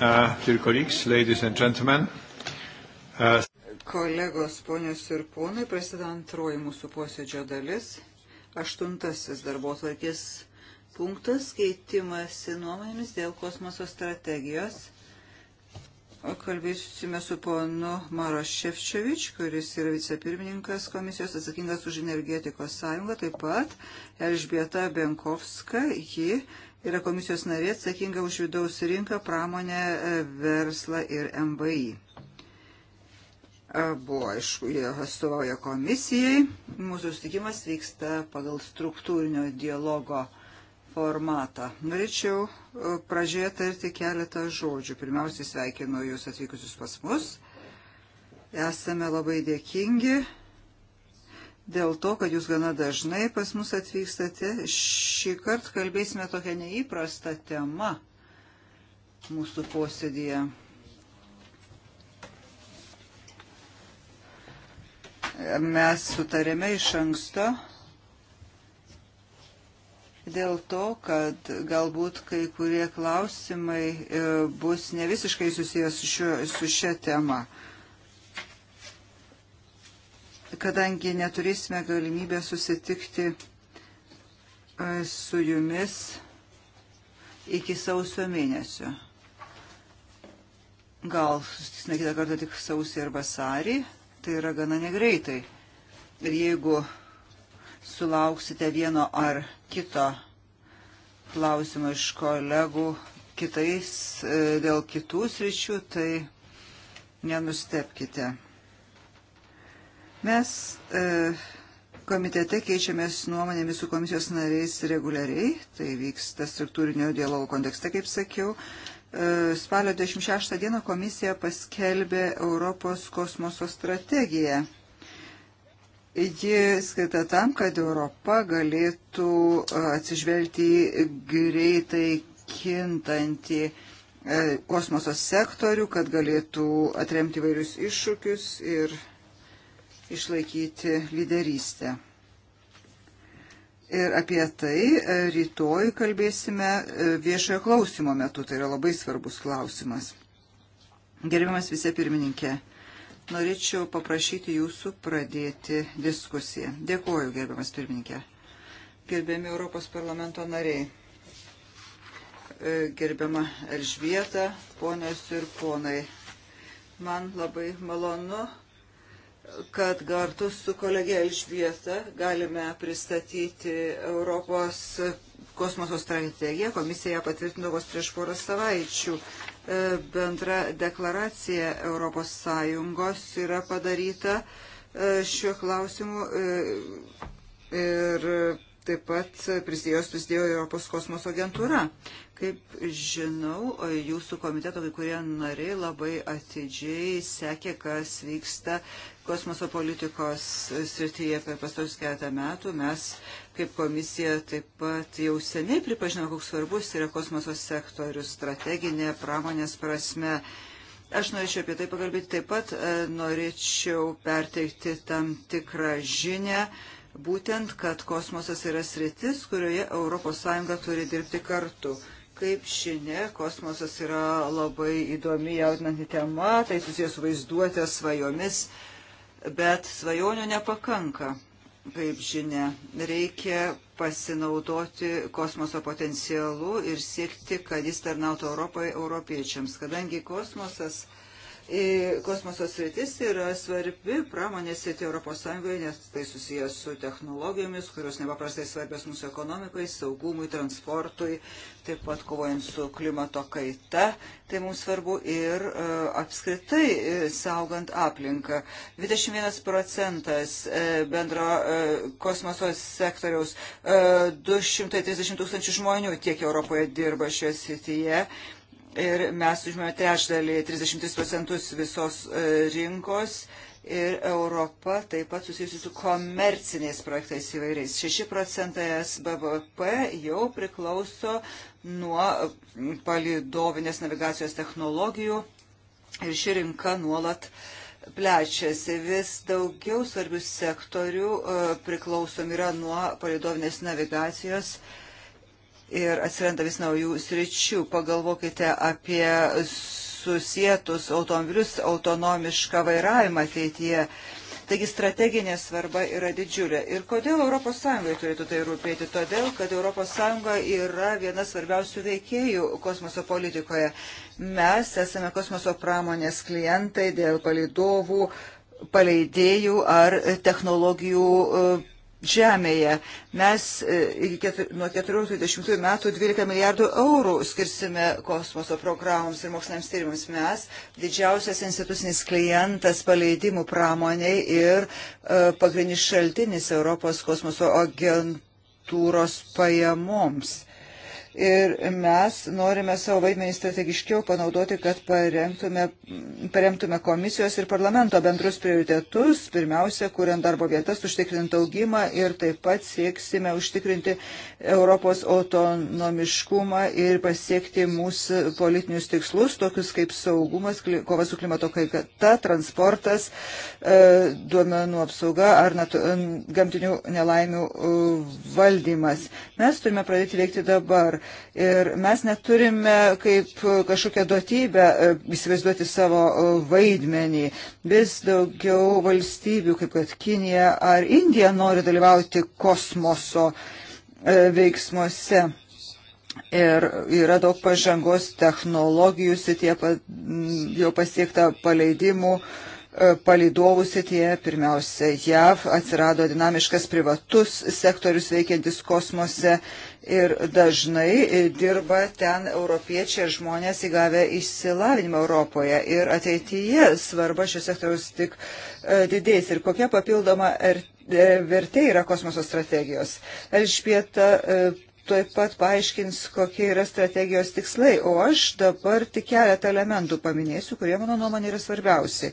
Uh, dear colleagues, ladies and gentlemen. Uh... Kolegos, ponios ir ponai, prasideda antroji mūsų posėdžio dalis. Aštuntasis darbo tvarkės punktas - keitimasi nuomonėmis dėl kosmoso strategijos. O kalbėsime su ponu Maros Šefčiovič, kuris yra vicepirmininkas komisijos atsakingas už energetikos sąjungą, taip pat Elžbieta Benkovska, ji yra komisijos narė atsakinga už vidaus rinką, pramonę, e, verslą ir MVI. Buvo, aišku, jie atstovauja komisijai. Mūsų sustikimas vyksta pagal struktūrinio dialogo formatą. Norėčiau e, pradžioje tarti keletą žodžių. Pirmiausiai sveikinu Jūs atvykusius pas mus. Esame labai dėkingi dėl to, kad jūs gana dažnai pas mus atvykstate. Šį kartą kalbėsime tokią neįprastą temą mūsų posėdėje. Mes sutarėme iš anksto dėl to, kad galbūt kai kurie klausimai e, bus ne visiškai susijęs su, šiuo, su šia tema kadangi neturėsime galimybę susitikti e, su jumis iki sausio mėnesio. Gal susitiksime kitą kartą tik sausį ir vasarį, tai yra gana negreitai. Ir jeigu sulauksite vieno ar kito klausimo iš kolegų kitais e, dėl kitų sričių, tai nenustepkite. Mes e, komitete keičiamės nuomonėmis su komisijos nariais reguliariai, tai vyksta struktūrinio dialogo kontekste, kaip sakiau. E, spalio 26 dieną komisija paskelbė Europos kosmoso strategiją. Ji skirta tam, kad Europa galėtų e, atsižvelgti į greitai kintantį e, kosmoso sektorių, kad galėtų atremti vairius iššūkius ir išlaikyti lyderystę. Ir apie tai e, rytoj kalbėsime e, viešojo klausimo metu. Tai yra labai svarbus klausimas. Gerbiamas vice pirmininkė, norėčiau paprašyti jūsų pradėti diskusiją. Dėkuoju, gerbiamas pirmininkė. Gerbiami Europos parlamento nariai e, gerbiama Elžbieta, ponios ir ponai. Man labai malonu kad kartu su kolegė Elžbieta galime pristatyti Europos kosmoso strategiją. Komisija ją patvirtino vos prieš porą savaičių. E, bendra deklaracija Europos Sąjungos yra padaryta e, šiuo klausimu e, ir taip pat prisidėjos prisidėjo Europos kosmoso agentūra. Kaip žinau, jūsų komiteto kai kurie nariai labai atidžiai sekė, kas vyksta kosmoso politikos srityje per pastarus keletą metų. Mes kaip komisija taip pat jau seniai pripažinome, koks svarbus yra kosmoso sektorius strateginė, pramonės prasme. Aš norėčiau apie tai pakalbėti. Taip pat e, norėčiau perteikti tam tikrą žinę, būtent, kad kosmosas yra sritis, kurioje ES turi dirbti kartu. Kaip žinia, kosmosas yra labai įdomi jaudinanti tema, tai susijęs vaizduotės svajomis, Bet svajonių nepakanka, kaip žinia. Reikia pasinaudoti kosmoso potencialu ir siekti, kad jis tarnautų Europai, europiečiams. Kadangi kosmosas Kosmoso sritis yra svarbi pramonės sėti ES, nes tai susijęs su technologijomis, kurios nepaprastai svarbios mūsų ekonomikai, saugumui, transportui, taip pat kovojant su klimato kaita. Tai mums svarbu ir e, apskritai e, saugant aplinką. 21 procentas e, bendro kosmoso sektoriaus, 230 tūkstančių žmonių tiek Europoje dirba šioje srityje ir mes užimame trečdalį 30 procentus visos e, rinkos ir Europa taip pat susijusi su komerciniais projektais įvairiais. 6 procentai SBVP jau priklauso nuo palidovinės navigacijos technologijų ir ši rinka nuolat plečiasi. Vis daugiau svarbių sektorių e, priklausom yra nuo palidovinės navigacijos technologijų ir atsiranda vis naujų sričių. Pagalvokite apie susietus automobilius, autonomišką vairavimą ateityje. Taigi strateginė svarba yra didžiulė. Ir kodėl ES turėtų tai rūpėti? Todėl, kad ES yra viena svarbiausių veikėjų kosmoso politikoje. Mes esame kosmoso pramonės klientai dėl palidovų, paleidėjų ar technologijų e, žemėje. Mes e, ketur, nuo 14-20 metų 12 milijardų eurų skirsime kosmoso programoms ir moksliniams tyrimams. Mes didžiausias institucinis klientas paleidimų pramoniai ir uh, pagrindinis šaltinis Europos kosmoso agentūros pajamoms ir mes norime savo vaidmenį strategiškiau panaudoti, kad paremtume, paremtume komisijos ir parlamento bendrus prioritetus, pirmiausia, kuriant darbo vietas, užtikrint augimą ir taip pat sieksime užtikrinti Europos autonomiškumą ir pasiekti mūsų politinius tikslus, tokius kaip saugumas, kova su klimato kaita, transportas, e, duomenų apsauga ar gamtinių nelaimių e, valdymas. Mes turime pradėti veikti dabar Ir mes neturime kaip kažkokią duotybę e, įsivaizduoti savo e, vaidmenį. Vis daugiau valstybių, kaip kad Kinija ar Indija, nori dalyvauti kosmoso e, veiksmuose. Ir yra daug pažangos technologijų sitie, jau pasiekta paleidimų palidovų sitie, pirmiausia, JAV atsirado dinamiškas privatus sektorius veikiantis kosmose. E, ir dažnai e, dirba ten europiečiai ir žmonės įgavę išsilavinimą Europoje. Ir ateityje svarba šios sektoriaus tik e, didės. Ir kokia papildoma er, e, vertė yra kosmoso strategijos. Elžbieta taip pat paaiškins, kokie yra strategijos tikslai, o aš dabar tik keletą elementų paminėsiu, kurie mano nuomonė yra svarbiausi.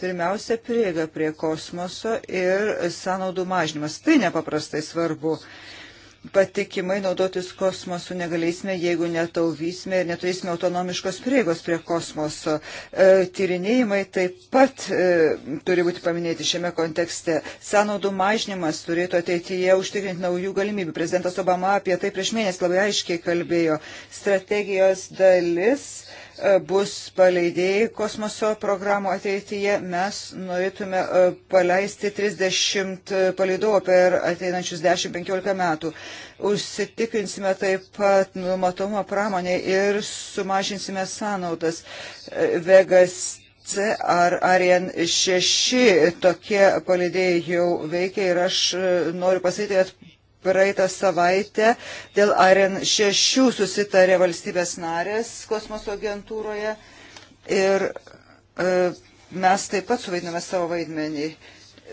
Pirmiausia, prieiga prie kosmoso ir sąnaudų mažinimas. Tai nepaprastai svarbu. Uh, patikimai naudotis kosmosu negalėsime, jeigu netauvysime ir neturėsime autonomiškos prieigos prie kosmoso. E, tyrinėjimai taip pat e, turi būti paminėti šiame kontekste. Sąnaudų mažinimas turėtų ateityje užtikrinti naujų galimybių. Prezidentas Obama apie tai prieš mėnesį labai aiškiai kalbėjo. Strategijos dalis E, bus paleidėjai kosmoso programų ateityje. Mes norėtume e, paleisti 30 e, palidovų per ateinančius 10-15 metų. Užsitikrinsime taip pat numatomą pramonę ir sumažinsime sąnaudas. Vegas C ar Arian 6 tokie palidėjai jau veikia ir aš noriu pasakyti, kad praeitą savaitę dėl ARN 6 susitarė valstybės narės kosmoso agentūroje ir e, mes taip pat suvaidiname savo vaidmenį.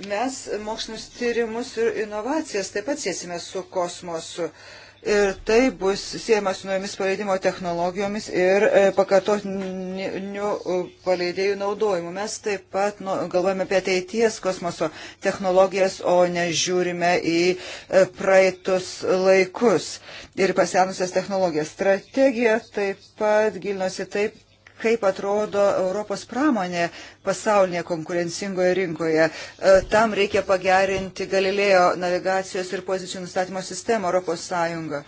Mes mokslinius tyrimus ir inovacijas taip pat sėsime su kosmosu. E, ir tai bus siejama su naujomis paleidimo technologijomis ir e, pakartotiniu e, paleidėjų naudojimu. Mes taip pat nu, galvojame apie ateities kosmoso technologijas, o nežiūrime į e, praeitus laikus ir pasenusias technologijas. Strategija taip pat gilinosi taip kaip atrodo Europos pramonė pasaulinėje konkurencingoje rinkoje. E, tam reikia pagerinti Galilėjo navigacijos ir pozicijų nustatymo sistemą Europos Sąjungą.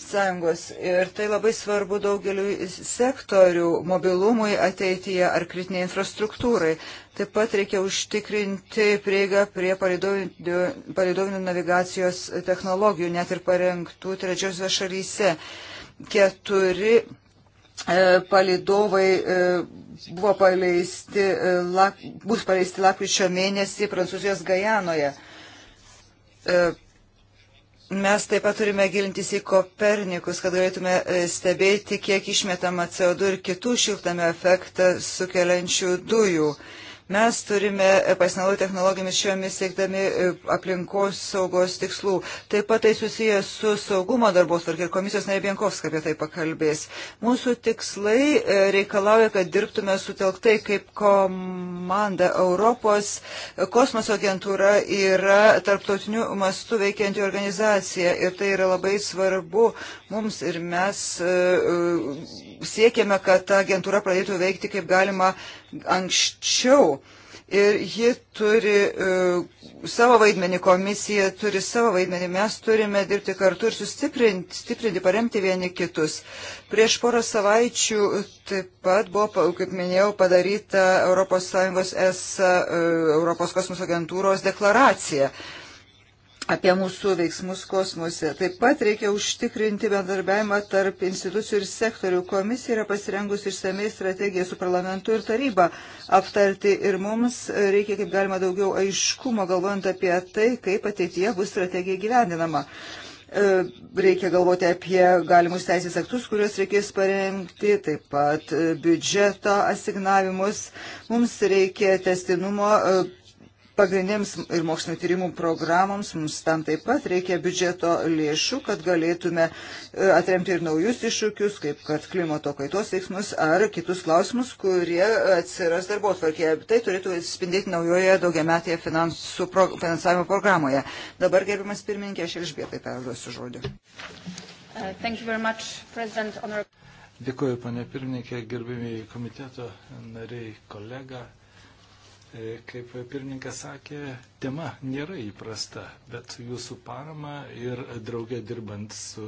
Sąjungos. Ir tai labai svarbu daugeliu sektorių mobilumui ateityje ar kritiniai infrastruktūrai. Taip pat reikia užtikrinti prieigą prie palidovinių navigacijos technologijų, net ir parengtų trečiosios šalyse. Keturi E, palidovai e, buvo paleisti, e, bus paleisti lapkričio mėnesį Prancūzijos Gajanoje. Mes taip pat turime gilintis į Kopernikus, kad galėtume stebėti, kiek išmetama CO2 ir kitų šiltame efektą sukeliančių dujų. Uh, Mes turime pasinaudoti technologijomis šiomis siekdami e, aplinkos saugos tikslų. Taip pat tai susijęs su saugumo darbos tvarkė ir komisijos Nebienkovska apie tai pakalbės. Mūsų tikslai e, reikalauja, kad dirbtume sutelktai kaip komanda Europos. Kosmoso agentūra yra tarptautiniu mastu veikianti organizacija ir tai yra labai svarbu mums ir mes e, siekiame, kad ta agentūra pradėtų veikti kaip galima anksčiau ir ji turi uh, savo vaidmenį, komisija turi savo vaidmenį, mes turime dirbti kartu ir sustiprinti, stiprinti, paremti vieni kitus. Prieš porą savaičių taip pat buvo, kaip minėjau, padaryta ES, ES e, Europos kosmoso agentūros deklaracija. Uh, apie mūsų veiksmus kosmose. Taip pat reikia užtikrinti bendarbiavimą tarp institucijų ir sektorių. Komisija yra pasirengusi išsamei strategiją su parlamentu ir taryba aptarti ir mums reikia kaip galima daugiau aiškumo, galvojant apie tai, kaip ateityje bus strategija gyvendinama. E, reikia galvoti apie galimus teisės aktus, kuriuos reikės parengti, taip pat biudžeto asignavimus. Mums reikia testinumo e, pagrindiniams ir mokslinio tyrimų programoms mums tam taip pat reikia biudžeto lėšų, kad galėtume e, atremti ir naujus iššūkius, kaip kad klimato kaitos veiksmus ar kitus klausimus, kurie atsiras darbo tvarkėje. Tai turėtų spindėti naujoje daugiametėje pro, finansavimo programoje. Dabar, gerbiamas pirmininkė, aš Elžbietai perduosiu žodį. Uh, much, Dėkuoju, pane pirmininkė, gerbėmiai komiteto nariai, kolega. E, kaip pirmininkas sakė, tema nėra įprasta, bet jūsų parama ir draugė dirbant su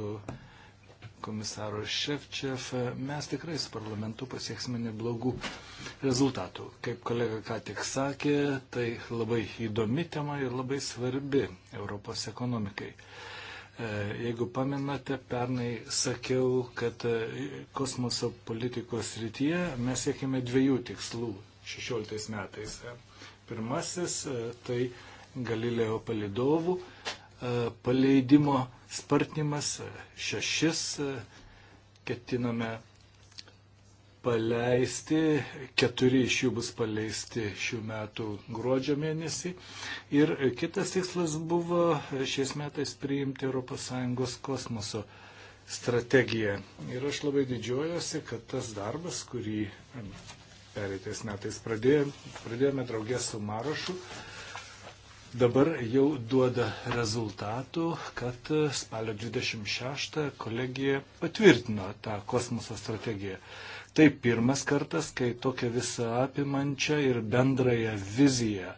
komisaro Šefčev mes tikrai su parlamentu pasieksime neblogų rezultatų. Kaip kolega ką tik sakė, tai labai įdomi tema ir labai svarbi Europos ekonomikai. E, jeigu pamenate, pernai sakiau, kad kosmoso politikos rytyje mes siekime dviejų tikslų 16 metais. E, pirmasis e, tai Galileo palidovų e, paleidimo spartinimas šešis ketiname paleisti, keturi iš jų bus paleisti šių metų gruodžio mėnesį. Ir kitas tikslas buvo šiais metais priimti ES kosmoso strategiją. Ir aš labai didžiuojuosi, kad tas darbas, kurį pereitais metais pradėjome, pradėjome draugės su Marošu. Dabar jau duoda rezultatų, kad spalio 26 kolegija patvirtino tą kosmoso strategiją. Tai pirmas kartas, kai tokią visą apimančią ir bendrąją viziją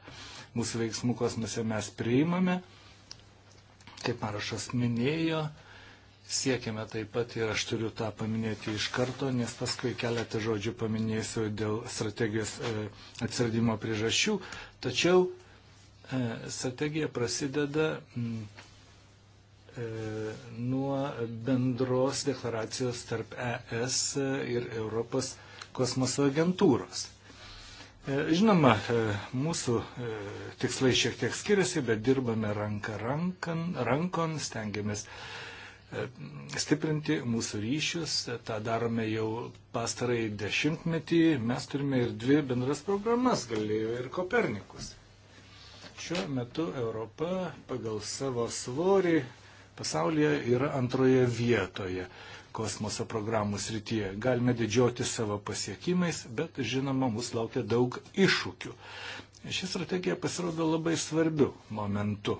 mūsų veiksmų kosmose mes priimame. Kaip Marašas minėjo, Siekime taip pat ir aš turiu tą paminėti iš karto, nes paskui keletą žodžių paminėsiu dėl strategijos e, atsiradimo priežasčių. Tačiau e, strategija prasideda e, nuo bendros deklaracijos tarp ES ir Europos kosmoso agentūros. Žinoma, mūsų tikslai šiek tiek skiriasi, bet dirbame ranką rankon, rankon stengiamės uh, E, stiprinti mūsų ryšius. Ta darome jau pastarai dešimtmetį. Mes turime ir dvi bendras programas, galėjo ir Kopernikus. Šiuo metu Europa pagal savo svorį pasaulyje yra antroje vietoje kosmoso programų srityje. Galime didžiuoti savo pasiekimais, bet žinoma, mus laukia daug iššūkių. Ši strategija pasirodo labai svarbiu momentu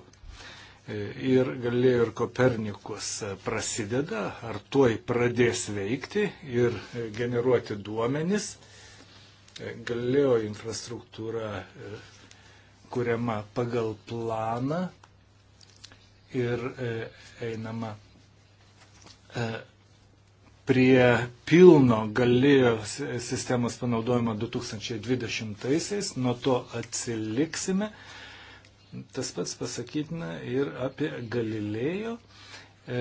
ir Galilėjo ir Kopernikus prasideda, ar tuoj pradės veikti ir generuoti duomenis. Galilėjo infrastruktūra e, kuriama pagal planą ir e, einama e, prie pilno galėjo sistemos panaudojimo 2020-aisiais, nuo to atsiliksime. Tas pats pasakytina ir apie Galilėjo. E,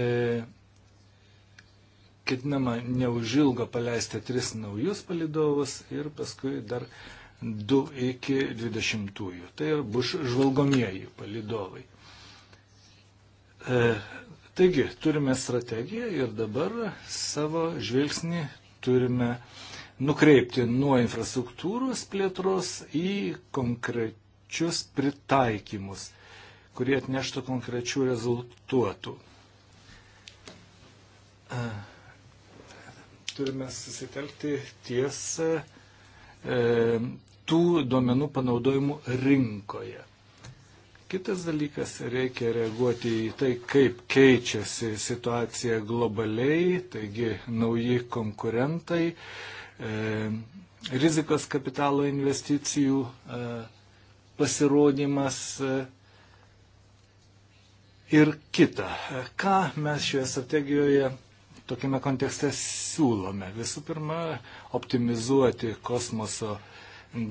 ketinama neužilgo paleisti tris naujus palidovus ir paskui dar du iki dvidešimtųjų. Tai bus žvalgomieji palidovai. E, taigi, turime strategiją ir dabar savo žvilgsnį turime nukreipti nuo infrastruktūros plėtros į konkrečią konkrečius pritaikymus, kurie atneštų konkrečių rezultatų. E, turime susitelkti ties e, tų duomenų panaudojimu rinkoje. Kitas dalykas, reikia reaguoti į tai, kaip keičiasi situacija globaliai, taigi nauji konkurentai, e, rizikos kapitalo investicijų e, pasirodymas e, ir kita. Ką mes šioje strategijoje tokiame kontekste siūlome? Visų pirma, optimizuoti kosmoso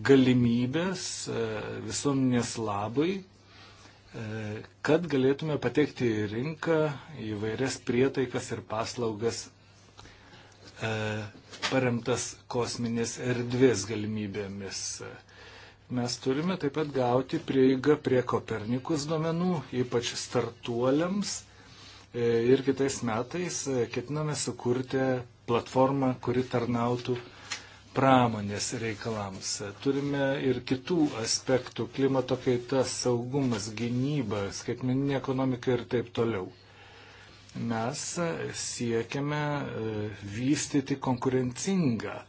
galimybės e, visuomenės labai, e, kad galėtume patekti į rinką įvairias prietaikas ir paslaugas paremtas kosminės erdvės galimybėmis. E, Mes turime taip pat gauti prieigą prie Kopernikus duomenų, ypač startuoliams. E, ir kitais metais e, ketiname sukurti platformą, kuri tarnautų pramonės reikalams. E, turime ir kitų aspektų - klimato kaita, saugumas, gynyba, skaitmeninė ekonomika ir taip toliau. Mes siekiame vystyti konkurencingą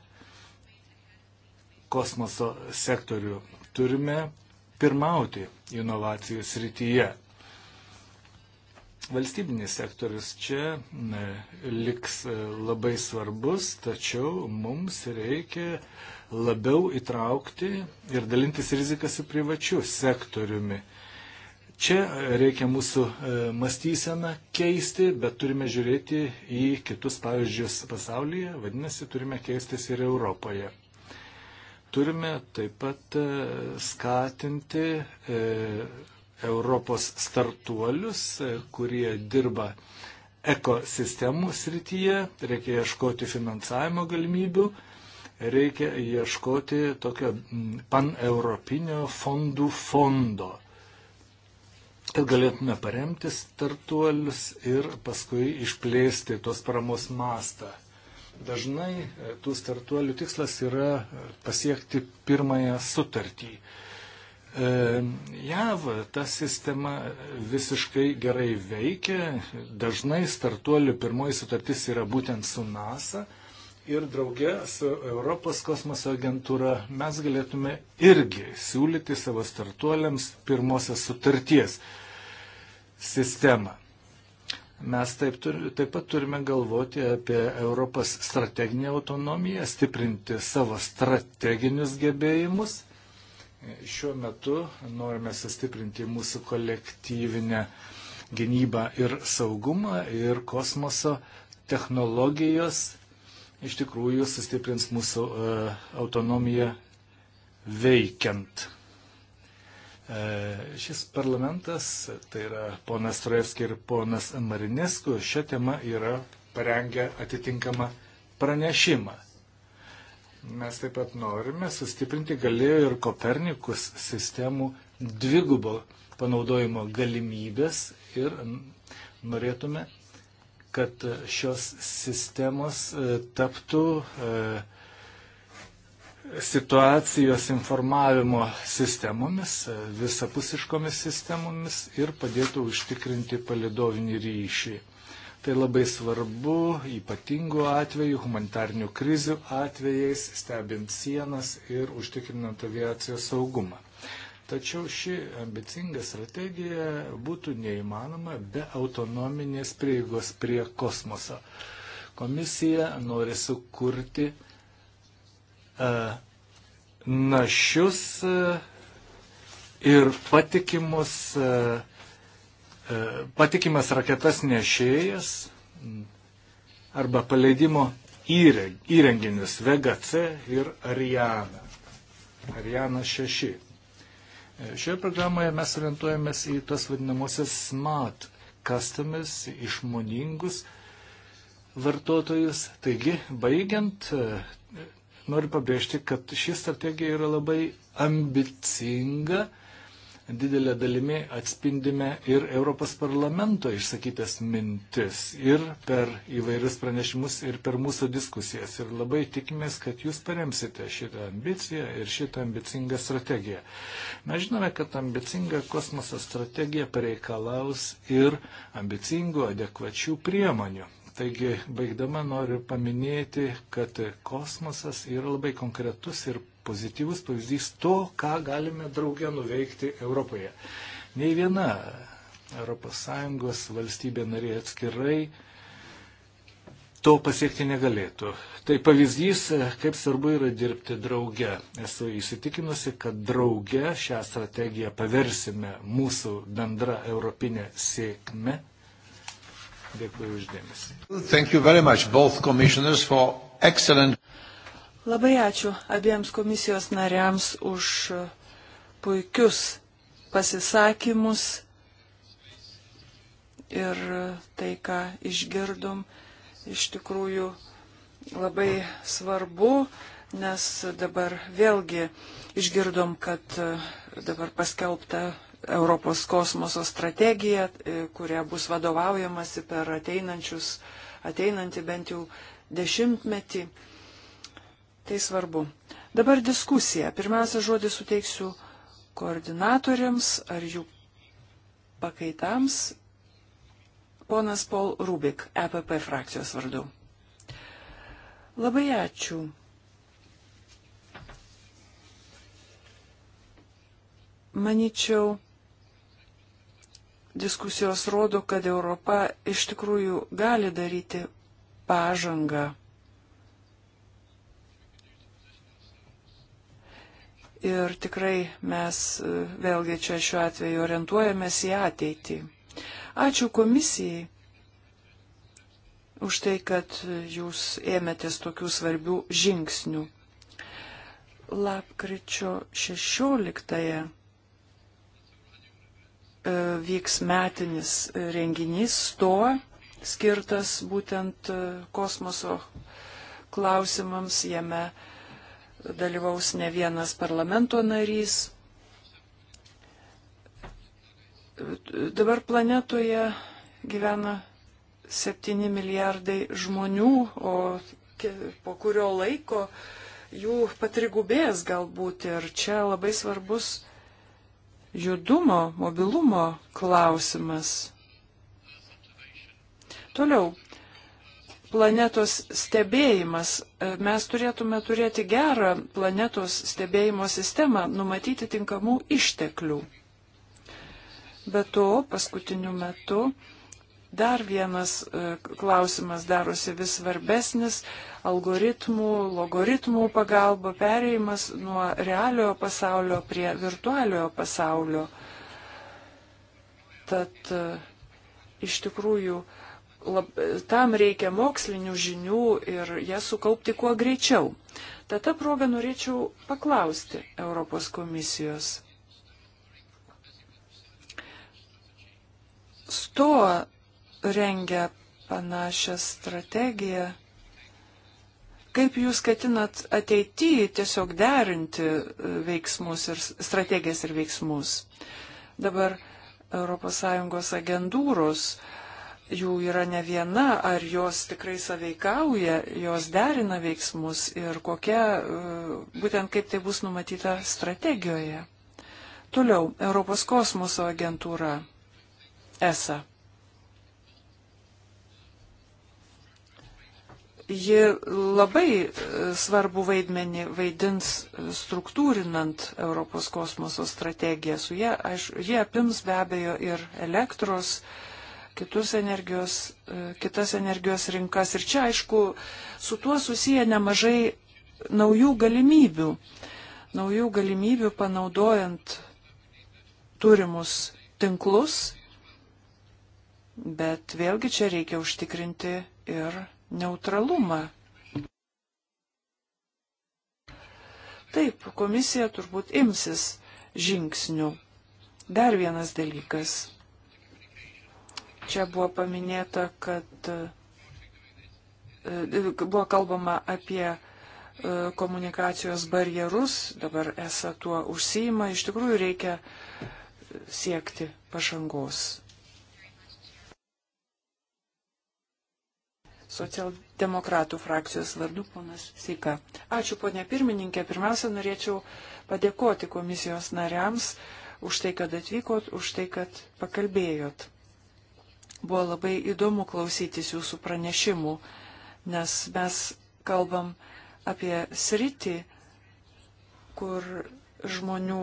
kosmoso sektorių. Turime pirmauti inovacijų srityje. Valstybinis sektorius čia ne, liks e, labai svarbus, tačiau mums reikia labiau įtraukti ir dalintis riziką su privačiu sektoriumi. Čia reikia mūsų e, mąstyseną keisti, bet turime žiūrėti į kitus pavyzdžius pasaulyje, vadinasi, turime keistis ir Europoje. Turime taip pat e, skatinti e, Europos startuolius, e, kurie dirba ekosistemų srityje, reikia ieškoti finansavimo galimybių, reikia ieškoti tokio paneuropinio fondų fondo, kad galėtume paremti startuolius ir paskui išplėsti tos paramos mastą. Dažnai e, tų startuolių tikslas yra e, pasiekti pirmąją sutartį. E, JAV ta sistema visiškai gerai veikia. Dažnai startuolių pirmoji sutartis yra būtent su NASA ir drauge su Europos kosmoso agentūra mes galėtume irgi siūlyti savo startuoliams pirmosios sutarties sistemą mes taip, turi, taip pat turime galvoti apie Europos strateginę autonomiją, stiprinti savo strateginius gebėjimus. Šiuo metu norime sustiprinti mūsų kolektyvinę gynybą ir saugumą ir kosmoso technologijos iš tikrųjų sustiprins mūsų e, autonomiją veikiant. E, šis parlamentas, tai yra ponas Trojevski ir ponas Marinesku, šią temą yra parengę atitinkamą pranešimą. Mes taip pat norime sustiprinti galėjo ir Kopernikus sistemų dvigubo panaudojimo galimybės ir norėtume, kad šios sistemos e, taptų e, situacijos informavimo sistemomis, visapusiškomis sistemomis ir padėtų užtikrinti palidovinį ryšį. Tai labai svarbu ypatingų atvejų, humanitarnių krizių atvejais, stebint sienas ir užtikrinant aviacijos saugumą. Tačiau ši ambicinga strategija būtų neįmanoma be autonominės prieigos prie kosmoso. Komisija nori sukurti E, našius e, ir patikimus, e, patikimas raketas nešėjas arba paleidimo įrenginius Vega C ir Ariana. Ariana 6. Šioje programoje mes orientuojamės į tos vadinamosios smart customers, išmoningus vartotojus. Taigi, baigiant, Noriu pabrėžti, kad ši strategija yra labai ambicinga, didelė dalimi atspindime ir Europos parlamento išsakytas mintis ir per įvairius pranešimus ir per mūsų diskusijas. Ir labai tikimės, kad jūs paremsite šitą ambiciją ir šitą ambicingą strategiją. Mes žinome, kad ambicinga kosmoso strategija pareikalaus ir ambicingų, adekvačių priemonių. Taigi, baigdama noriu paminėti, kad kosmosas yra labai konkretus ir pozityvus pavyzdys to, ką galime draugę nuveikti Europoje. Nei viena ES valstybė narė atskirai to pasiekti negalėtų. Tai pavyzdys, kaip svarbu yra dirbti drauge. Esu įsitikinusi, kad drauge šią strategiją paversime mūsų bendra europinė sėkme Dėkui uždėmesi. Excellent... Labai ačiū abiems komisijos nariams už puikius pasisakymus ir tai, ką išgirdom, iš tikrųjų labai svarbu, nes dabar vėlgi išgirdom, kad dabar paskelbta Europos kosmoso strategiją, e, kuria bus vadovaujamasi per ateinančius, ateinantį bent jau dešimtmetį. Tai svarbu. Dabar diskusija. Pirmiausia, žodį suteiksiu koordinatoriams ar jų pakaitams. Ponas Paul Rubik, EPP frakcijos vardu. Labai ačiū. Maničiau, diskusijos rodo, kad Europa iš tikrųjų gali daryti pažangą. Ir tikrai mes e, vėlgi čia šiuo atveju orientuojamės į ateitį. Ačiū komisijai už tai, kad jūs ėmėtės tokių svarbių žingsnių. Lapkričio 16 E, vyks metinis renginys STOA, skirtas būtent e, kosmoso klausimams. Jame dalyvaus ne vienas parlamento narys, dabar planetoje gyvena 7 milijardai žmonių, o po kurio laiko jų patrigubės galbūt ir čia labai svarbus judumo, mobilumo klausimas. Toliau, planetos stebėjimas. E, mes turėtume turėti gerą planetos stebėjimo sistemą, numatyti tinkamų išteklių. Be to, paskutiniu metu Dar vienas e, klausimas darosi vis svarbesnis - algoritmų, logaritmų pagalba pereimas nuo realiojo pasaulio prie virtualiojo pasaulio. Tad e, iš tikrųjų lab, tam reikia mokslinių žinių ir jas sukaupti kuo greičiau. Tad tą progą norėčiau paklausti Europos komisijos. Stoa rengia panašią strategiją. Kaip jūs ketinat ateityje tiesiog derinti e, veiksmus ir strategijas ir veiksmus? Dabar ES agentūros, jų yra ne viena, ar jos tikrai saveikauja, jos derina veiksmus ir kokia, e, būtent kaip tai bus numatyta strategijoje. Toliau, Europos kosmoso agentūra ESA. ji labai e, svarbu vaidmenį vaidins e, struktūrinant Europos kosmoso strategiją. Su jie, aišku, jie apims be abejo ir elektros, kitus energijos, e, kitas energijos rinkas. Ir čia, aišku, su tuo susiję nemažai naujų galimybių. Naujų galimybių panaudojant turimus tinklus, bet vėlgi čia reikia užtikrinti ir neutralumą. Taip, komisija turbūt imsis žingsnių. Dar vienas dalykas. Čia buvo paminėta, kad e, buvo kalbama apie e, komunikacijos barjerus, dabar esą tuo užsijima, iš tikrųjų reikia siekti pažangos. socialdemokratų frakcijos vardu ponas Sika. Ačiū ponė pirmininkė. Pirmiausia, norėčiau padėkoti komisijos nariams už tai, kad atvykot, už tai, kad pakalbėjot. Buvo labai įdomu klausytis jūsų pranešimų, nes mes kalbam apie sritį, kur žmonių,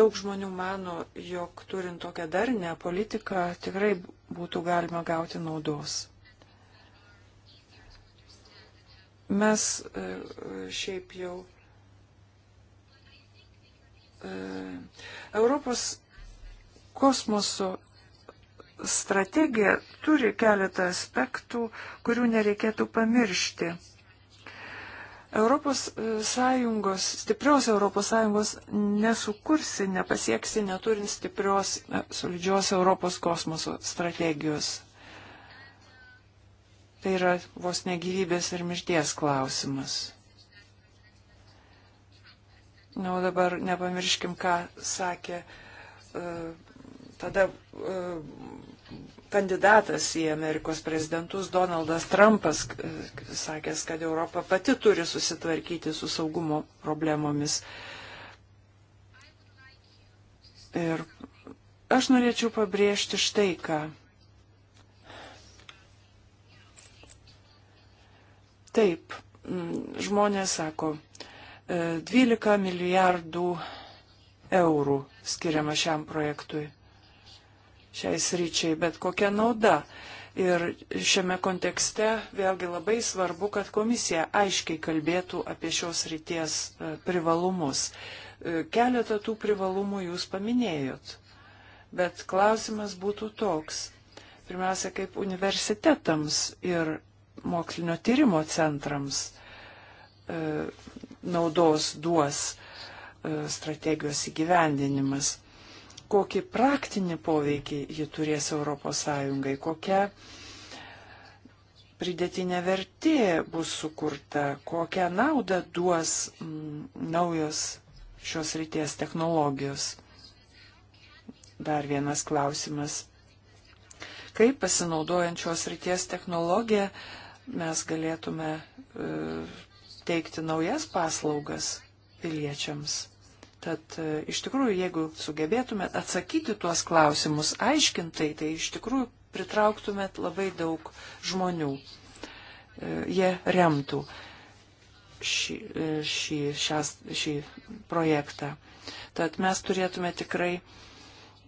daug žmonių mano, jog turint tokią darnę politiką tikrai būtų galima gauti naudos. Mes e, šiaip jau e, Europos kosmoso strategija turi keletą aspektų, kurių nereikėtų pamiršti. Europos e, Sąjungos, stiprios Europos Sąjungos nesukursi, nepasieksi, neturint stiprios, solidžios Europos kosmoso strategijos tai yra vos negyvybės ir mirties klausimas. Na, o dabar nepamirškim, ką sakė e, tada e, kandidatas į Amerikos prezidentus Donaldas Trumpas, sakęs, kad Europa pati turi susitvarkyti su saugumo problemomis. Ir aš norėčiau pabrėžti štai ką. Taip, mm, žmonės sako, 12 e, milijardų eurų skiriama šiam projektui, šiai sryčiai, bet kokia nauda. Ir šiame kontekste vėlgi labai svarbu, kad komisija aiškiai kalbėtų apie šios ryties e, privalumus. E, keletą tų privalumų jūs paminėjot, bet klausimas būtų toks. Pirmiausia, kaip universitetams ir mokslinio tyrimo centrams e, naudos duos e, strategijos įgyvendinimas, kokį praktinį poveikį ji turės ES, kokia pridėtinė vertė bus sukurta, kokią naudą duos m, mm, naujos šios ryties technologijos. Dar vienas klausimas. Kaip pasinaudojančios ryties technologiją mes galėtume e, teikti naujas paslaugas piliečiams. Tad e, iš tikrųjų, jeigu sugebėtumėt atsakyti tuos klausimus aiškintai, tai iš tikrųjų pritrauktumėt labai daug žmonių. E, jie remtų šį, šį, šias, šį projektą. Tad mes turėtume tikrai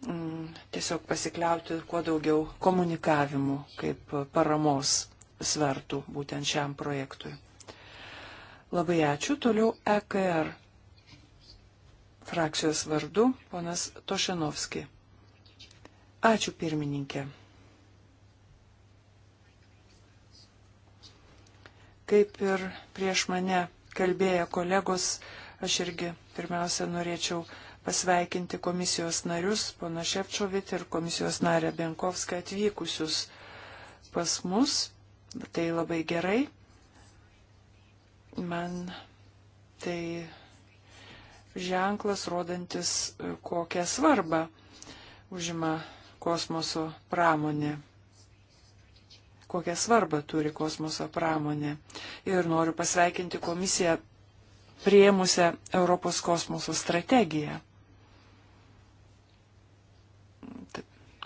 mm, tiesiog pasikliauti kuo daugiau komunikavimu kaip paramos svertų būtent šiam projektui. Labai ačiū. Toliau EKR frakcijos vardu ponas Tošenovski. Ačiū pirmininkė. Kaip ir prieš mane kalbėję kolegos, aš irgi pirmiausia norėčiau pasveikinti komisijos narius, pana Šepčovit ir komisijos narę Benkovską atvykusius pas mus. Tai labai gerai. Man tai ženklas rodantis, e, kokią svarbą užima kosmoso pramonė kokią svarbą turi kosmoso pramonė. Ir noriu pasveikinti komisiją prieimusią Europos kosmoso strategiją.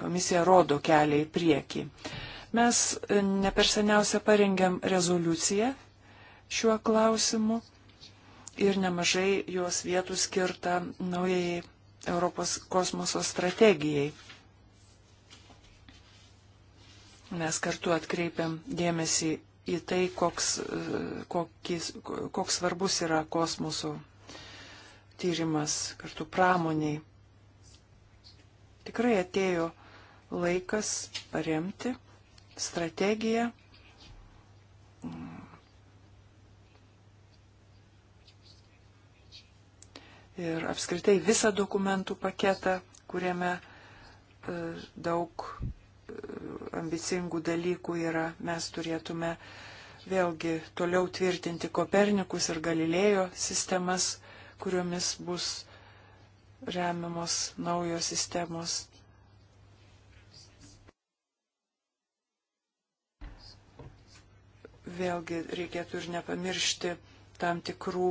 Komisija rodo kelią į priekį. Mes e, ne per seniausia parengėm rezoliuciją šiuo klausimu ir nemažai jos vietų skirta naujai Europos kosmoso strategijai. Mes kartu atkreipiam dėmesį į tai, koks, e, kokis, koks svarbus yra kosmoso tyrimas kartu pramoniai. Tikrai atėjo laikas paremti strategiją. Ir apskritai visą dokumentų paketą, kuriame e, daug e, ambicingų dalykų yra, mes turėtume vėlgi toliau tvirtinti Kopernikus ir Galilėjo sistemas, kuriomis bus remiamos naujos sistemos. vėlgi reikėtų ir nepamiršti tam tikrų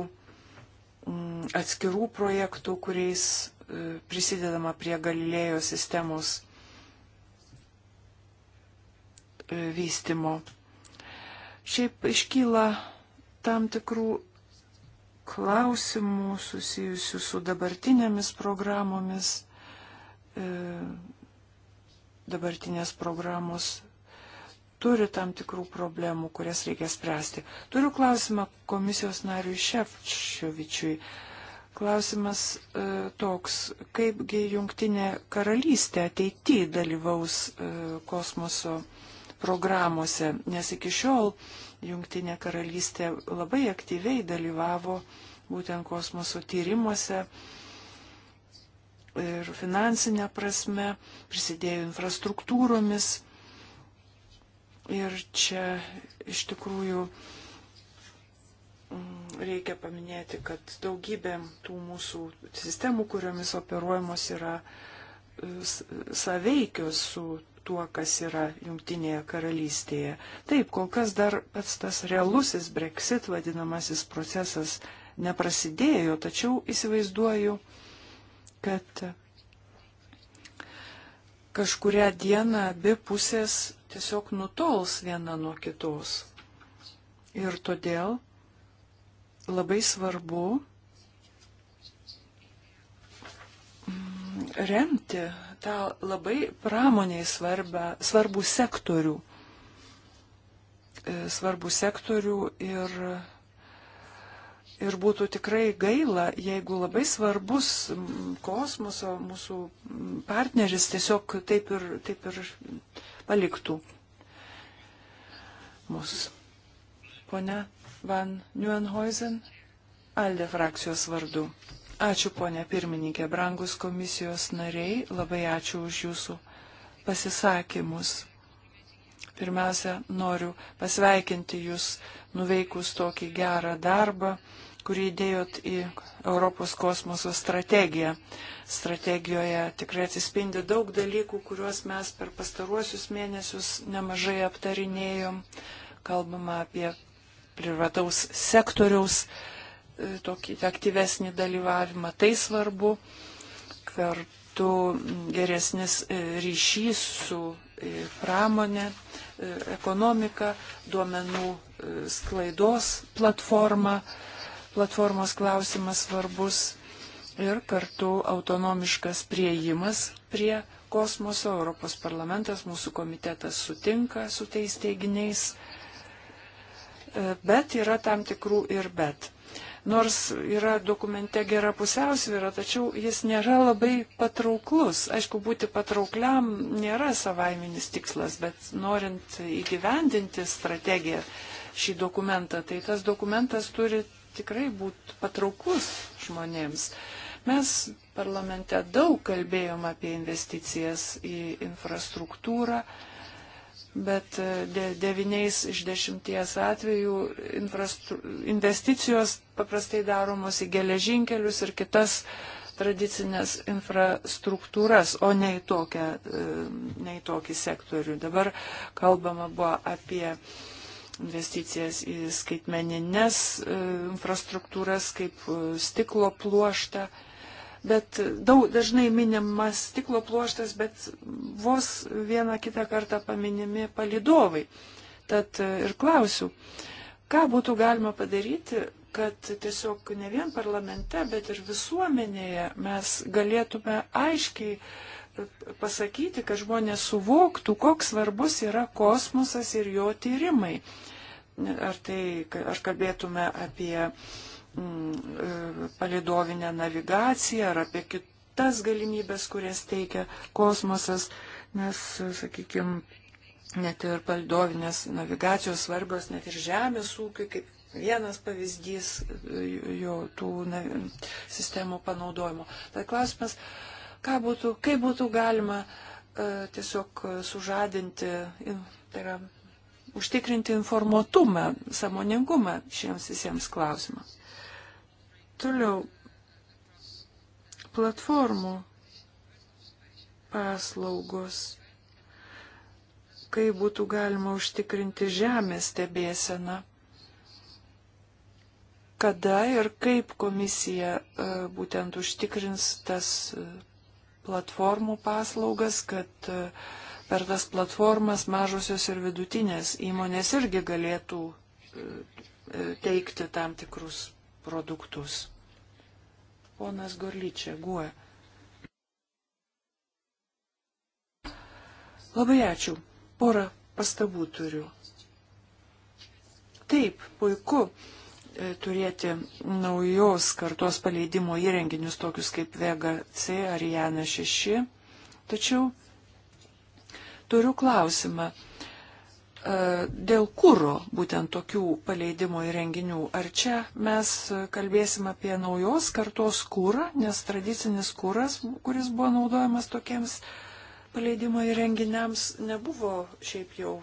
mm, atskirų projektų, kuriais e, prisidedama prie Galilėjo sistemos e, vystimo. Šiaip iškyla tam tikrų klausimų susijusių su dabartinėmis programomis, e, dabartinės programos turi tam tikrų problemų, kurias reikia spręsti. Turiu klausimą komisijos nariui Šefčiovičiui. Klausimas e, toks, kaipgi jungtinė karalystė ateity dalyvaus e, kosmoso programuose, nes iki šiol jungtinė karalystė labai aktyviai dalyvavo būtent kosmoso tyrimuose ir finansinė prasme, prisidėjo infrastruktūromis Ir čia iš tikrųjų mm, reikia paminėti, kad daugybė tų mūsų sistemų, kuriomis operuojamos, yra e, saveikios su tuo, kas yra Junktinėje karalystėje. Taip, kol kas dar pats tas realusis Brexit vadinamasis procesas neprasidėjo, tačiau įsivaizduoju, kad kažkuria diena abi pusės tiesiog nutols viena nuo kitos. Ir todėl labai svarbu mm, remti tą labai pramoniai svarbę, svarbų sektorių. E, svarbų sektorių ir Ir būtų tikrai gaila, jeigu labai svarbus kosmoso mūsų partneris tiesiog taip ir, taip ir paliktų mus. Pone Van Nuenhuizen, Alde frakcijos vardu. Ačiū, ponė pirmininkė, brangus komisijos nariai, labai ačiū už jūsų pasisakymus. Pirmiausia, noriu pasveikinti jūs nuveikus tokį gerą darbą kurį įdėjot į Europos kosmoso strategiją. Strategijoje tikrai atsispindi daug dalykų, kuriuos mes per pastaruosius mėnesius nemažai aptarinėjom. Kalbama apie privataus sektoriaus e, tokį aktyvesnį dalyvavimą. Tai svarbu. Kartu geresnis e, ryšys su e, pramonė, ekonomika, duomenų sklaidos platforma. Mhm platformos klausimas svarbus ir kartu autonomiškas prieimas prie kosmoso. Europos parlamentas, mūsų komitetas sutinka su tais teiginiais, e, bet yra tam tikrų ir bet. Nors yra dokumente gera pusiausvyrą, tačiau jis nėra labai patrauklus. Aišku, būti patraukliam nėra savaiminis tikslas, bet norint įgyvendinti strategiją šį dokumentą, tai tas dokumentas turi tikrai būtų patraukus žmonėms. Mes parlamente daug kalbėjom apie investicijas į infrastruktūrą, bet e, devyniais iš dešimties atvejų investicijos paprastai daromos į geležinkelius ir kitas tradicinės infrastruktūras, o ne į, tokią, e, ne į tokį sektorių. Dabar kalbama buvo apie investicijas į skaitmeninės e, infrastruktūras kaip e, stiklo pluoštą. Bet daug, dažnai minimas stiklo pluoštas, bet vos vieną kitą kartą paminimi palidovai. Tad e, ir klausiu, ką būtų galima padaryti, kad tiesiog ne vien parlamente, bet ir visuomenėje mes galėtume aiškiai uh, pasakyti, kad žmonės suvoktų, koks svarbus yra kosmosas ir jo tyrimai. Ar tai, ar kalbėtume apie mm, e, palidovinę navigaciją, ar apie kitas galimybės, kurias teikia kosmosas, nes, e, sakykime, net ir palidovinės navigacijos svarbios, net ir žemės ūkiui, kaip vienas pavyzdys e, jo tų na, sistemų panaudojimo. Tai klausimas, ką būtų, kaip būtų galima e, tiesiog e, sužadinti, tai yra užtikrinti informuotumą, samoningumą šiems visiems klausimams. Toliau platformų paslaugos, kaip būtų galima užtikrinti žemės stebėseną, kada ir kaip komisija e, būtent užtikrins tas platformų paslaugas, kad e, per tas platformas mažosios ir vidutinės įmonės irgi galėtų e, e, teikti tam tikrus produktus. Ponas Gorlyčia, guoja. Labai ačiū. Porą pastabų turiu. Taip, puiku, E, turėti naujos kartos paleidimo įrenginius, tokius kaip Vega C ar Jana 6. Tačiau turiu klausimą. E, dėl kūro būtent tokių paleidimo įrenginių, ar čia mes kalbėsim apie naujos kartos kūrą, nes tradicinis kūras, kuris buvo naudojamas tokiems paleidimo įrenginiams, nebuvo šiaip jau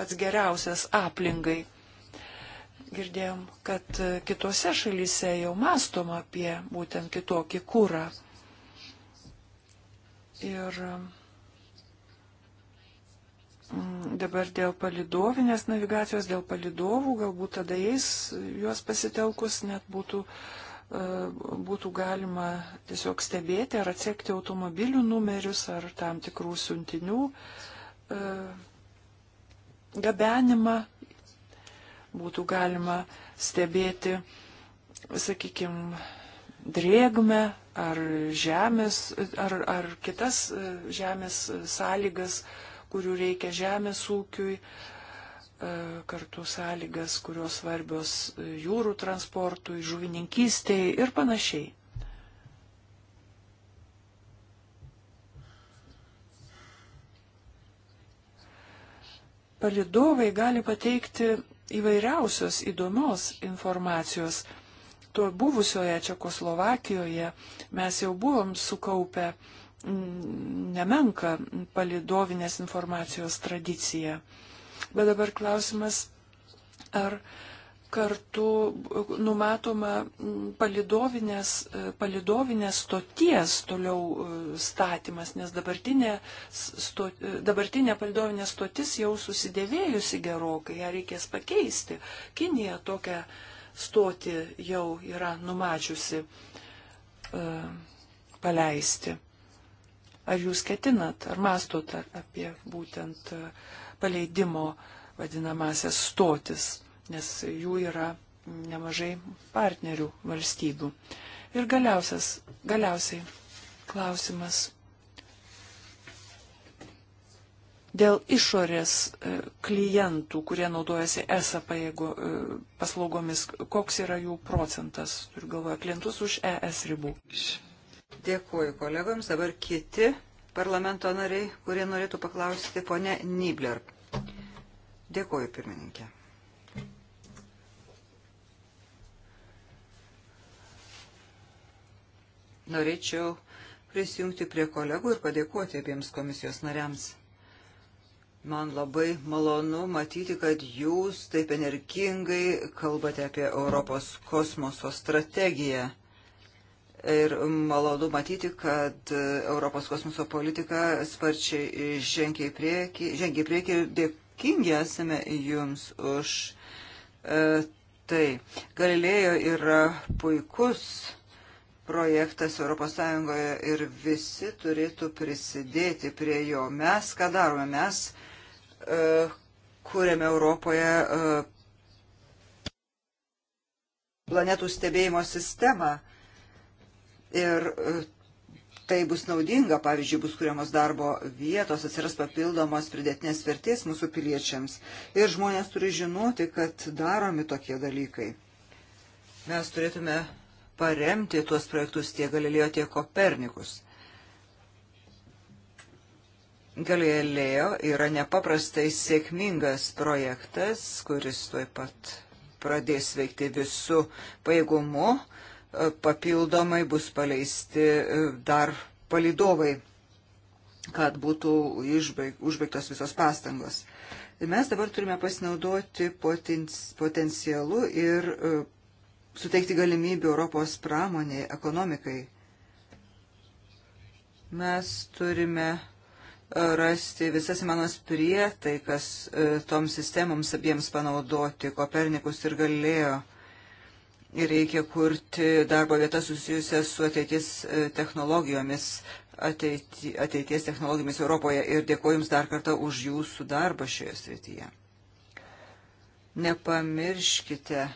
pats geriausias aplinkai girdėjom, kad e, kitose šalyse jau mąstoma apie būtent kitokį kūrą. Ir mm, dabar dėl palidovinės navigacijos, dėl palidovų, galbūt tada jais juos pasitelkus net būtų, e, būtų galima tiesiog stebėti ar atsekti automobilių numerius ar tam tikrų siuntinių e, gabenimą būtų galima stebėti, sakykime, drėgmę ar žemės, ar, ar kitas e, žemės sąlygas, kurių reikia žemės ūkiui, e, kartu sąlygas, kurios svarbios e, jūrų transportui, žuvininkystėje ir panašiai. palidovai gali pateikti įvairiausios įdomios informacijos. Tuo buvusioje Čekoslovakijoje mes jau buvom sukaupę mm, nemenka palidovinės informacijos tradicija. Bet dabar klausimas, ar kartu numatoma mm, palidovinės, e, palidovinės stoties toliau e, statymas, nes dabartinė, sto, e, dabartinė palidovinė stotis jau susidėvėjusi gerokai, ją reikės pakeisti. Kinija tokią stotį jau yra numačiusi paleisti. Ar jūs ketinat, ar mastot apie būtent paleidimo vadinamasias stotis? nes jų yra nemažai partnerių valstybių. Ir galiausias, galiausiai klausimas dėl išorės e, klientų, kurie naudojasi ESA pajėgo, e, paslaugomis, koks yra jų procentas, turiu galvoje, klientus už ES ribų. Dėkuoju kolegoms, dabar kiti parlamento nariai, kurie norėtų paklausyti ponę Nibler. Dėkuoju pirmininkė. norėčiau prisijungti prie kolegų ir padėkoti abiems komisijos nariams. Man labai malonu matyti, kad jūs taip energingai kalbate apie Europos kosmoso strategiją. Ir malonu matyti, kad Europos kosmoso politika sparčiai žengia į priekį, žengia į priekį ir dėkingi esame jums už e, tai. Galilėjo yra puikus projektas ES ir visi turėtų prisidėti prie jo. Mes ką darome? Mes uh, e, kūrėme Europoje uh, planetų stebėjimo sistemą ir uh, tai bus naudinga, pavyzdžiui, bus kuriamos darbo vietos, atsiras papildomos pridėtinės vertės mūsų piliečiams ir žmonės turi žinoti, kad daromi tokie dalykai. Mes turėtume paremti tuos projektus tiek Galilėjo, tiek Kopernikus. Galilėjo yra nepaprastai sėkmingas projektas, kuris tuoj pat pradės veikti visų pajėgumu, e, papildomai bus paleisti e, dar palidovai, kad būtų išbaig, užbaigtos visos pastangos. Mes dabar turime pasinaudoti potencialu ir e, suteikti galimybių Europos pramoniai, ekonomikai. Mes turime e, rasti visas įmanomas prietaikas e, toms sistemoms abiems panaudoti, Kopernikus ir galėjo. Ir reikia kurti darbo vietas susijusias su ateities e, technologijomis, ateity, ateities technologijomis Europoje. Ir dėkoju Jums dar kartą už Jūsų darbą šioje srityje. Nepamirškite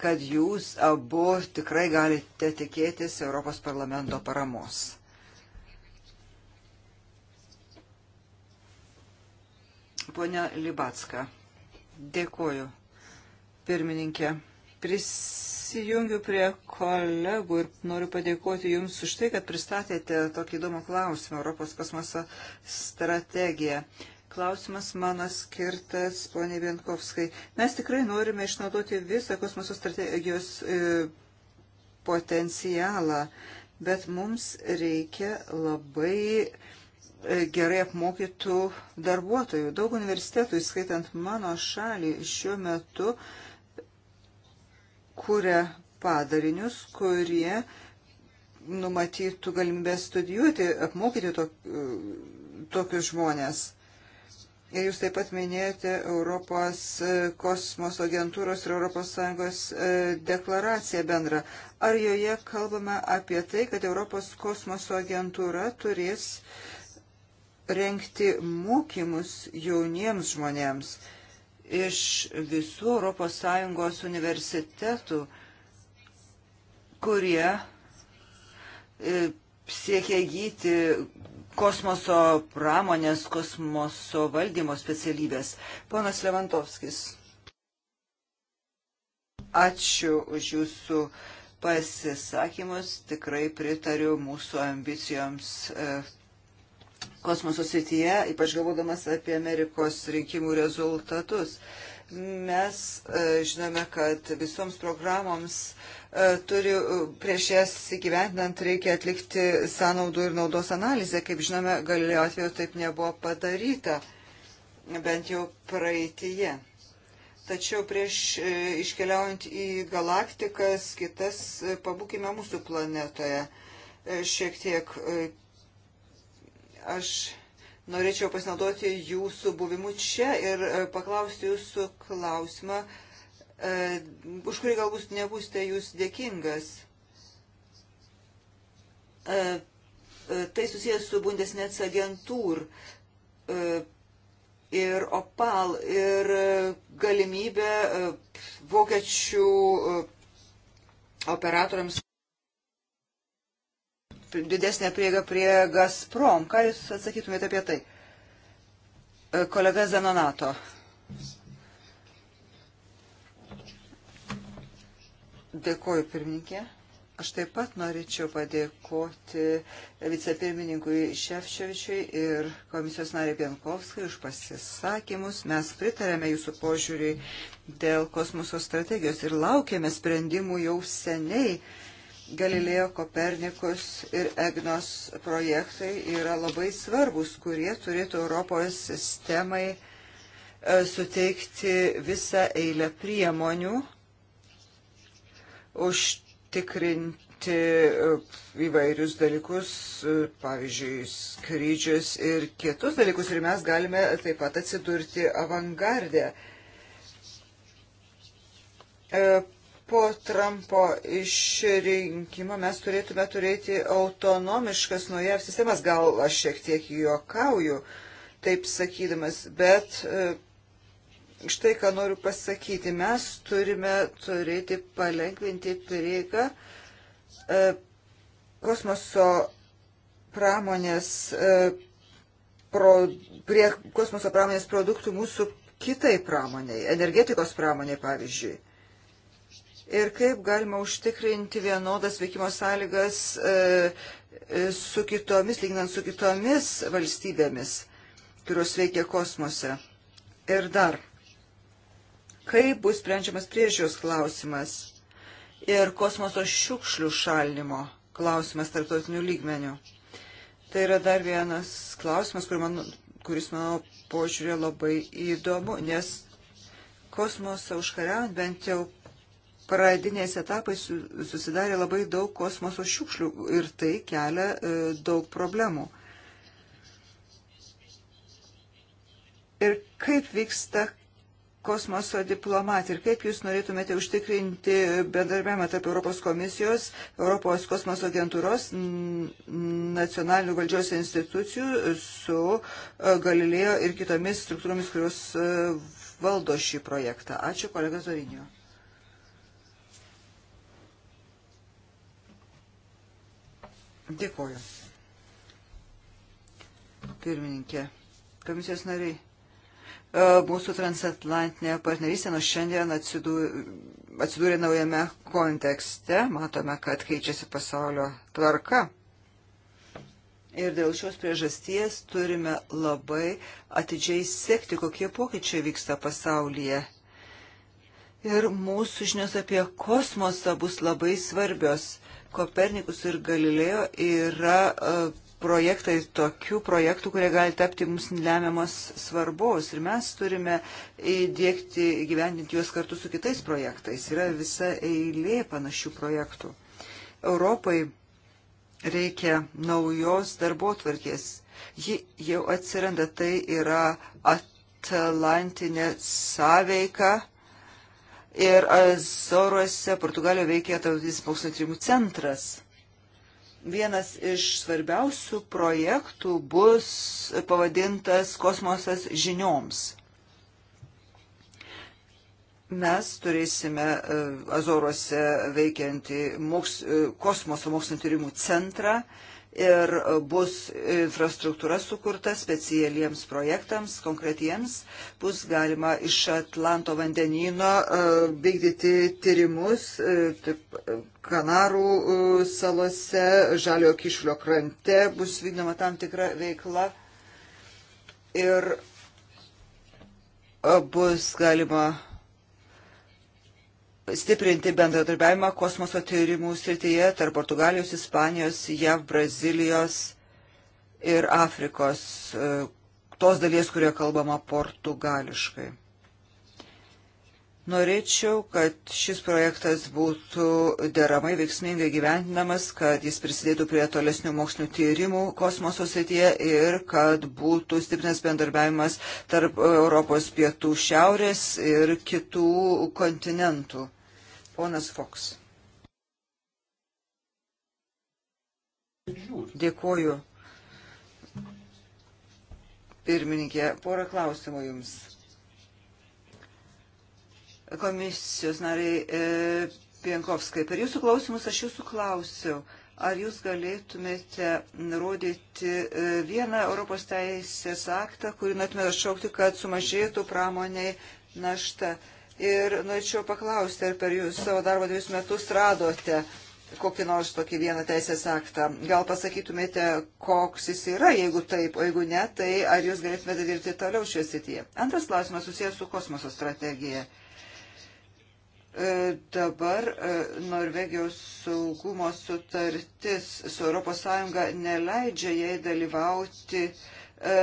kad jūs abu tikrai galite tikėtis Europos parlamento paramos. Pone Libacka, dėkoju. Pirmininkė, prisijungiu prie kolegų ir noriu padėkoti Jums už tai, kad pristatėte tokį įdomų klausimą Europos kosmoso strategiją. Uh, Klausimas mano skirtas, poniai Vienkovskai. Mes tikrai norime išnaudoti visą kosmoso strategijos e, potencialą, bet mums reikia labai e, gerai apmokytų darbuotojų. Daug universitetų, įskaitant mano šalį, šiuo metu kuria padarinius, kurie numatytų galimybę studijuoti, apmokyti to, tokius žmonės. Ir jūs taip pat minėjote Europos e, kosmoso agentūros ir ES e, deklaraciją bendrą. Ar joje kalbame apie tai, kad Europos kosmoso agentūra turės renkti mokymus jauniems žmonėms iš visų ES universitetų, kurie e, siekia gyti kosmoso pramonės, kosmoso valdymo specialybės. Ponas Levantovskis, ačiū už jūsų pasisakymus, tikrai pritariu mūsų ambicijoms e, kosmoso srityje, ypač galvodamas apie Amerikos rinkimų rezultatus. Mes e, žinome, kad visoms programoms e, turi e, prieš jas įgyventinant reikia atlikti sąnaudų ir naudos analizę. Kaip žinome, galėjo atveju taip nebuvo padaryta, bent jau praeitįje. Tačiau prieš iškeliaujant į galaktikas, kitas, pabūkime mūsų planetoje šiek tiek. Aš Norėčiau pasinaudoti jūsų buvimu čia ir e, paklausti jūsų klausimą, e, už kurį galbūt nebūsite jūs dėkingas. E, tai susijęs su Bundesnetz agentūr ir OPAL ir galimybė vokiečių operatoriams didesnę prieigą prie Gazprom. Ką Jūs atsakytumėte apie tai? E, kolega Zenonato. Dėkoju, pirmininkė. Aš taip pat norėčiau padėkoti vicepirmininkui Šefčiovičiui ir komisijos nariai Bienkovskai už pasisakymus. Mes pritarėme jūsų požiūriui dėl kosmoso strategijos ir laukiame sprendimų jau seniai. Galilėjo, Kopernikus ir EGNOS projektai yra labai svarbus, kurie turėtų Europos sistemai e, suteikti visą eilę priemonių, užtikrinti e, įvairius dalykus, e, pavyzdžiui, skrydžius ir kitus dalykus. Ir mes galime taip pat atsidurti avangardę po Trumpo išrinkimo mes turėtume turėti autonomiškas nuo JAV sistemas. Gal aš šiek tiek juokauju, taip sakydamas, bet e, štai ką noriu pasakyti. Mes turime turėti palengvinti prieigą e, kosmoso pramonės e, pro, prie kosmoso pramonės produktų mūsų kitai pramoniai, energetikos pramoniai pavyzdžiui ir kaip galima užtikrinti vienodas veikimo sąlygas e, e, su kitomis, lyginant su kitomis valstybėmis, kurios veikia kosmose. Ir dar, kaip bus sprendžiamas priežiūros klausimas ir kosmoso šiukšlių šalinimo klausimas tarptautinių lygmenių. Tai yra dar vienas klausimas, kur man, kuris mano požiūrė labai įdomu, nes kosmosą užkariaujant bent jau pradiniais etapais susidarė labai daug kosmoso šiukšlių ir tai kelia e, daug problemų. Ir kaip vyksta kosmoso diplomatija ir kaip jūs norėtumėte užtikrinti bendarbiavimą tarp Europos komisijos, Europos kosmoso agentūros, nacionalinių valdžios institucijų su e, Galilėjo ir kitomis struktūromis, kurios e, valdo šį projektą. Ačiū, kolega Zorinio. Dėkuoju. Pirmininkė, komisijos nariai, e, mūsų transatlantinė partnerystė nuo šiandien atsidūrė naujame kontekste. Matome, kad keičiasi pasaulio tvarka. Ir dėl šios priežasties turime labai atidžiai sekti, kokie pokyčiai vyksta pasaulyje Ir mūsų žinios apie kosmosą bus labai svarbios. Kopernikus ir Galilėjo yra e, projektai, tokių projektų, kurie gali tapti mums lemiamos svarbos. Ir mes turime įdėkti, gyvendinti juos kartu su kitais projektais. Yra visa eilė panašių projektų. Europai reikia naujos darbo tvarkės. Ji jau atsiranda, tai yra Atlantinė sąveika Ir Azoruose Portugalijoje veikia Tarptautinis mokslo tyrimų centras. Vienas iš svarbiausių projektų bus pavadintas kosmosas žinioms mes turėsime e, Azoruose veikiantį moks, e, kosmoso mokslinio tyrimų centrą ir bus infrastruktūra sukurta specialiems projektams, konkretiems, bus galima iš Atlanto vandenyno e, vykdyti tyrimus e, taip, Kanarų e, salose, Žaliojo kišlio krante bus vykdoma tam tikra veikla ir bus galima stiprinti bendradarbiavimą kosmoso tyrimų srityje tarp Portugalijos, Ispanijos, JAV, Brazilijos ir Afrikos, e, tos dalies, kurioje kalbama portugališkai. Norėčiau, kad šis projektas būtų deramai veiksmingai gyventinamas, kad jis prisidėtų prie tolesnių mokslinių tyrimų kosmoso srityje ir kad būtų stiprinęs bendarbiavimas tarp Europos pietų šiaurės ir kitų kontinentų. Ponas Foks. Dėkuoju. Pirmininkė, porą klausimų jums. Komisijos nariai e, Pienkovskai, per jūsų klausimus aš jūsų klausiau, ar jūs galėtumėte nurodyti e, vieną Europos teisės aktą, kurį norėtumėte atšaukti, kad sumažėtų pramoniai našta. E, Ir norėčiau paklausti, ar per jūs savo darbo dvius metus radote kokį nors tokį vieną teisės aktą. Gal pasakytumėte, koks jis yra, jeigu taip, o jeigu ne, tai ar jūs galėtumėte dirbti toliau šioje srityje. Antras klausimas susijęs su kosmoso strategija. E, dabar e, Norvegijos saugumo sutartis su ES neleidžia jai dalyvauti e,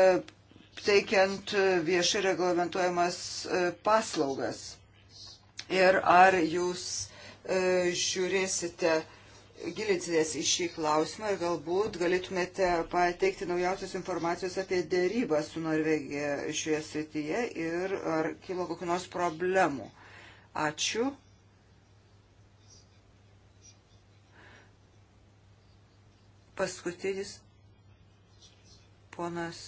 teikiant viešai reglamentuojamas e, paslaugas ir ar jūs e, žiūrėsite gilinsinės į šį klausimą ir galbūt galėtumėte pateikti naujausios informacijos apie dėrybą su Norvegija šioje srityje ir ar kilo kokių nors problemų. Ačiū. Paskutinis ponas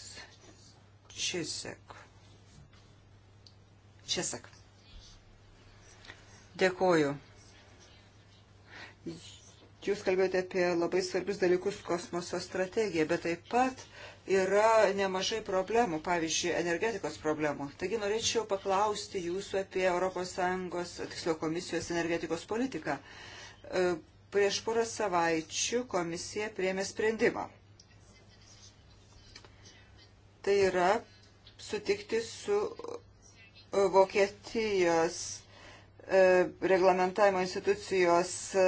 Čisek. Čisek. Dėkoju. Jūs kalbėjote apie labai svarbius dalykus kosmoso strategiją, bet taip pat yra nemažai problemų, pavyzdžiui, energetikos problemų. Taigi norėčiau paklausti jūsų apie ES, tiksliau, komisijos energetikos politiką. E, prieš porą savaičių komisija priemė sprendimą. Tai yra sutikti su Vokietijos E, reglamentavimo institucijos e,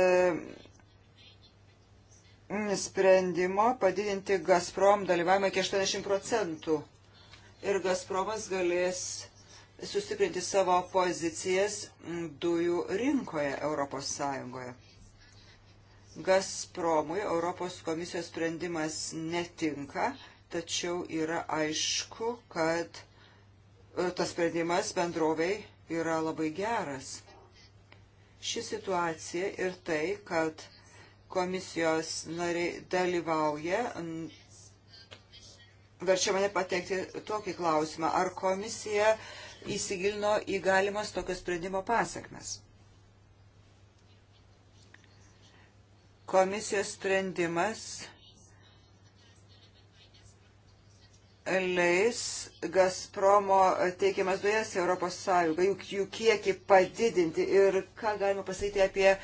sprendimo padidinti Gazprom dalyvavimą iki 80 procentų. Ir Gazpromas galės sustiprinti savo pozicijas dujų rinkoje Europos Sąjungoje. Gazpromui Europos komisijos sprendimas netinka, tačiau yra aišku, kad e, tas sprendimas bendroviai yra labai geras. Ši situacija ir tai, kad komisijos nariai dalyvauja, verčia mane pateikti tokį klausimą, ar komisija įsigilino į galimas tokio sprendimo pasakmes. Komisijos sprendimas leis Gazpromo teikiamas dujas Europos Sąjungą, juk jų kiekį padidinti ir ką galima pasakyti apie e,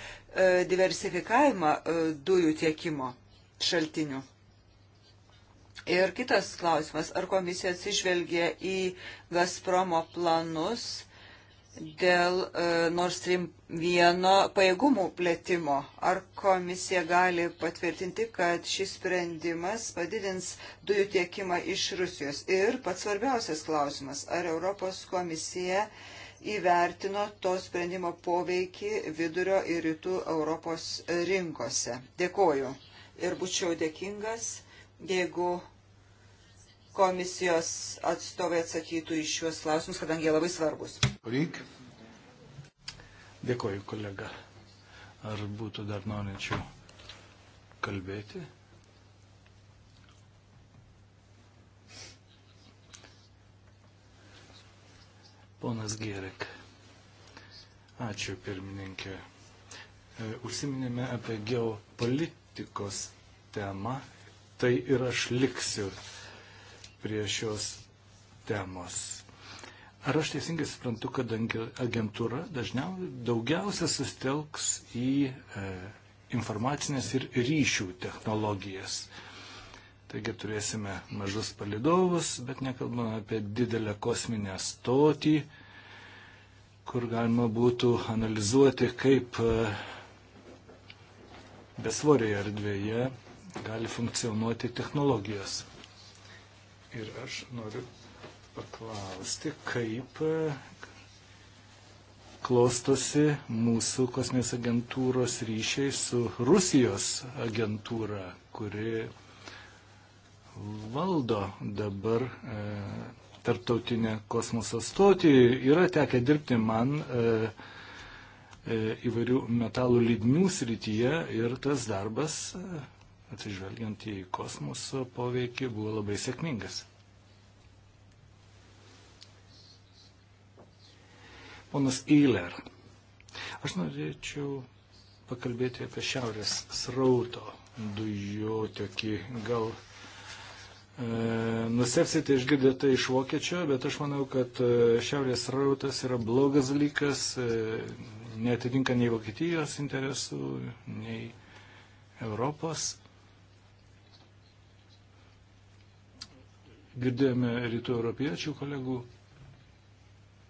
diversifikavimą e, dujų tiekimo šaltinių. Ir kitas klausimas, ar komisija atsižvelgia į Gazpromo planus dėl e, Nord Stream 1 pajėgumų plėtimo. Ar komisija gali patvirtinti, kad šis sprendimas padidins dujų tiekimą iš Rusijos? Ir pats svarbiausias klausimas, ar Europos komisija įvertino to sprendimo poveikį vidurio ir rytų Europos rinkose? Dėkoju. Ir būčiau dėkingas, jeigu komisijos atstovai atsakytų į šiuos klausimus, kadangi jie labai svarbus. Ryk. Dėkoju, kolega. Ar būtų dar norinčių kalbėti? Ponas Gerek. Ačiū, pirmininkė. E, užsiminėme apie geopolitikos temą. Tai ir aš liksiu prie šios temos. Ar aš teisingai suprantu, kad agentūra dažniausiai daugiausia sustelks į e, informacinės ir ryšių technologijas. Taigi turėsime mažus palidovus, bet nekalbame apie didelę kosminę stotį, kur galima būtų analizuoti, kaip e, besvorėje erdvėje gali funkcionuoti technologijos. Ir aš noriu paklausti, kaip e, klostosi mūsų kosminės agentūros ryšiai su Rusijos agentūra, kuri valdo dabar e, tarptautinę kosmoso stotį. Yra tekę dirbti man e, e, įvairių metalų lydmių srityje ir tas darbas e, atsižvelgiant į kosmoso poveikį, buvo labai sėkmingas. Ponas Eiler, aš norėčiau pakalbėti apie šiaurės srauto dujotiekį. Gal e, nustepsite išgirdę tai iš vokiečio, bet aš manau, kad e, šiaurės srautas yra blogas dalykas, e, netitinka nei Vokietijos interesų, nei Europos. Girdėjome rytų europiečių kolegų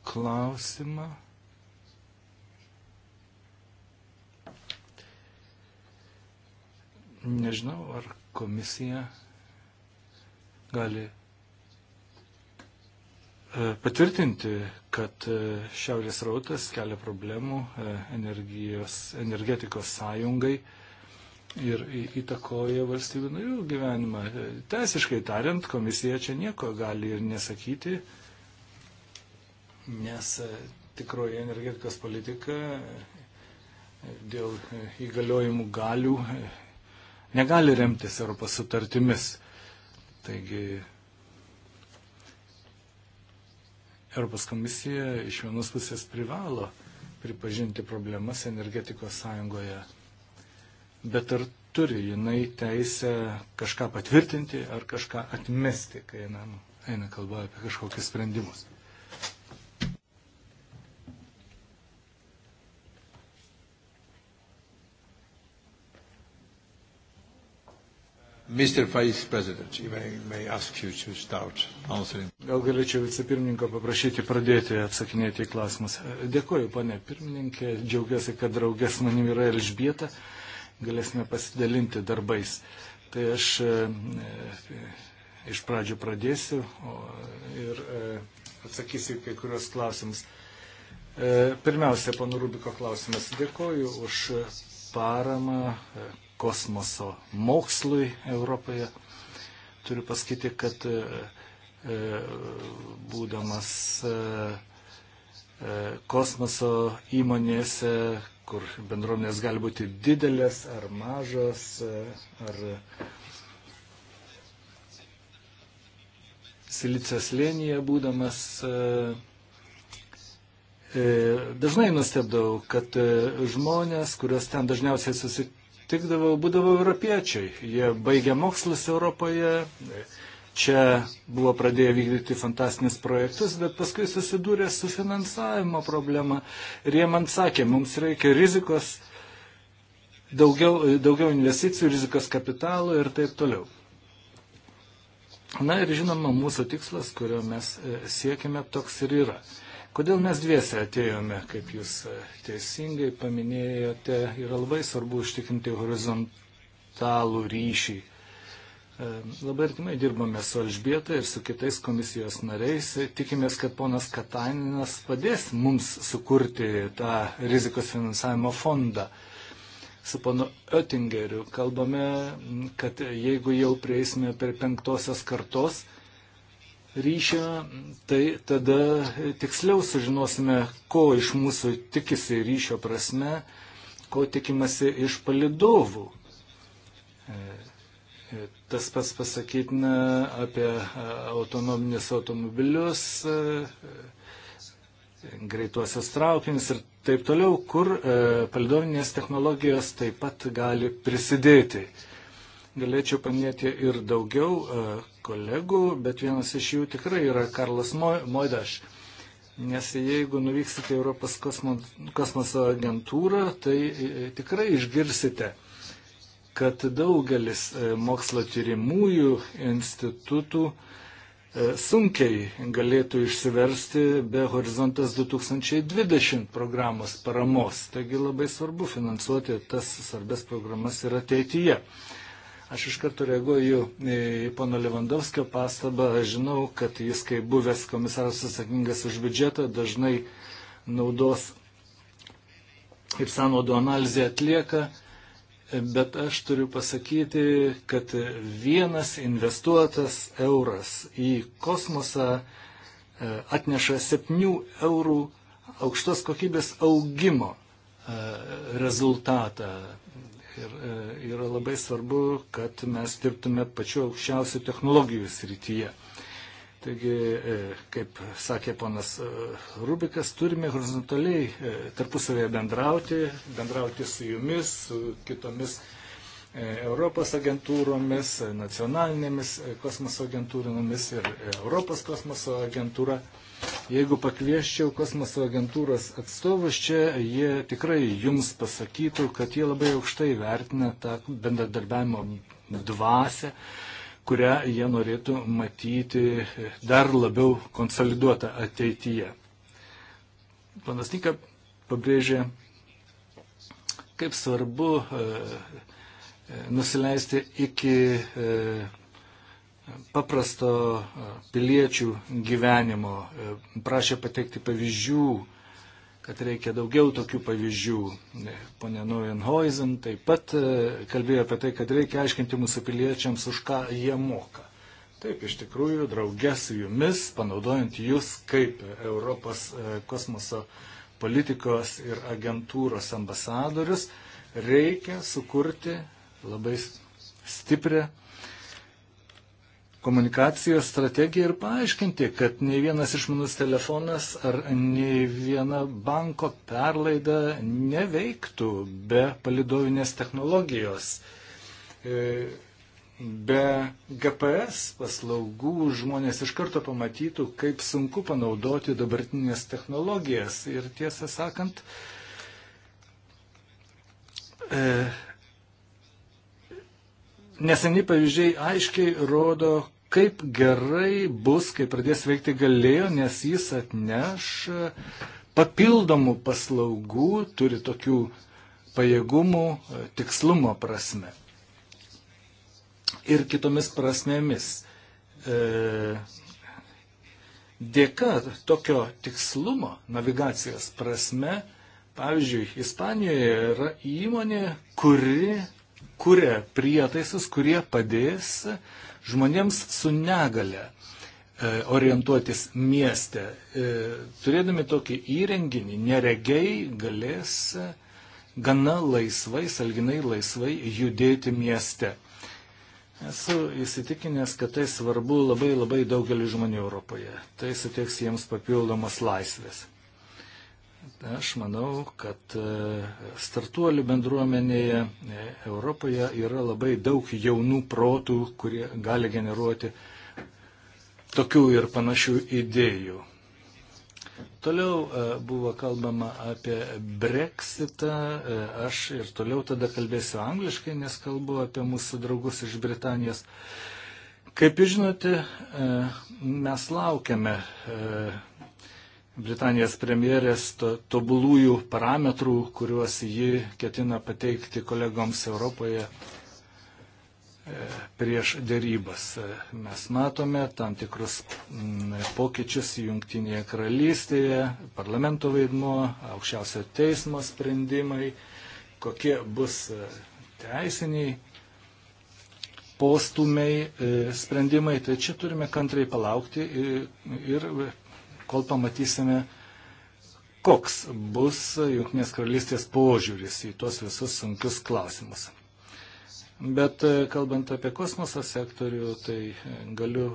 klausimą. Nežinau, ar komisija gali e, patvirtinti, kad e, šiaurės rautas kelia problemų e, energijos, energetikos sąjungai ir įtakoja valstybių narių gyvenimą. Teisiškai tariant, komisija čia nieko gali ir nesakyti, nes e, tikroji energetikos politika e, dėl e, įgaliojimų galių negali remtis Europos sutartimis. Taigi Europos komisija iš vienos pusės privalo pripažinti problemas energetikos sąjungoje bet ar turi jinai teisę kažką patvirtinti ar kažką atmesti, kai eina, eina kalba apie kažkokius sprendimus. Mr. Vice President, if I may ask you to start answering. Gal galėčiau vicepirmininko paprašyti pradėti atsakinėti į klausimus. Dėkuoju, ponė pirmininkė, džiaugiuosi, kad draugės manim yra Elžbieta. Uh, galėsime pasidalinti darbais. Tai aš e, e, iš pradžių pradėsiu ir e, atsakysiu kai kurios klausimus. Pirmiausia, pano Rubiko klausimas. Dėkoju už paramą kosmoso mokslui Europoje. Turiu pasakyti, kad būdamas kosmoso įmonėse kur bendruomenės gali būti didelės ar mažos, ar silicijos lėnyje būdamas. E, dažnai nustebdavau, kad e, žmonės, kuriuos ten dažniausiai susitikdavau, būdavo europiečiai. Jie baigė mokslus Europoje, čia buvo pradėję vykdyti fantastinis projektus, bet paskui susidūrė su finansavimo problema. Ir jie man sakė, mums reikia rizikos, daugiau, daugiau investicijų, rizikos kapitalo ir taip toliau. Na ir žinoma, mūsų tikslas, kurio mes e, siekime, toks ir yra. Kodėl mes dviese atėjome, kaip jūs e, teisingai paminėjote, yra labai svarbu užtikrinti horizontalų ryšį E, labai artimai dirbame su Alžbieta ir su kitais komisijos nariais. Tikimės, kad ponas Kataninas padės mums sukurti tą rizikos finansavimo fondą. Su ponu Oettingeriu kalbame, kad jeigu jau prieisime per penktosios kartos ryšio, tai tada tiksliau sužinosime, ko iš mūsų tikisi ryšio prasme, ko tikimasi iš palidovų Tas pas pasakytina apie e, autonominius automobilius, e, e, greituosius traukinius ir taip toliau, kur palidovinės technologijos taip pat gali prisidėti. Galėčiau paminėti ir daugiau kolegų, bet vienas iš jų tikrai yra Karlas Moidaš. Nes jeigu nuvyksite į Europos kosmo, kosmoso agentūrą, tai tikrai išgirsite kad daugelis e, mokslo tyrimųjų institutų e, sunkiai galėtų išsiversti be Horizontas 2020 programos paramos. Taigi labai svarbu finansuoti tas svarbės programas ir ateityje. Aš iš karto reaguoju į pono Levandovskio pastabą. Aš žinau, kad jis, kaip buvęs komisaras atsakingas už biudžetą, dažnai naudos ir sąnaudų analizę atlieka bet aš turiu pasakyti, kad vienas investuotas euras į kosmosą e, atneša 7 eurų aukštos kokybės augimo e, rezultatą. Ir e, yra labai svarbu, kad mes dirbtume pačiu aukščiausiu technologijų srityje. Taigi, e, kaip sakė ponas e, Rubikas, turime horizontaliai e, tarpusavėje bendrauti, bendrauti su jumis, su kitomis Europos agentūromis, nacionalinėmis kosmoso agentūromis ir Europos kosmoso agentūra. Jeigu pakvieščiau kosmoso agentūros atstovus čia, jie tikrai jums pasakytų, kad jie labai aukštai vertina tą bendradarbiavimo dvasę kurią jie norėtų matyti dar labiau konsoliduotą ateityje. Panas Nika pabrėžė, kaip svarbu e, e, nusileisti iki e, paprasto piliečių gyvenimo, prašė pateikti pavyzdžių, kad reikia daugiau tokių pavyzdžių. Pone Neuenhoizen taip pat e, kalbėjo apie tai, kad reikia aiškinti mūsų piliečiams, už ką jie moka. Taip, iš tikrųjų, draugė su jumis, panaudojant jūs kaip Europos e, kosmoso politikos ir agentūros ambasadorius, reikia sukurti labai stiprią komunikacijos strategiją ir paaiškinti, kad nei vienas išmanus telefonas ar nei viena banko perlaida neveiktų be palidovinės technologijos. E, be GPS paslaugų žmonės iš karto pamatytų, kaip sunku panaudoti dabartinės technologijas. Ir tiesą sakant, e, Neseni pavyzdžiai aiškiai rodo, kaip gerai bus, kai pradės veikti galėjo, nes jis atneš papildomų paslaugų, turi tokių pajėgumų e, tikslumo prasme. Ir kitomis prasmėmis. E, dėka tokio tikslumo navigacijos prasme, pavyzdžiui, Ispanijoje yra įmonė, kuri kuria prietaisus, kurie padės uh, žmonėms su negale e, orientuotis mieste. E, turėdami tokį įrenginį, neregiai galės gana laisvai, salginai laisvai judėti mieste. Esu įsitikinęs, kad tai svarbu labai labai daugelį žmonių Europoje. Tai suteiks jiems papildomas laisvės. Aš manau, kad e, startuolių bendruomenėje e, Europoje yra labai daug jaunų protų, kurie gali generuoti tokių ir panašių idėjų. Toliau e, buvo kalbama apie breksitą, aš ir toliau tada kalbėsiu angliškai, nes kalbu apie mūsų draugus iš Britanijos. Kaip jūs žinote, mes laukiame Britanijos premjerės to, tobulųjų parametrų, kuriuos ji ketina pateikti kolegoms Europoje e, prieš dėrybas. E, mes matome tam tikrus pokyčius Junktinėje karalystėje, parlamento vaidmo, aukščiausio teismo sprendimai, kokie bus e, teisiniai postumiai, sprendimai. Tai čia turime kantriai palaukti ir kol pamatysime, koks bus Junktinės karalystės požiūris į tuos visus sunkius klausimus. Bet e, kalbant apie kosmoso sektorių, tai e, galiu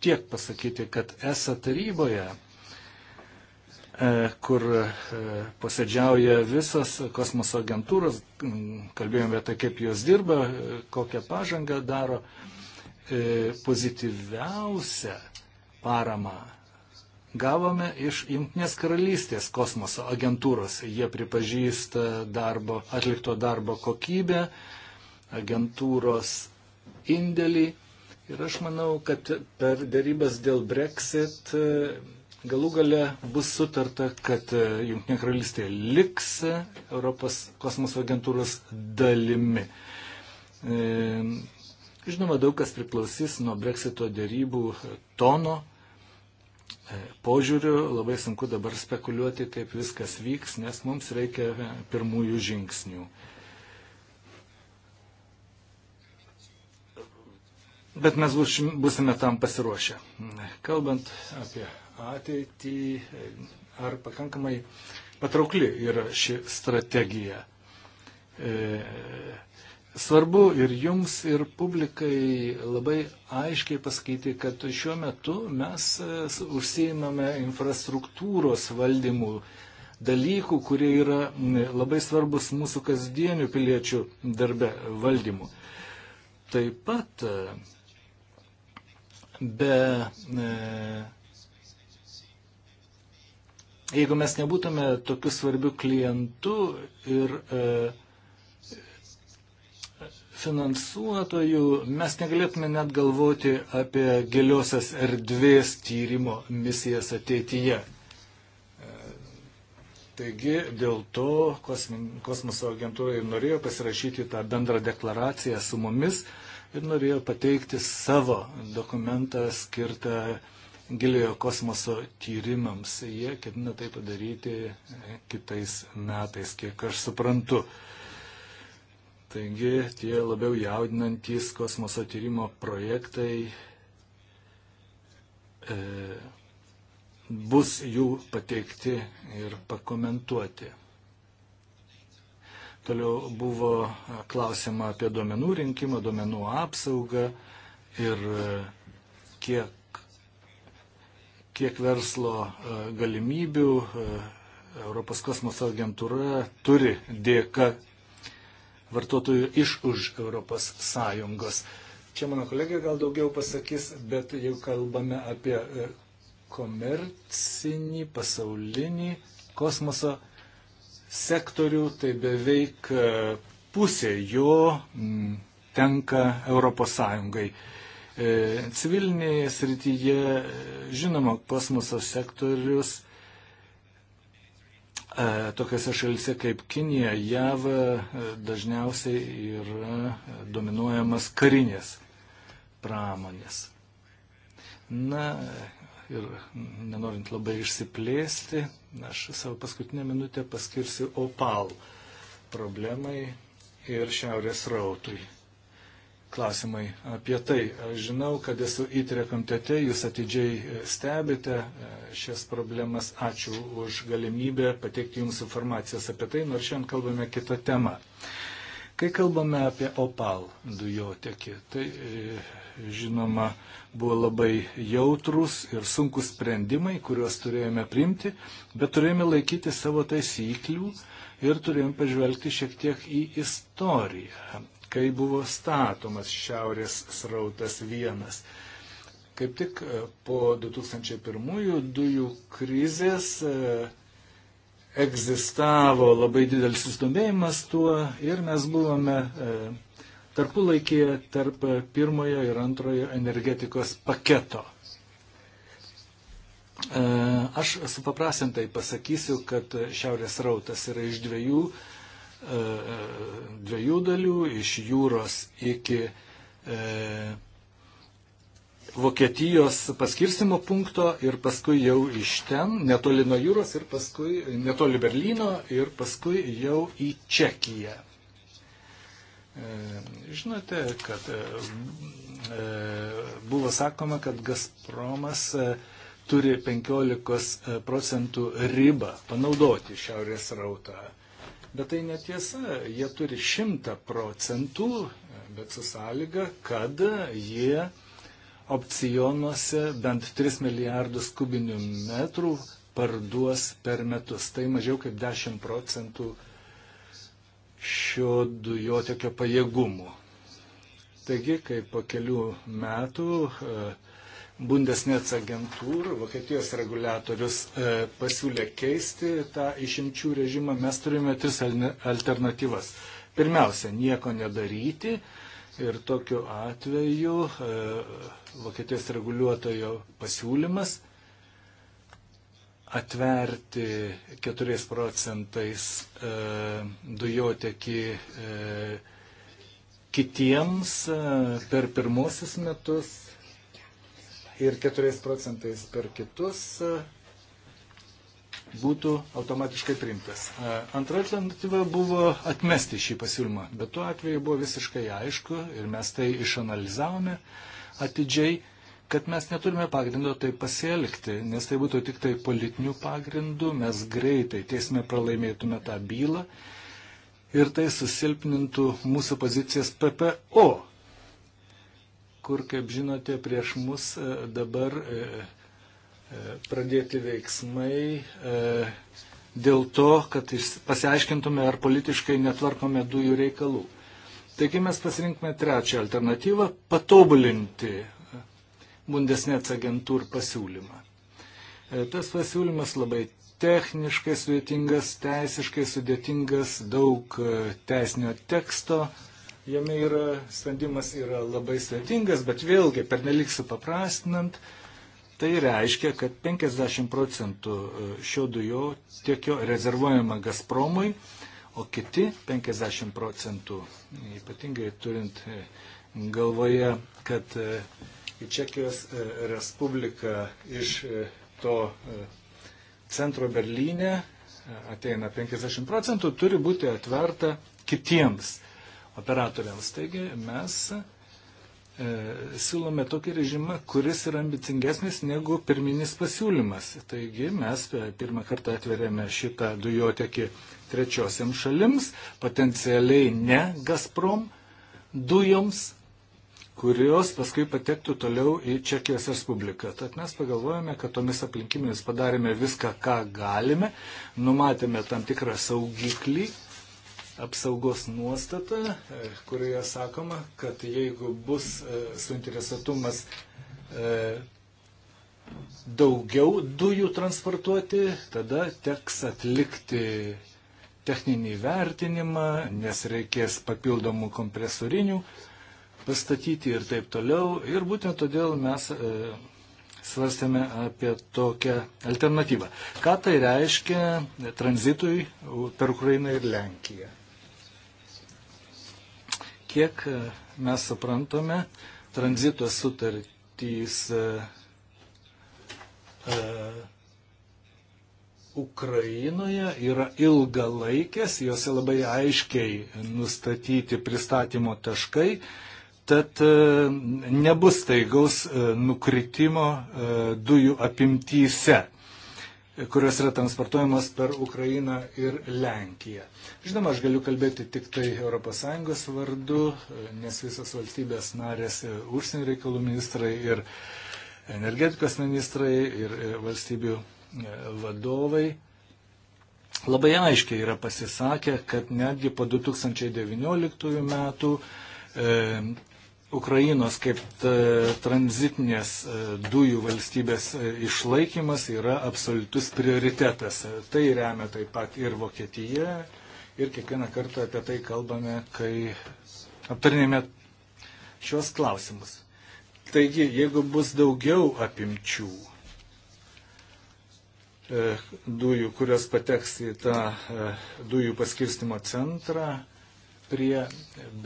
tiek pasakyti, kad ESA taryboje, e, kur posėdžiauja visos kosmoso agentūros, kalbėjome apie tai, kaip jos dirba, kokią pažangą daro, pozityviausia parama gavome iš Junktinės karalystės kosmoso agentūros. Jie pripažįsta darbo, atlikto darbo kokybę, agentūros indėlį. Ir aš manau, kad per darybas dėl Brexit e, galų gale bus sutarta, kad e, Junktinė karalystė liks Europos kosmoso agentūros dalimi. E, Žinoma, daug kas priklausys nuo breksito dėrybų tono požiūriu labai sunku dabar spekuliuoti, kaip viskas vyks, nes mums reikia pirmųjų žingsnių. Bet mes busime tam pasiruošę. Kalbant apie ateitį, ar pakankamai patraukli yra ši strategija. E, Svarbu ir jums, ir publikai labai aiškiai pasakyti, kad šiuo metu mes e, užsiimame infrastruktūros valdymų dalykų, kurie yra labai svarbus mūsų kasdienių piliečių darbe valdymų. Taip pat e, be. E, jeigu mes nebūtume tokiu svarbiu klientu ir e, finansuotojų mes negalėtume net galvoti apie giliosios erdvės tyrimo misijas ateityje. Taigi dėl to kosmoso agentūra ir norėjo pasirašyti tą bendrą deklaraciją su mumis ir norėjo pateikti savo dokumentą skirtą giliojo kosmoso tyrimams. Jie ketina tai padaryti kitais metais, kiek aš suprantu. Taigi tie labiau jaudinantis kosmoso tyrimo projektai e, bus jų pateikti ir pakomentuoti. Toliau buvo klausima apie duomenų rinkimą, duomenų apsaugą ir e, kiek, kiek verslo e, galimybių e, Europos kosmoso agentūra turi dėka vartotojų iš už ES. Čia mano kolegė gal daugiau pasakys, bet jau kalbame apie e, komercinį, pasaulinį kosmoso sektorių, tai beveik e, pusė jo tenka ES. E, civilinėje srityje, žinoma, kosmoso sektorius E, tokiose šalise kaip Kinija, JAV e, dažniausiai yra dominuojamas karinės pramonės. Na ir nenorint labai išsiplėsti, aš savo paskutinę minutę paskirsiu OPAL problemai ir šiaurės rautui klausimai apie tai. Aš žinau, kad esu įtrė e komitete, jūs atidžiai stebite e, šias problemas. Ačiū už galimybę pateikti jums informacijos apie tai, nors šiandien kalbame kitą temą. Kai kalbame apie opal dujotekį, tai e, žinoma buvo labai jautrus ir sunkus sprendimai, kuriuos turėjome priimti, bet turėjome laikyti savo taisyklių ir turėjome pažvelgti šiek tiek į istoriją kai buvo statomas šiaurės srautas vienas. Kaip tik e, po 2001 dujų krizės e, egzistavo labai didelis sustumėjimas tuo ir mes buvome e, tarpu laikyje tarp pirmojo ir antrojo energetikos paketo. Aš supaprasintai pasakysiu, kad šiaurės rautas yra iš dviejų E, dviejų dalių, iš jūros iki e, Vokietijos paskirstimo punkto ir paskui jau iš ten, netoli nuo jūros ir paskui, netoli Berlyno ir paskui jau į Čekiją. E, žinote, kad buvo sakoma, kad Gazpromas turi 15 procentų ribą panaudoti šiaurės rautą. Bet tai netiesa, jie turi šimtą procentų, bet su sąlyga, kad jie opcionuose bent 3 milijardus kubinių metrų parduos per metus. Tai mažiau kaip 10 procentų šio dujotekio pajėgumų. Taigi, kai po kelių metų uh, Bundesnetz agentūrų, Vokietijos reguliatorius e, pasiūlė keisti tą išimčių režimą, mes turime tris alternatyvas. Pirmiausia, nieko nedaryti ir tokiu atveju e, Vokietijos reguliuotojo pasiūlymas atverti 4 procentais e, dujotekį kitiems per pirmosius metus ir 4 procentais per kitus e, būtų automatiškai priimtas. E, antra alternatyva buvo atmesti šį pasiūlymą, bet tuo atveju buvo visiškai aišku ir mes tai išanalizavome atidžiai, kad mes neturime pagrindo tai pasielgti, nes tai būtų tik tai politinių pagrindų, mes greitai teisme pralaimėtume tą bylą ir tai susilpnintų mūsų pozicijas PPO kur, kaip žinote, prieš mus e, dabar e, e, pradėti veiksmai dėl to, kad pasiaiškintume, ar politiškai netvarkome dujų reikalų. Taigi mes pasirinkime trečią alternatyvą - patobulinti Bundesnets agentūr pasiūlymą. Tas pasiūlymas labai techniškai sudėtingas, teisiškai sudėtingas, daug teisinio teksto, Jame yra, sprendimas yra labai sudėtingas, bet vėlgi, pernelik supaprastinant, tai reiškia, kad 50 procentų e, šio dujo tiekio rezervuojama Gazpromui, o kiti 50 procentų, ypatingai turint e, galvoje, kad e, į Čekijos Respubliką iš to centro Berlyne ateina 50 procentų, turi būti atverta kitiems operatoriams. Taigi mes e, siūlome tokį režimą, kuris yra ambicingesnis negu pirminis pasiūlymas. Taigi mes e, pirmą kartą atverėme šitą dujotekį trečiosiam šalims, potencialiai ne Gazprom dujoms, kurios paskui patektų toliau į Čekijos Respubliką. Tad mes pagalvojame, kad tomis aplinkybėmis padarėme viską, ką galime, numatėme tam tikrą saugiklį apsaugos nuostatą, e, kurioje sakoma, kad jeigu bus e, suinteresuotumas e, daugiau dujų transportuoti, tada teks atlikti techninį vertinimą, nes reikės papildomų kompresorinių pastatyti ir taip toliau. Ir būtent todėl mes e, svarstėme apie tokią alternatyvą. Ką tai reiškia tranzitui per Ukrainą ir Lenkiją? Kiek e, mes suprantame, tranzito sutartys e, e, Ukrainoje yra ilgalaikės, juose labai aiškiai nustatyti pristatymo taškai, tad nebus taigaus nukritimo dujų apimtyse kurios yra transportuojamos per Ukrainą ir Lenkiją. Žinoma, aš galiu kalbėti tik tai ES vardu, nes visos valstybės narės e, užsienio reikalų ministrai ir energetikos ministrai ir e, valstybių e, vadovai labai aiškiai yra pasisakę, kad netgi po 2019 metų e, Ukrainos kaip e, tranzitinės e, dujų valstybės e, išlaikymas yra absoliutus prioritetas. Tai remia taip pat ir Vokietija. Ir kiekvieną kartą apie tai kalbame, kai aptarinėme šios klausimus. Taigi, jeigu bus daugiau apimčių dujų, kurios pateks į tą dujų paskirstimo centrą prie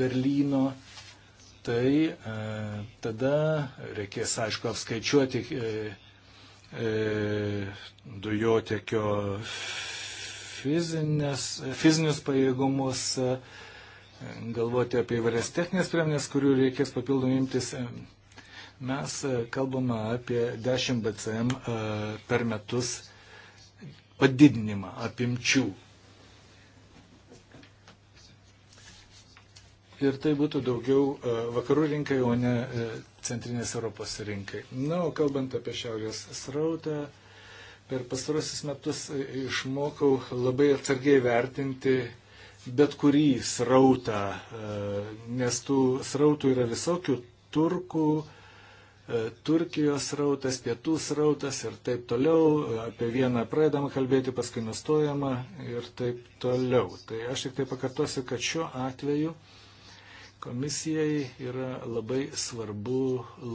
Berlyno, tai e, tada reikės, aišku, apskaičiuoti e, e, dujotekio fizinės, fizinius pajėgumus, e, galvoti apie įvairias techninės priemonės, kurių reikės papildomai imtis. E, mes e, kalbame apie 10 BCM e, per metus padidinimą apimčių. ir tai būtų daugiau e, vakarų rinkai, o ne e, centrinės Europos rinkai. Na, o kalbant apie šiaurės srautą, per pastarosius metus e, išmokau labai atsargiai vertinti bet kurį srautą, nes tų srautų yra visokių turkų, Turkijos srautas, pietų srautas ir taip toliau. Apie vieną pradedama kalbėti, paskui nustojama ir taip toliau. Tai aš tik tai pakartosiu, kad šiuo atveju uh, Komisijai yra labai svarbu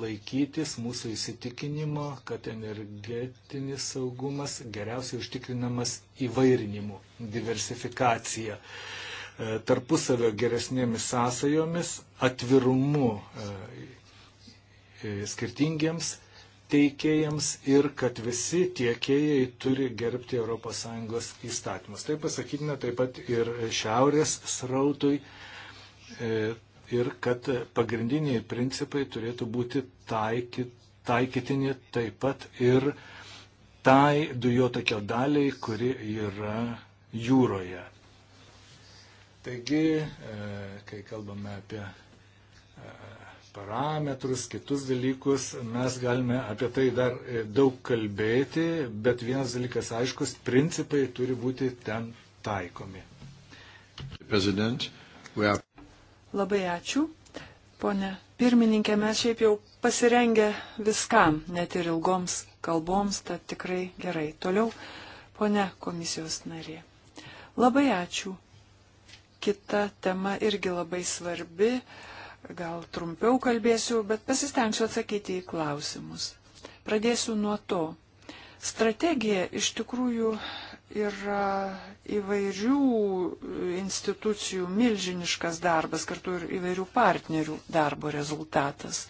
laikytis mūsų įsitikinimo, kad energetinis saugumas geriausiai užtikrinamas įvairinimu, diversifikacija, e, tarpusavio geresnėmis sąsajomis, atvirumu e, e, skirtingiems teikėjams ir kad visi tiekėjai turi gerbti ES įstatymus. Tai pasakytina taip pat ir šiaurės srautui ir kad pagrindiniai principai turėtų būti taikyt, taikytini taip pat ir tai dujotakio daliai, kuri yra jūroje. Taigi, e, kai kalbame apie e, parametrus, kitus dalykus, mes galime apie tai dar e, daug kalbėti, bet vienas dalykas aiškus, principai turi būti ten taikomi. President, we are... Labai ačiū. Pone pirmininkė, mes šiaip jau pasirengę viskam, net ir ilgoms kalboms, tad tikrai gerai. Toliau, pone komisijos narė. Labai ačiū. Kita tema irgi labai svarbi. Gal trumpiau kalbėsiu, bet pasistengsiu atsakyti į klausimus. Pradėsiu nuo to. Strategija iš tikrųjų yra įvairių institucijų milžiniškas darbas, kartu ir įvairių partnerių darbo rezultatas.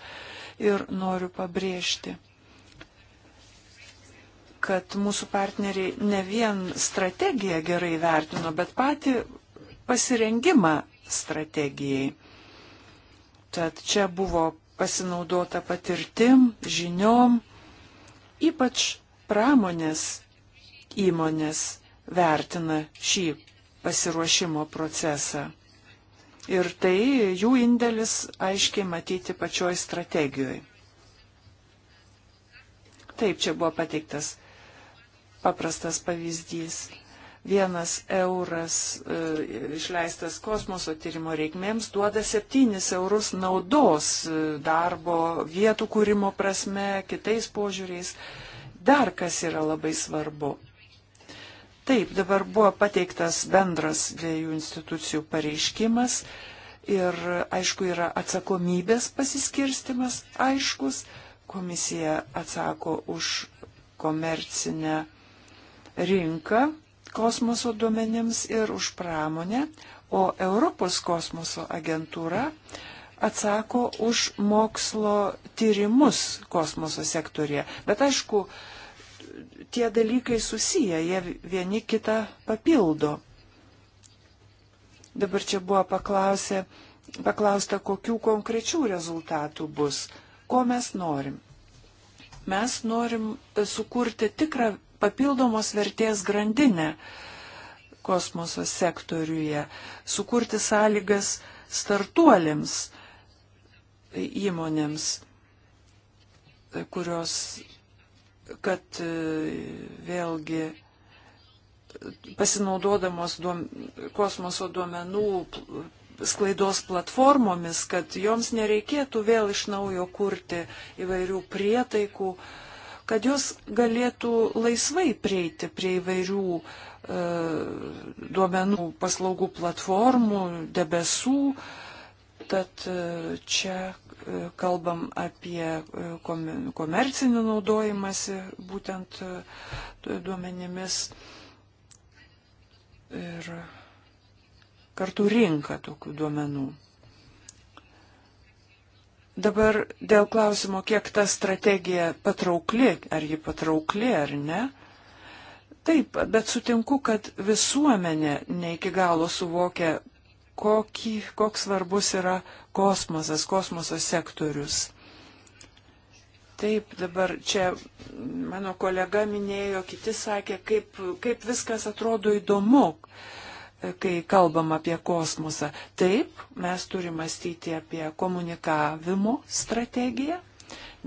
Ir noriu pabrėžti, kad mūsų partneriai ne vien strategiją gerai vertino, bet patį pasirengimą strategijai. Tad čia buvo pasinaudota patirtim, žiniom, ypač pramonės įmonės vertina šį pasiruošimo procesą. Ir tai jų indėlis aiškiai matyti pačioj strategijoje. Taip, čia buvo pateiktas paprastas pavyzdys. Vienas euras e, išleistas kosmoso tyrimo reikmėms duoda 7 eurus naudos e, darbo vietų kūrimo prasme, kitais požiūriais. Dar kas yra labai svarbu Taip, dabar buvo pateiktas bendras dviejų institucijų pareiškimas ir aišku yra atsakomybės pasiskirstimas aiškus. Komisija atsako už komercinę rinką kosmoso duomenims ir už pramonę, o Europos kosmoso agentūra atsako už mokslo tyrimus kosmoso sektorėje. Bet aišku, tie dalykai susiję, jie vieni kitą papildo. Dabar čia buvo paklausė, paklausta, kokių konkrečių rezultatų bus, ko mes norim. Mes norim e, sukurti tikrą papildomos vertės grandinę kosmoso sektoriuje, sukurti sąlygas startuolėms e, įmonėms, e, kurios kad e, vėlgi pasinaudodamos duom, kosmoso duomenų sklaidos platformomis, kad joms nereikėtų vėl iš naujo kurti įvairių prietaikų, kad jos galėtų laisvai prieiti prie įvairių e, duomenų paslaugų platformų, debesų. Tad e, čia E, kalbam apie e, komercinį naudojimąsi būtent e, duomenimis ir kartu rinką tokių duomenų. Dabar dėl klausimo, kiek ta strategija patraukli, ar ji patraukli ar ne. Taip, bet sutinku, kad visuomenė ne iki galo suvokia kokį, koks svarbus yra kosmosas, kosmoso sektorius. Taip, dabar čia mano kolega minėjo, kiti sakė, kaip, kaip viskas atrodo įdomu, kai kalbam apie kosmosą. Taip, mes turime mąstyti apie komunikavimo strategiją,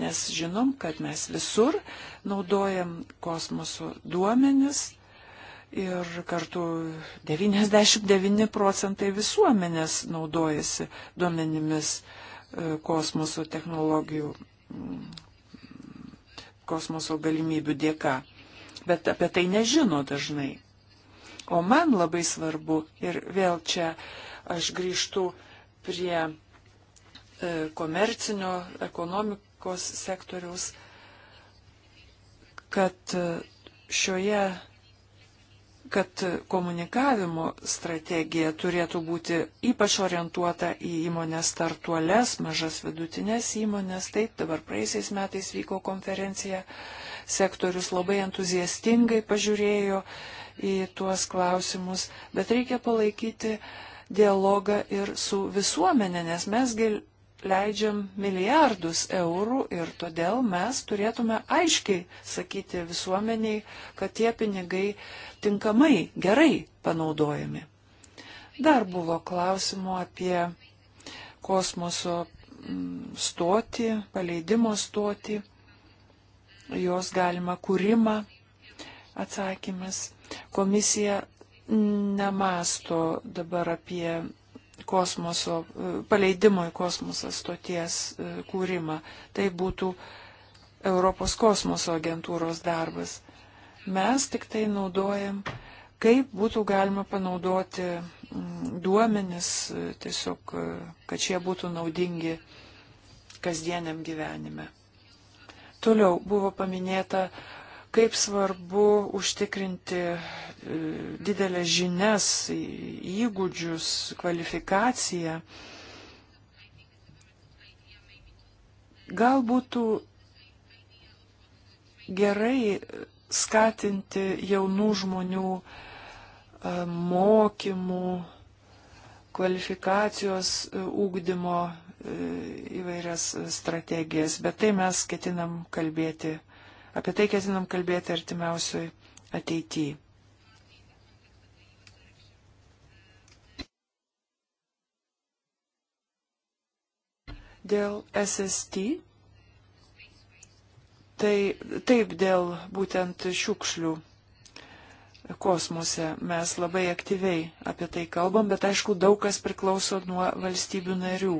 nes žinom, kad mes visur naudojam kosmoso duomenis ir kartu 99 procentai visuomenės naudojasi duomenimis e, kosmoso technologijų, mm, kosmoso galimybių dėka. Bet apie tai nežino dažnai. O man labai svarbu, ir vėl čia aš grįžtu prie e, komercinio ekonomikos sektoriaus, kad e, šioje kad komunikavimo strategija turėtų būti ypač orientuota į įmonės startuolės, mažas vidutinės įmonės. Taip, dabar praeisiais metais vyko konferencija, sektorius labai entuziastingai pažiūrėjo į tuos klausimus, bet reikia palaikyti dialogą ir su visuomenė, nes mes leidžiam milijardus eurų ir todėl mes turėtume aiškiai sakyti visuomeniai, kad tie pinigai tinkamai, gerai panaudojami. Dar buvo klausimų apie kosmoso mm, stotį, paleidimo stotį, jos galima kūrimą. Atsakymas. Komisija nemasto dabar apie kosmoso, e, paleidimo į kosmosą stoties e, kūrimą. Tai būtų Europos kosmoso agentūros darbas. Mes tik tai naudojam, kaip būtų galima panaudoti mm, duomenis, e, tiesiog, kad šie būtų naudingi kasdieniam gyvenime. Toliau buvo paminėta kaip svarbu užtikrinti e, didelės žinias, įgūdžius, kvalifikaciją. Gal būtų gerai skatinti jaunų žmonių e, mokymų, kvalifikacijos ūkdymo e, įvairias strategijas, bet tai mes ketinam kalbėti Apie tai ketinam kalbėti artimiausioj ateityje. Dėl SST, tai taip dėl būtent šiukšlių kosmose mes labai aktyviai apie tai kalbam, bet aišku, daug kas priklauso nuo valstybių narių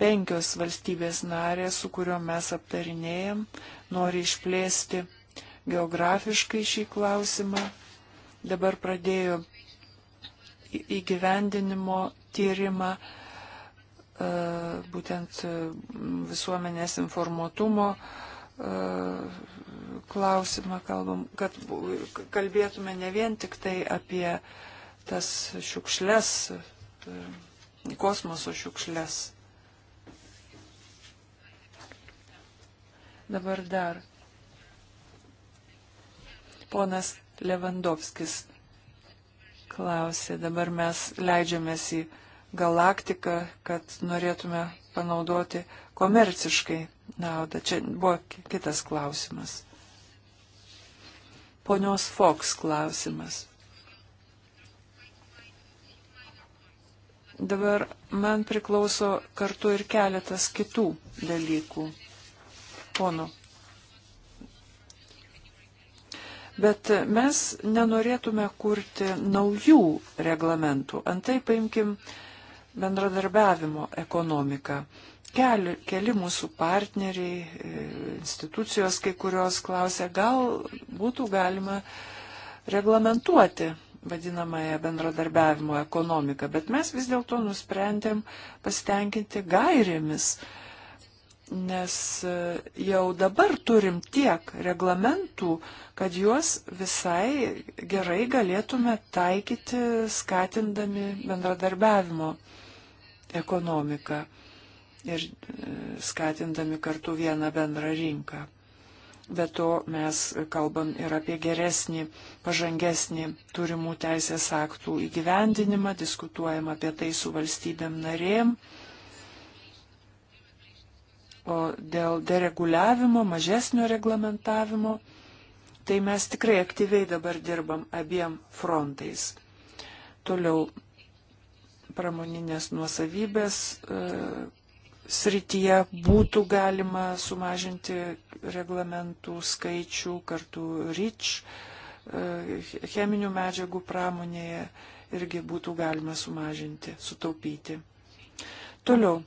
penkios valstybės narės, su kuriuom mes aptarinėjom, nori išplėsti geografiškai šį klausimą. Dabar pradėjo įgyvendinimo tyrimą e, būtent e, visuomenės informuotumo e, klausimą kalbam, kad kalbėtume ne vien tik tai apie tas šiukšles, kosmoso šiukšles. Dabar dar. Ponas Levandovskis klausė, dabar mes leidžiamės į galaktiką, kad norėtume panaudoti komerciškai naudą. Čia buvo kitas klausimas. Ponios Fox klausimas. Dabar man priklauso kartu ir keletas kitų dalykų ponų. Bet mes nenorėtume kurti naujų reglamentų. Antai paimkim bendradarbiavimo ekonomiką. Keli, keli mūsų partneriai, e, institucijos kai kurios klausia, gal būtų galima reglamentuoti vadinamąją bendradarbiavimo ekonomiką, bet mes vis dėlto nusprendėm pasitenkinti gairėmis, uh, nes e, jau dabar turim tiek reglamentų, kad juos visai gerai galėtume taikyti skatindami bendradarbiavimo ekonomiką ir e, skatindami kartu vieną bendrą rinką. Be to mes kalbam ir apie geresnį, pažangesnį turimų teisės aktų įgyvendinimą, diskutuojam apie tai su valstybėm narėm. O dėl dereguliavimo, mažesnio reglamentavimo, tai mes tikrai aktyviai dabar dirbam abiem frontais. Toliau pramoninės nuosavybės e, srityje būtų galima sumažinti reglamentų skaičių kartu REACH e, cheminių medžiagų pramonėje irgi būtų galima sumažinti, sutaupyti. Toliau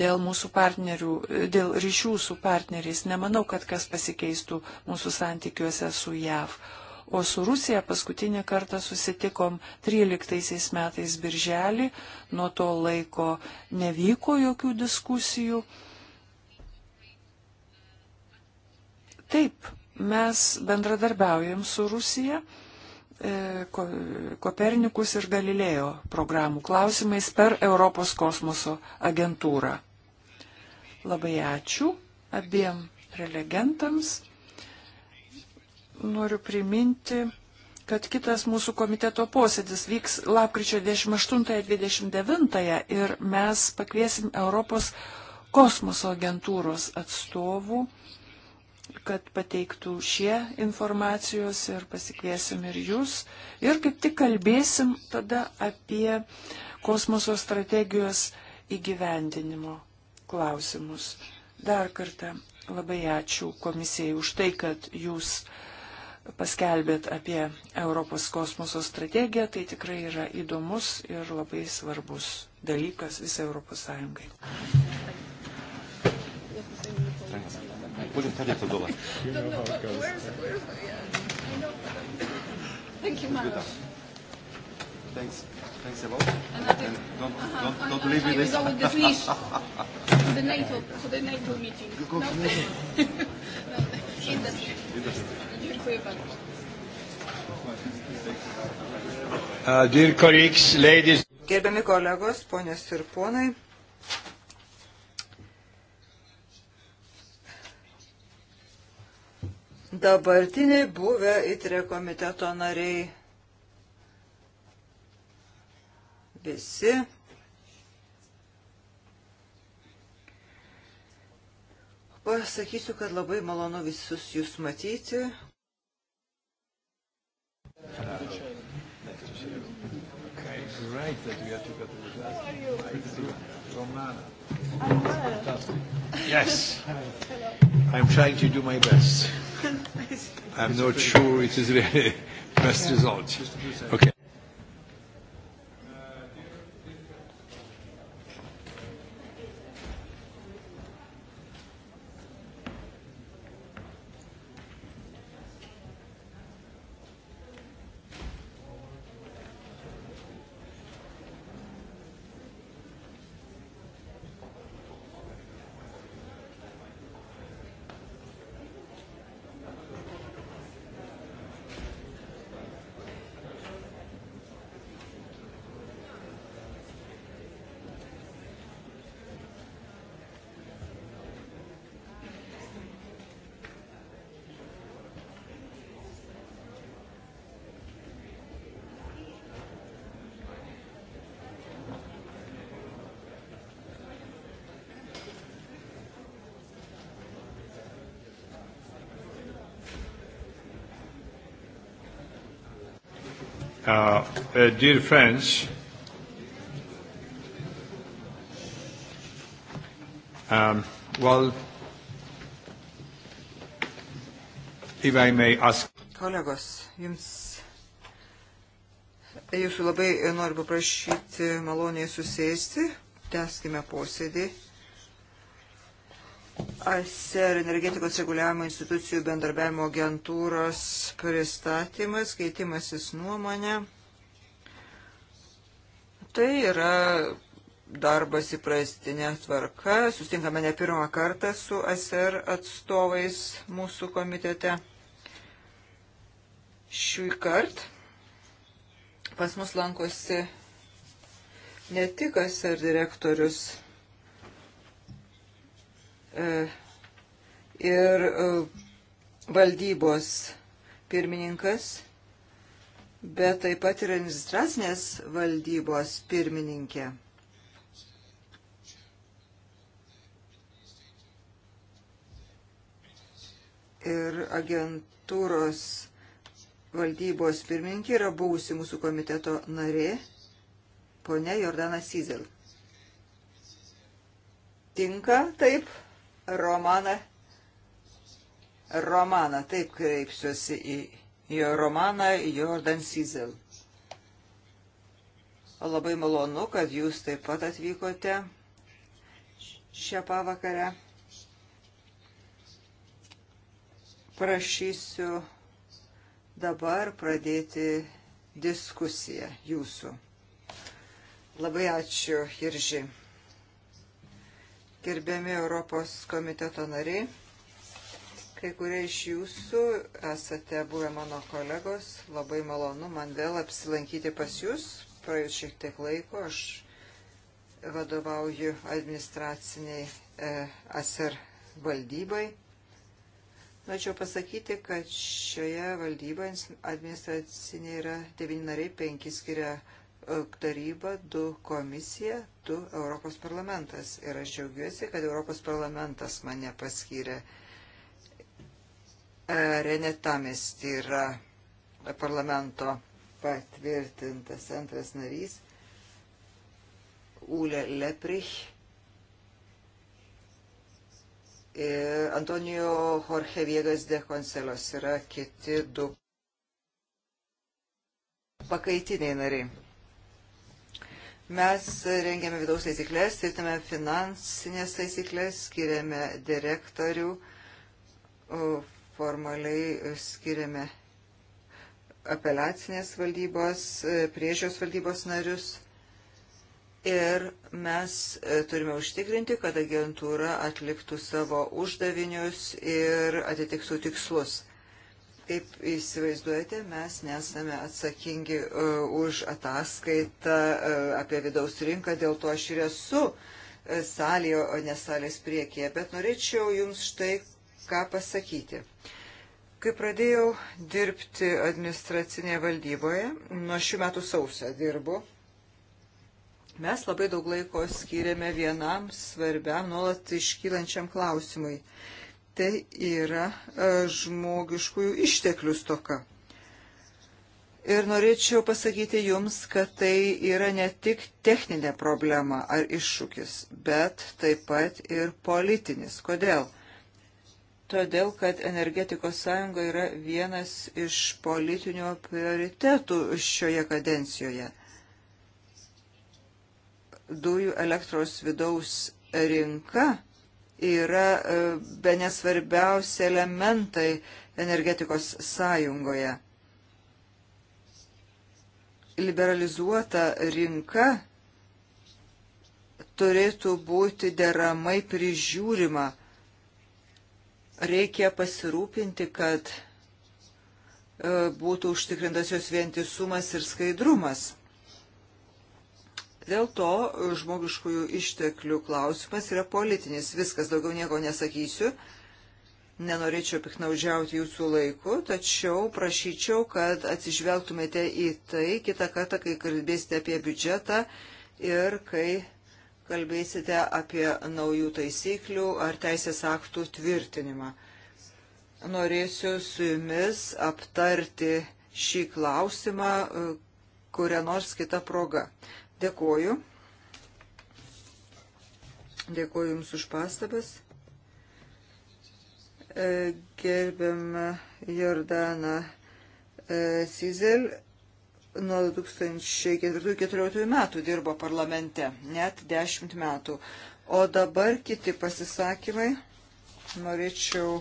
dėl mūsų partnerių, dėl ryšių su partneriais. Nemanau, kad kas pasikeistų mūsų santykiuose su JAV. O su Rusija paskutinį kartą susitikom 13 metais birželį, nuo to laiko nevyko jokių diskusijų. Taip, mes bendradarbiaujam su Rusija E, Kopernikus ir Galilėjo programų klausimais per Europos kosmoso agentūrą. Labai ačiū abiem prelegentams. Noriu priminti, kad kitas mūsų komiteto posėdis vyks lapkričio 28-29 ir mes pakviesim Europos kosmoso agentūros atstovų kad pateiktų šie informacijos ir pasikviesim ir jūs. Ir kaip tik kalbėsim tada apie kosmoso strategijos įgyvendinimo klausimus. Dar kartą labai ačiū komisijai už tai, kad jūs paskelbėt apie Europos kosmoso strategiją. Tai tikrai yra įdomus ir labai svarbus dalykas visai Europos Sąjungai. volunteered to do that. You know how it goes. Where's, where's, yeah, I know. Thank you, Mara. Thanks. Thanks a lot. And, I think, and don't, uh-huh. don't, don't, don't leave me this. I will go with this list to the NATO, to the NATO meeting. You go no, to NATO. no, in the Dziękuję bardzo. Uh, dear colleagues, ladies. Gerbiami kolegos, ponios ir ponai. dabartiniai buvę įtrė komiteto nariai visi. Pasakysiu, kad labai malonu visus jūs matyti. Yes. I'm trying to do my best. I'm not sure it is really best result. Okay. Uh, dear friends, um, well, if I may ask. Kolegos, jums, jūsų labai noriu paprašyti maloniai susėsti, tęskime posėdį. ASER energetikos reguliavimo institucijų bendarbiavimo agentūros pristatymas, keitimasis nuomonė. Tai yra darbas įprastinė tvarka. Sustinkame ne pirmą kartą su ASR e atstovais mūsų komitete. Šį kartą pas mus lankosi ne tik ASR e direktorius e, ir valdybos pirmininkas bet taip pat ir administracinės valdybos pirmininkė. Ir agentūros valdybos pirmininkė yra buvusi mūsų komiteto narė, ponia Jordana Sizel. Tinka taip, Romana. Romana, taip kreipsiuosi į jo romaną Jordan Sizel. Labai malonu, kad jūs taip pat atvykote šią pavakarę. Prašysiu dabar pradėti diskusiją jūsų. Labai ačiū, Irži. Gerbiami Europos komiteto nariai. Kai kurie iš jūsų esate buvę mano kolegos, labai malonu man vėl apsilankyti pas jūs, praėjus šiek tiek laiko, aš vadovauju administraciniai e, ASER valdybai. Norėčiau pasakyti, kad šioje valdyboje administracinė yra 9 nariai, 5 skiria e, taryba, 2 komisija, 2 Europos parlamentas. Ir aš džiaugiuosi, kad Europos parlamentas mane paskyrė Renetamis yra parlamento patvirtintas antras narys Ūlė Leprich ir Antonijo Jorge Viegas de Konselos yra kiti du pakaitiniai nariai. Mes rengiame vidaus taisyklės, tvirtame finansinės taisyklės, skiriame direktorių, formaliai skiriame apeliacinės valdybos, e, priežios valdybos narius ir mes e, turime užtikrinti, kad agentūra atliktų savo uždavinius ir atitiktų tikslus. Kaip įsivaizduojate, mes nesame atsakingi uh, už ataskaitą uh, apie vidaus rinką, dėl to aš ir esu salėje, o ne salės priekyje. Bet norėčiau jums štai ką pasakyti. Kai pradėjau dirbti administracinėje valdyboje, nuo šių metų sausio dirbu, mes labai daug laiko skiriame vienam svarbiam, nuolat iškylančiam klausimui. Tai yra e, žmogiškųjų išteklių stoka. Ir norėčiau pasakyti Jums, kad tai yra ne tik techninė problema ar iššūkis, bet taip pat ir politinis. Kodėl? todėl kad energetikos sąjunga yra vienas iš politinio prioritetų šioje kadencijoje. Dujų elektros vidaus rinka yra e, be nesvarbiausi elementai energetikos sąjungoje. Liberalizuota rinka turėtų būti deramai prižiūrima Reikia pasirūpinti, kad e, būtų užtikrintas jos vientisumas ir skaidrumas. Dėl to žmogiškųjų išteklių klausimas yra politinis. Viskas daugiau nieko nesakysiu. Nenorėčiau piknaudžiauti jūsų laiku, tačiau prašyčiau, kad atsižvelgtumėte į tai kitą kartą, kai kalbėsite apie biudžetą ir kai kalbėsite apie naujų taisyklių ar teisės aktų tvirtinimą. Norėsiu su jumis aptarti šį klausimą kurią nors kitą progą. Dėkuoju. Dėkuoju Jums už pastabas. E, Gerbiam Jordaną e, Sizel, nuo 2004-2014 metų dirbo parlamente, net 10 metų. O dabar kiti pasisakymai. Norėčiau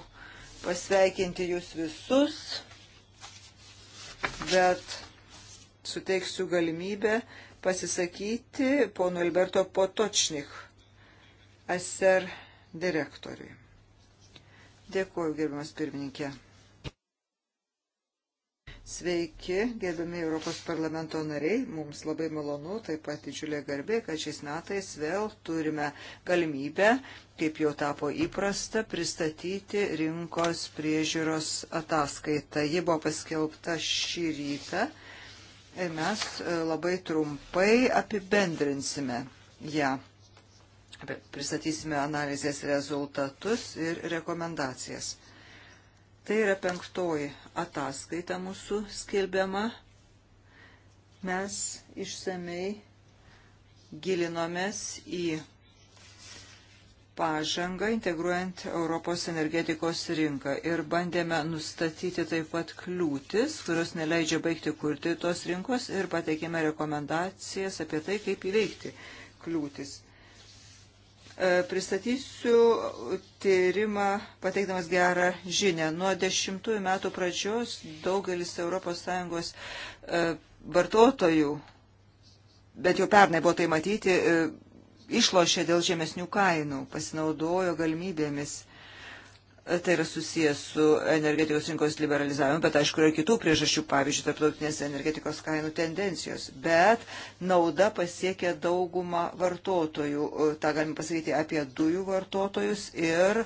pasveikinti jūs visus, bet suteiksiu galimybę pasisakyti pono Alberto Potočnik, SR direktoriui. Dėkuoju, gerbiamas pirmininkė. Sveiki, gerbiami Europos parlamento nariai, mums labai malonu, taip pat didžiulė garbė, kad šiais metais vėl turime galimybę, kaip jau tapo įprasta, pristatyti rinkos priežiūros ataskaitą. Ji buvo paskelbta šį rytą ir mes e, labai trumpai apibendrinsime ją. Pristatysime analizės rezultatus ir rekomendacijas. Tai yra penktoji ataskaita mūsų skelbiama. Mes išsamei gilinomės į pažangą integruojant Europos energetikos rinką ir bandėme nustatyti taip pat kliūtis, kurios neleidžia baigti kurti tos rinkos ir pateikėme rekomendacijas apie tai, kaip įveikti kliūtis. E, pristatysiu tyrimą, pateikdamas gerą žinę. Nuo dešimtųjų metų pradžios daugelis ES e, vartotojų, bet jau pernai buvo tai matyti, e, išlošė dėl žemesnių kainų, pasinaudojo galimybėmis Tai yra susijęs su energetikos rinkos liberalizavimu, bet aišku, yra kitų priežasčių, pavyzdžiui, tarptautinės energetikos kainų tendencijos. Bet nauda pasiekia daugumą vartotojų. Ta galima pasakyti apie dujų vartotojus ir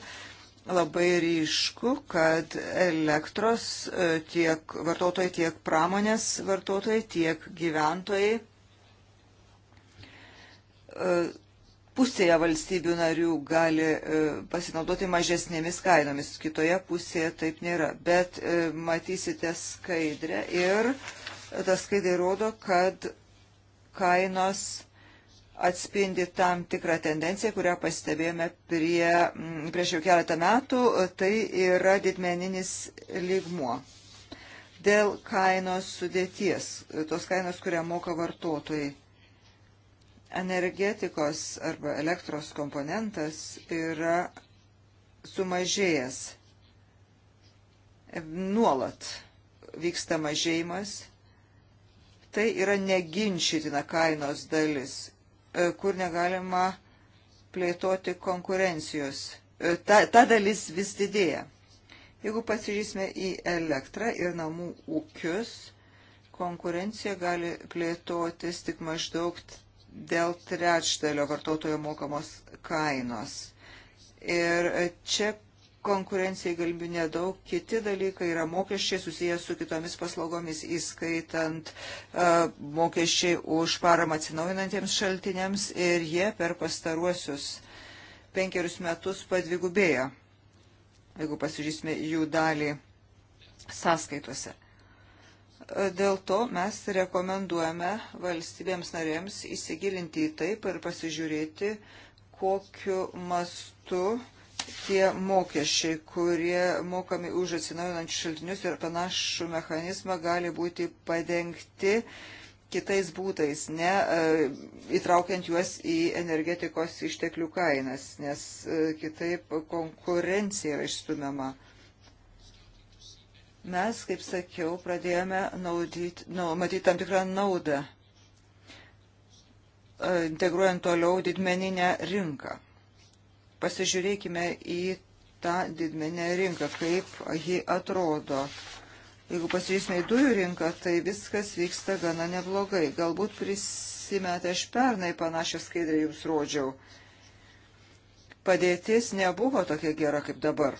labai ryšku, kad elektros e, tiek vartotojai, tiek pramonės vartotojai, tiek gyventojai e, pusėje valstybių narių gali e, pasinaudoti mažesnėmis kainomis, kitoje pusėje taip nėra. Bet e, matysite skaidrę ir ta skaidrė rodo, kad kainos atspindi tam tikrą tendenciją, kurią pastebėjome prie, prieš jau keletą metų, tai yra didmeninis lygmuo. Dėl kainos sudėties, tos kainos, kurią moka vartotojai energetikos arba elektros komponentas yra sumažėjęs. Nuolat vyksta mažėjimas. Tai yra neginčytina kainos dalis, e, kur negalima plėtoti konkurencijos. E, ta, ta dalis vis didėja. Jeigu pasižiūrėsime į elektrą ir namų ūkius, konkurencija gali plėtotis tik maždaug dėl trečdalio vartotojo mokamos kainos. Ir čia konkurencijai galimybių nedaug. Kiti dalykai yra mokesčiai susijęs su kitomis paslaugomis, įskaitant uh, mokesčiai už paramą atsinaujinantiems šaltiniams ir jie per pastaruosius penkerius metus padvigubėjo, jeigu pasižiūrėsime jų dalį sąskaituose. Dėl to mes rekomenduojame valstybėms narėms įsigilinti į taip ir pasižiūrėti, kokiu mastu tie mokesčiai, kurie mokami už atsinaujinančius šaltinius ir panašų mechanizmą gali būti padengti kitais būdais, ne e, įtraukiant juos į energetikos išteklių kainas, nes e, kitaip konkurencija yra išstumiama. Mes, kaip sakiau, pradėjome naudyt, nu, matyti tam tikrą naudą, e, integruojant toliau didmeninę rinką. Pasižiūrėkime į tą didmeninę rinką, kaip ji atrodo. Jeigu pasižiūrėsime į dujų rinką, tai viskas vyksta gana neblogai. Galbūt prisimetę aš pernai panašią skaidrę jums rodžiau. Padėtis nebuvo tokia gera kaip dabar.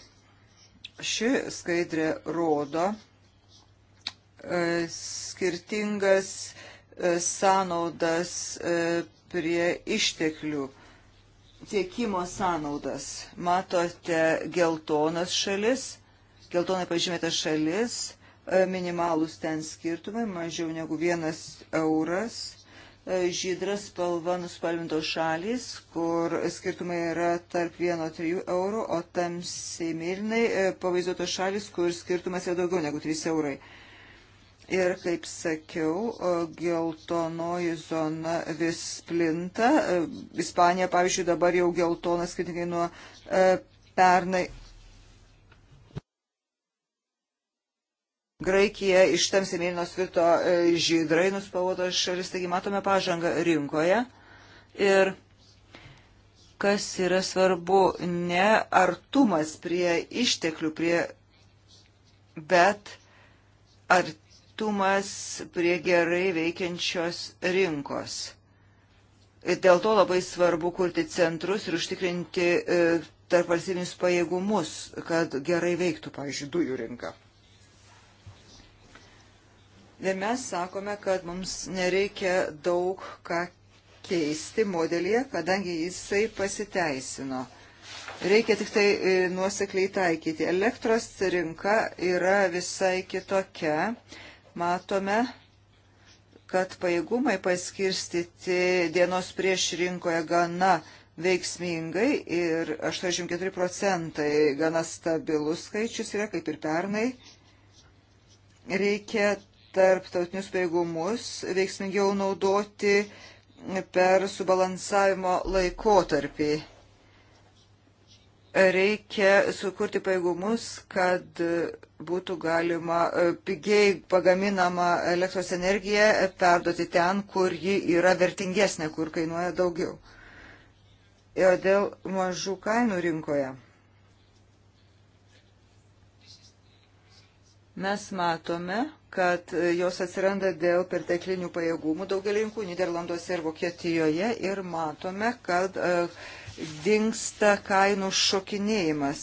Ši skaidrė rodo e, skirtingas e, sąnaudas e, prie išteklių tiekimo sąnaudas. Matote geltonas šalis, geltonai pažymėta šalis, minimalūs ten skirtumai, mažiau negu vienas euras žydras spalva nuspalvintos šalys, kur skirtumai yra tarp 1-3 eurų, o tamsiai mėlynai e, pavaizduotos šalys, kur skirtumas yra daugiau negu 3 eurai. Ir, kaip sakiau, e, geltonoji zona vis plinta. E, Ispanija, pavyzdžiui, dabar jau geltona skirtingai nuo pernai Graikija iš tamsiai mėlynos virto e, žydrai nuspalvotos šalis, taigi matome pažangą rinkoje. Ir kas yra svarbu, ne artumas prie išteklių, prie, bet artumas prie gerai veikiančios rinkos. Ir dėl to labai svarbu kurti centrus ir užtikrinti e, tarp valstybinius pajėgumus, kad gerai veiktų, pavyzdžiui, dujų rinka. Ir mes sakome, kad mums nereikia daug ką keisti modelėje, kadangi jisai pasiteisino. Reikia tik tai e, nuosekliai taikyti. Elektros rinka yra visai kitokia. Matome, kad pajėgumai paskirstyti dienos prieš rinkoje gana veiksmingai ir 84 procentai gana stabilus skaičius yra, kaip ir pernai. Reikia tarptautinius pajėgumus veiksmingiau naudoti per subalansavimo laikotarpį. Reikia sukurti pajėgumus, kad būtų galima e, pigiai pagaminama elektros energija perduoti ten, kur ji yra vertingesnė, kur kainuoja daugiau. Ir dėl mažų kainų rinkoje. Mes matome, kad jos atsiranda dėl perteklinių pajėgumų daugelinkų Niderlanduose ir Vokietijoje ir matome, kad e, dinksta kainų šokinėjimas,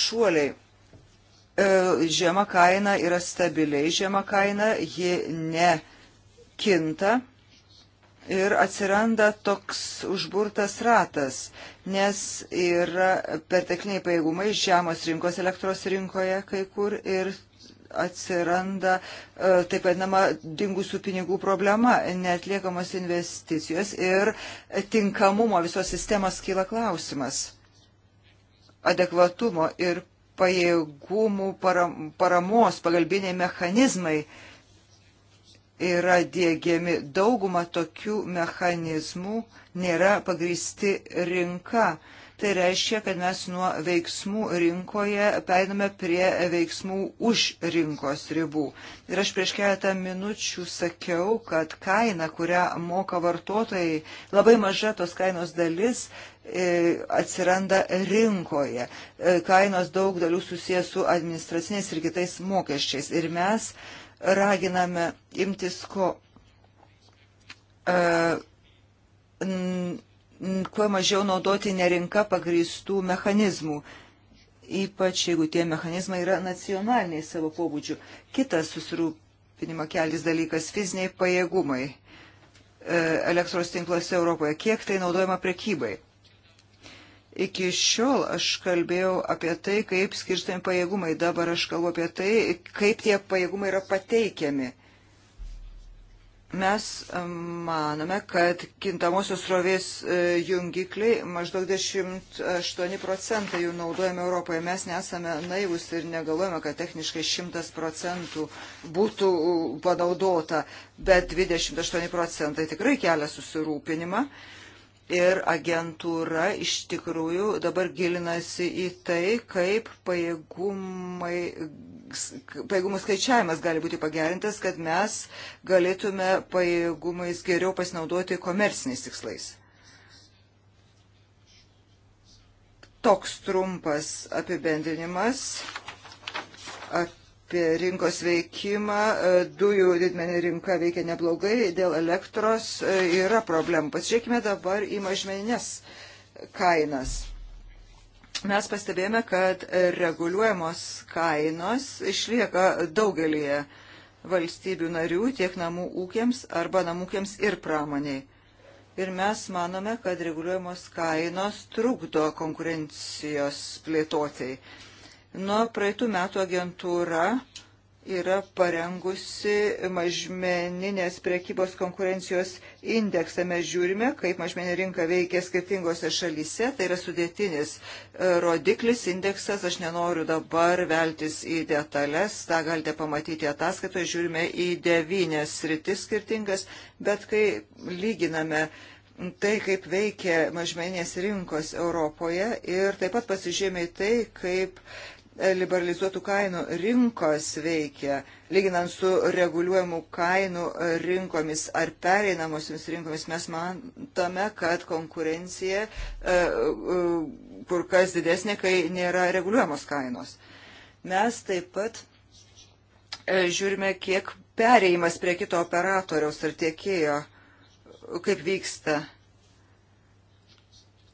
šuoliai. E, žema kaina yra stabiliai žema kaina, ji nekinta ir atsiranda toks užburtas ratas, nes yra pertekliniai pajėgumai žemos rinkos elektros rinkoje kai kur ir atsiranda e, taip vadinama dingusių pinigų problema, netliekamos investicijos ir tinkamumo visos sistemos kyla klausimas, adekvatumo ir pajėgumų paramos, pagalbiniai mechanizmai yra dėgiami. Dauguma tokių mechanizmų nėra pagristi rinka. Uh, Tai reiškia, kad mes nuo veiksmų rinkoje peiname prie veiksmų už rinkos ribų. Ir aš prieš keletą minučių sakiau, kad kaina, kurią moka vartotojai, labai maža tos kainos dalis e, atsiranda rinkoje. E, kainos daug dalių susijęs su administraciniais ir kitais mokesčiais. Ir mes raginame imtis ko. Uh, kuo mažiau naudoti nerinka pagrįstų mechanizmų, ypač jeigu tie mechanizmai yra nacionaliniai savo pobūdžių. Kitas susirūpinimo kelis dalykas - fiziniai pajėgumai e, elektros tinkluose Europoje. Kiek tai naudojama prekybai? Iki šiol aš kalbėjau apie tai, kaip skirstami pajėgumai, dabar aš kalbu apie tai, kaip tie pajėgumai yra pateikiami. Mes e, manome, kad kintamosios srovės e, jungikliai maždaug 28 procentai jų naudojame Europoje. Mes nesame naivus ir negalvojame, kad techniškai 100 procentų būtų panaudota, bet 28 procentai tikrai kelia susirūpinimą. Uh, ir agentūra iš tikrųjų dabar gilinasi į tai, kaip pajėgumai, pajėgumų skaičiavimas gali būti pagerintas, kad mes galėtume pajėgumais geriau pasinaudoti komerciniais tikslais. Toks trumpas apibendrinimas apie apie rinkos veikimą. Dujų didmenė rinka veikia neblogai, dėl elektros e, yra problemų. Pasižiūrėkime dabar į mažmeninės kainas. Mes pastebėjome, kad reguliuojamos kainos išlieka daugelįje valstybių narių tiek namų ūkiams arba namų ūkiams ir pramoniai. Ir mes manome, kad reguliuojamos kainos trukdo konkurencijos plėtotėjai. Nuo praeitų metų agentūra yra parengusi mažmeninės priekybos konkurencijos indeksą. Mes žiūrime, kaip mažmeninė rinka veikia skirtingose šalyse. Tai yra sudėtinis e, rodiklis, indeksas. Aš nenoriu dabar veltis į detalės. Ta galite pamatyti ataskaitoje. Žiūrime į devynės sritis skirtingas. Bet kai lyginame tai, kaip veikia mažmenės rinkos Europoje ir taip pat pasižymė tai, kaip liberalizuotų kainų rinkos veikia, lyginant su reguliuojamų kainų rinkomis ar pereinamosiams rinkomis, mes matome, kad konkurencija e, e, kur kas didesnė, kai nėra reguliuojamos kainos. Mes taip pat e, žiūrime, kiek pereimas prie kito operatoriaus ar tiekėjo, kaip vyksta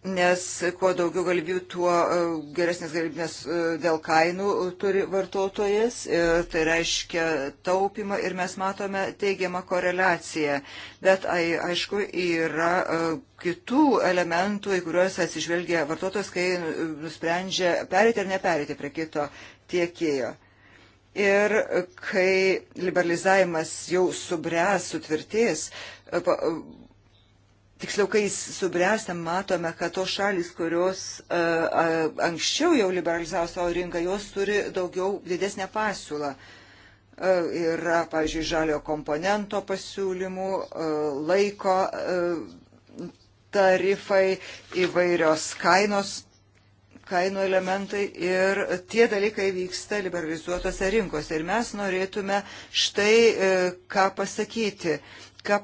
nes kuo daugiau galimybių, tuo e, geresnės galimybės e, dėl kainų turi vartotojas, e, tai reiškia taupimą ir mes matome teigiamą koreliaciją. Bet aišku, yra kitų elementų, į kuriuos atsižvelgia vartotojas, kai nusprendžia perėti ar neperėti prie kito tiekėjo. Ir kai liberalizavimas jau subręs, sutvirtės, Tiksliau, kai subręstam, matome, kad tos šalis, kurios a, a, anksčiau jau liberalizavo savo rinką, jos turi daugiau didesnę pasiūlą. A, yra, pavyzdžiui, žalio komponento pasiūlymų, a, laiko a, tarifai, įvairios kainos kainų elementai ir tie dalykai vyksta liberalizuotose rinkose. Ir mes norėtume štai e, ką pasakyti. E, ką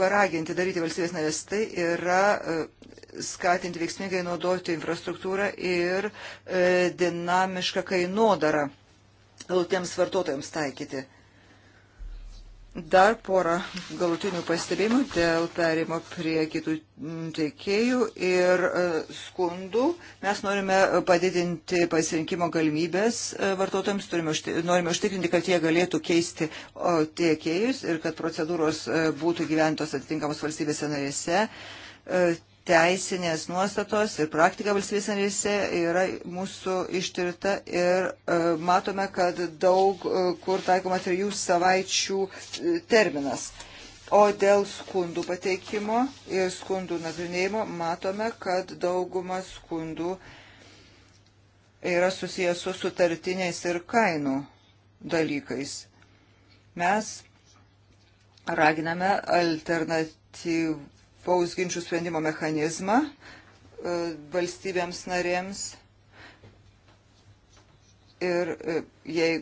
paraginti daryti valstybės narės, tai yra e, skatinti veiksmingai naudoti infrastruktūrą ir e, dinamišką kainodarą galutiems vartotojams taikyti. Dar porą galutinių pastebėjimų dėl perimo prie kitų teikėjų ir e, skundų. Mes norime padidinti pasirinkimo galimybės e, vartotojams, norime užtikrinti, kad jie galėtų keisti tiekėjus ir kad procedūros e, būtų gyventos atitinkamos valstybėse narėse teisinės nuostatos ir praktika valstybės narėse yra mūsų ištirta ir e, matome, kad daug e, kur taikoma trijų savaičių e, terminas. O dėl skundų pateikimo ir skundų nagrinėjimo matome, kad dauguma skundų yra susijęs su sutartiniais ir kainų dalykais. Mes raginame alternatyvų spaus ginčių sprendimo mechanizmą e, valstybėms narėms ir, e, jei,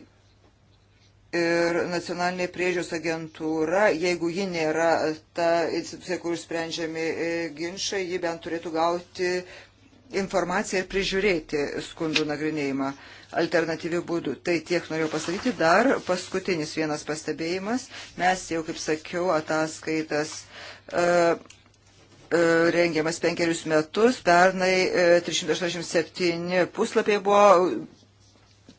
ir nacionalinė priežiūros agentūra, jeigu ji nėra ta institucija, kur sprendžiami e, ginčiai, ji bent turėtų gauti informaciją ir prižiūrėti skundų nagrinėjimą alternatyvių būdų. Tai tiek norėjau pasakyti. Dar paskutinis vienas pastebėjimas. Mes jau, kaip sakiau, ataskaitas E, rengiamas penkerius metus. Pernai 387 e, puslapiai buvo,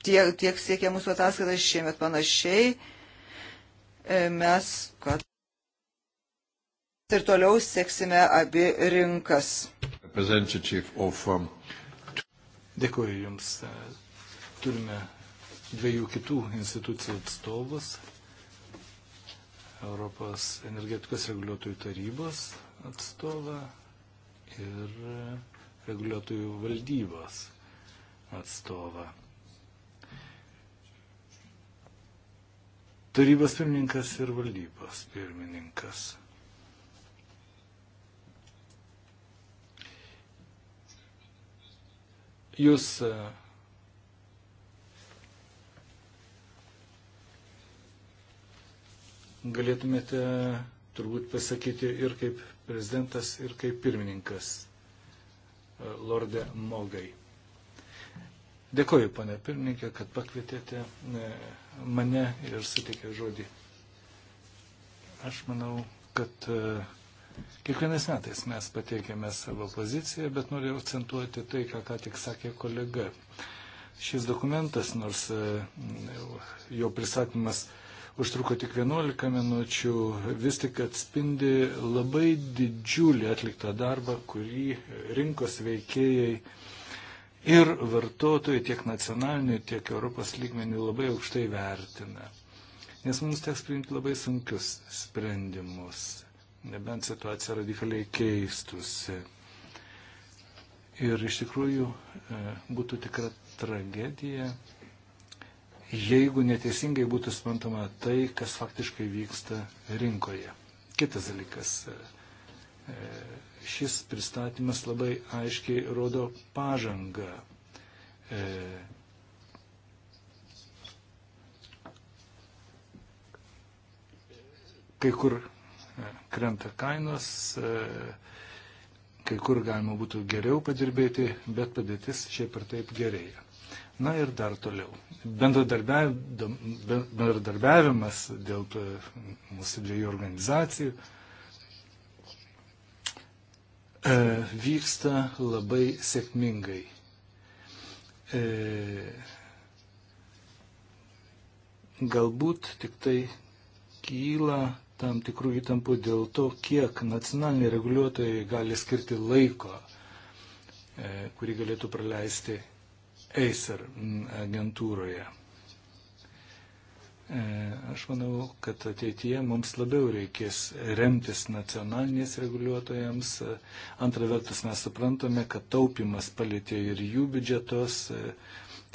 tiek, tiek siekia mūsų ataskaita, šiemet panašiai. E, mes kad... ir toliau seksime abi rinkas. Um, Dėkuoju Jums. Turime dviejų kitų institucijų atstovus. Europos energetikos reguliuotojų tarybos atstovą ir reguliuotojų valdybos atstovą. Tarybos pirmininkas ir valdybos pirmininkas. Jūs e, galėtumėte turbūt pasakyti ir kaip prezidentas ir kaip pirmininkas, e, Lorde Mogai. Dėkoju, pane pirmininkė, kad pakvietėte e, mane ir suteikė žodį. Aš manau, kad e, kiekvienais metais mes pateikėme savo poziciją, bet noriu akcentuoti tai, ką ką tik sakė kolega. Šis dokumentas, nors jo pristatymas užtruko tik 11 minučių, vis tik atspindi labai didžiulį atliktą darbą, kurį rinkos veikėjai ir vartotojai tiek nacionaliniu, tiek Europos lygmeniu labai aukštai vertina. Nes mums teks priimti labai sunkius sprendimus, nebent situacija radikaliai keistusi. Ir iš tikrųjų e, būtų tikra tragedija, jeigu neteisingai būtų suprantama tai, kas faktiškai vyksta rinkoje. Kitas dalykas. E, e, šis pristatymas labai aiškiai rodo pažangą. E, kai kur krenta kainos, kai kur galima būtų geriau padirbėti, bet padėtis šiaip ar taip gerėja. Na ir dar toliau. Bendradarbiavimas dėl mūsų dviejų organizacijų e, vyksta labai sėkmingai. E, galbūt tik tai kyla tam tikrų įtampų dėl to, kiek nacionaliniai reguliuotojai gali skirti laiko, e, kurį galėtų praleisti Acer agentūroje. E, aš manau, kad ateityje mums labiau reikės remtis nacionaliniais reguliuotojams. Antra vertus, mes suprantame, kad taupimas palėtė ir jų biudžetos. E,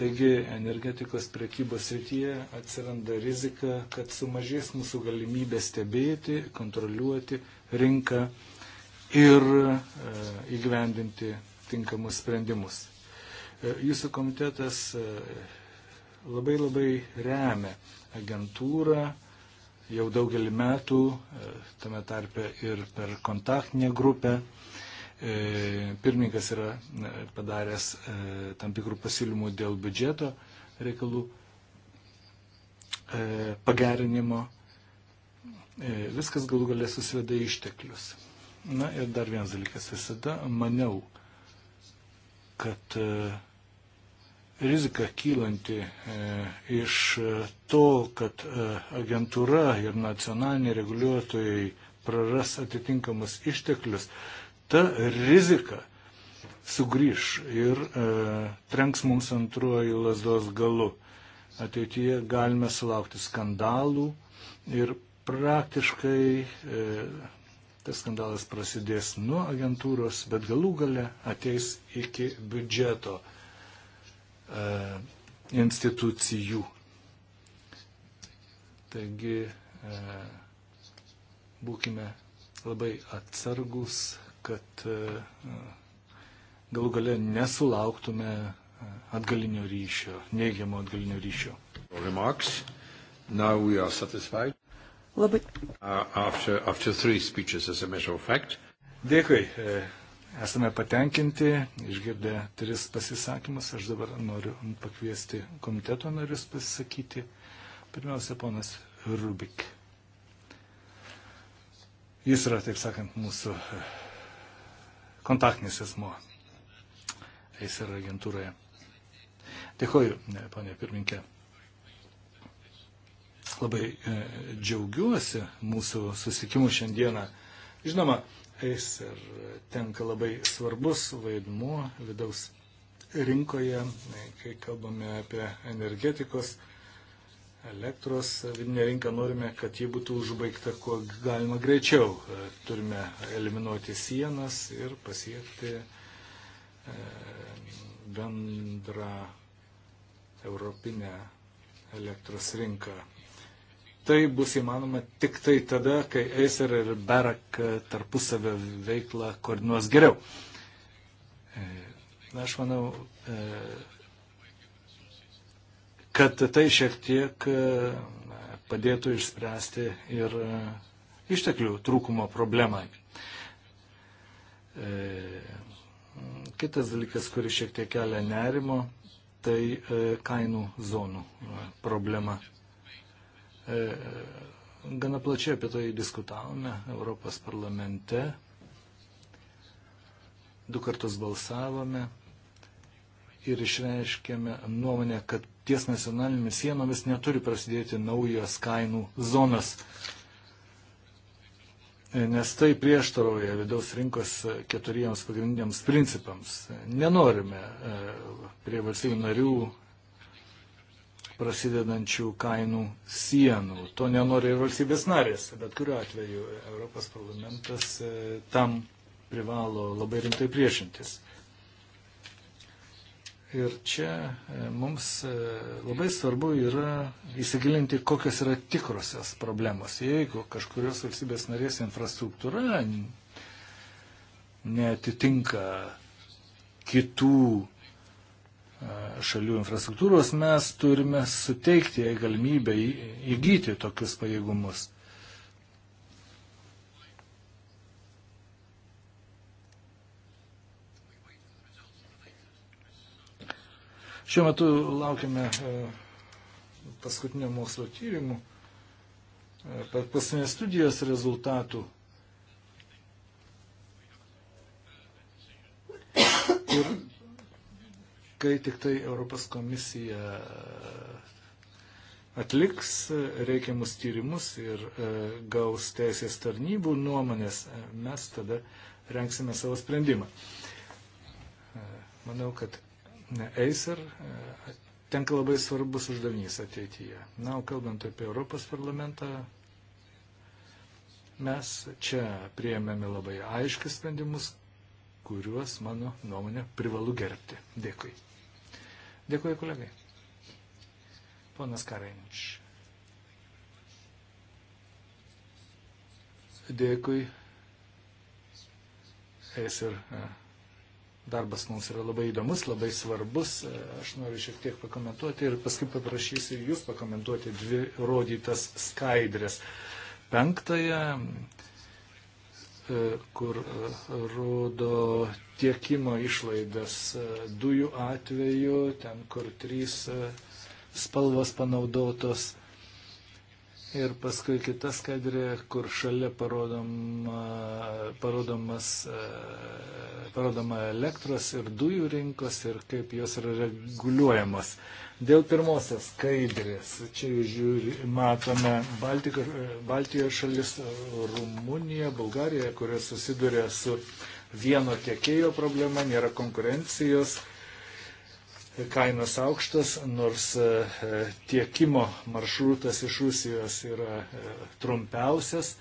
taigi energetikos prekybos rytyje atsiranda rizika, kad sumažės mūsų galimybė stebėti, kontroliuoti rinką ir e, įgyvendinti tinkamus sprendimus. E, jūsų komitetas e, labai labai remia agentūrą jau daugelį metų, e, tame tarpe ir per kontaktinę grupę. Pirmininkas yra padaręs tam tikrų pasiūlymų dėl biudžeto reikalų pagerinimo. Viskas galų galę susiveda išteklius. Na ir dar vienas dalykas. Visada maniau, kad rizika kylanti e, iš to, kad e, agentūra ir nacionaliniai reguliuotojai praras atitinkamus išteklius, ta rizika sugrįž ir e, trenks mums antruoju lasdos galu. Ateityje galime sulaukti skandalų ir praktiškai tas skandalas prasidės nuo agentūros, bet galų gale ateis iki biudžeto. E, institucijų. Taigi e, būkime labai atsargus, kad e, galų gale nesulauktume atgalinio ryšio, neigiamo atgalinio ryšio. Remarks. Now we are satisfied. Labai. Uh, after, after three speeches, as a matter of fact. Dėkui. Uh, Esame patenkinti, išgirdę tris pasisakymus. Aš dabar noriu pakviesti komiteto narius pasisakyti. Pirmiausia, ponas Rubik. Jis yra, taip sakant, mūsų e, kontaktinis asmo. Jis yra agentūroje. Dėkoju, e, ponė pirminkė. Labai e, džiaugiuosi mūsų susitikimu šiandieną. Žinoma, Acer tenka labai svarbus vaidmuo vidaus rinkoje, kai kalbame apie energetikos, elektros vidinę rinką, norime, kad ji būtų užbaigta kuo galima greičiau. Turime eliminuoti sienas ir pasiekti e, bendrą europinę elektros rinką tai bus įmanoma tik tai tada, kai Acer ir Berak tarpusavio veiklą koordinuos geriau. E, aš manau, e, kad tai šiek tiek e, padėtų išspręsti ir išteklių trūkumo problemą. Kitas dalykas, kuris šiek tiek kelia nerimo, tai kainų zonų problema. E, gana plačiai apie tai diskutavome Europos parlamente, du kartus balsavome ir išreiškėme nuomonę, kad ties nacionalinėmis sienomis neturi prasidėti naujos kainų zonas, e, nes tai prieštaroja vidaus rinkos keturiems pagrindiniams principams. Nenorime e, prie valstybių narių prasidedančių kainų sienų. To nenori ir valstybės narės, bet kuriuo atveju Europos parlamentas e, tam privalo labai rimtai priešintis. Ir čia e, mums e, labai svarbu yra įsigilinti, kokios yra tikrosios problemos. Jeigu kažkurios valstybės narės infrastruktūra neatitinka kitų šalių infrastruktūros, mes turime suteikti jai galimybę įgyti tokius pajėgumus. Šiuo metu laukiame e, paskutinio mokslo tyrimų, e, paskutinės studijos rezultatų. Ir kai tik tai Europos komisija e, atliks e, reikiamus tyrimus ir e, gaus teisės tarnybų nuomonės, mes tada renksime savo sprendimą. Manau, kad Acer tenka labai svarbus uždavinys ateityje. Na, o kalbant apie Europos parlamentą, mes čia prieėmėme labai aiškius sprendimus, kuriuos, mano nuomonė, privalu gerbti. Dėkui. Dėkui, kolegai. Ponas Karenč. Dėkui. Eis ir e, darbas mums yra labai įdomus, labai svarbus. E, aš noriu šiek tiek pakomentuoti ir paskui paprašysiu jūs pakomentuoti dvi rodytas skaidrės. Penktąją E, kur e, rodo tiekimo išlaidas e, dujų atveju, ten kur trys spalvos panaudotos. Ir paskui kita skaidrė, kur šalia parodoma, parodomas, e, parodoma elektros ir dujų rinkos ir kaip jos yra reguliuojamos. Dėl pirmosios skaidrės, čia žiūri, matome Baltik, Baltijos šalis, Rumunija, Bulgarija, kurios susiduria su vieno tiekėjo problema, nėra konkurencijos kainos aukštas, nors e, tiekimo maršrutas iš Rusijos yra e, trumpiausias.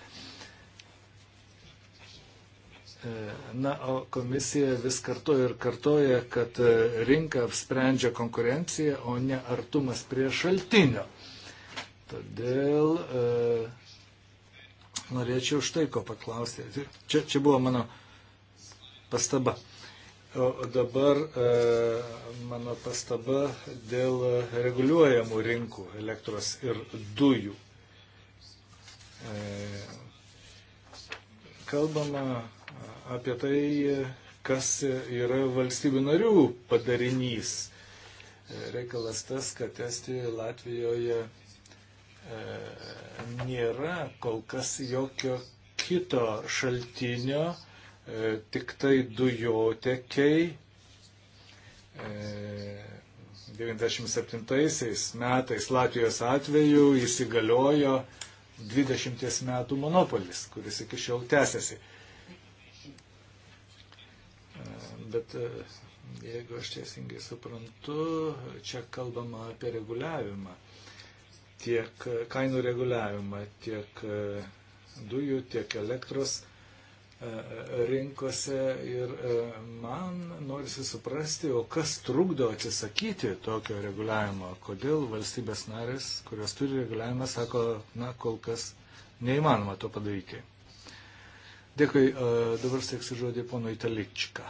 E, na, o komisija vis kartoja ir kartoja, kad rinka apsprendžia konkurenciją, o ne artumas prie šaltinio. Todėl e, norėčiau štai ko paklausti. Čia, čia buvo mano pastaba. E, O dabar e, mano pastaba dėl reguliuojamų rinkų elektros ir dujų. E, kalbama apie tai, kas yra valstybių narių padarinys. E, reikalas tas, kad Estijoje, Latvijoje nėra kol kas jokio kito šaltinio, E, tik tai dujotekiai 97 e, metais Latvijos atveju įsigaliojo 20 metų monopolis, kuris iki šiol tęsiasi. E, bet jeigu aš teisingai suprantu, čia kalbama apie reguliavimą. Tiek kainų reguliavimą, tiek dujų, tiek elektros rinkose ir e, man norisi suprasti, o kas trukdo atsisakyti tokio reguliavimo, kodėl valstybės narės, kurios turi reguliavimą, sako, na, kol kas neįmanoma to padaryti. Dėkui, e, dabar steiksiu žodį pono Italičką.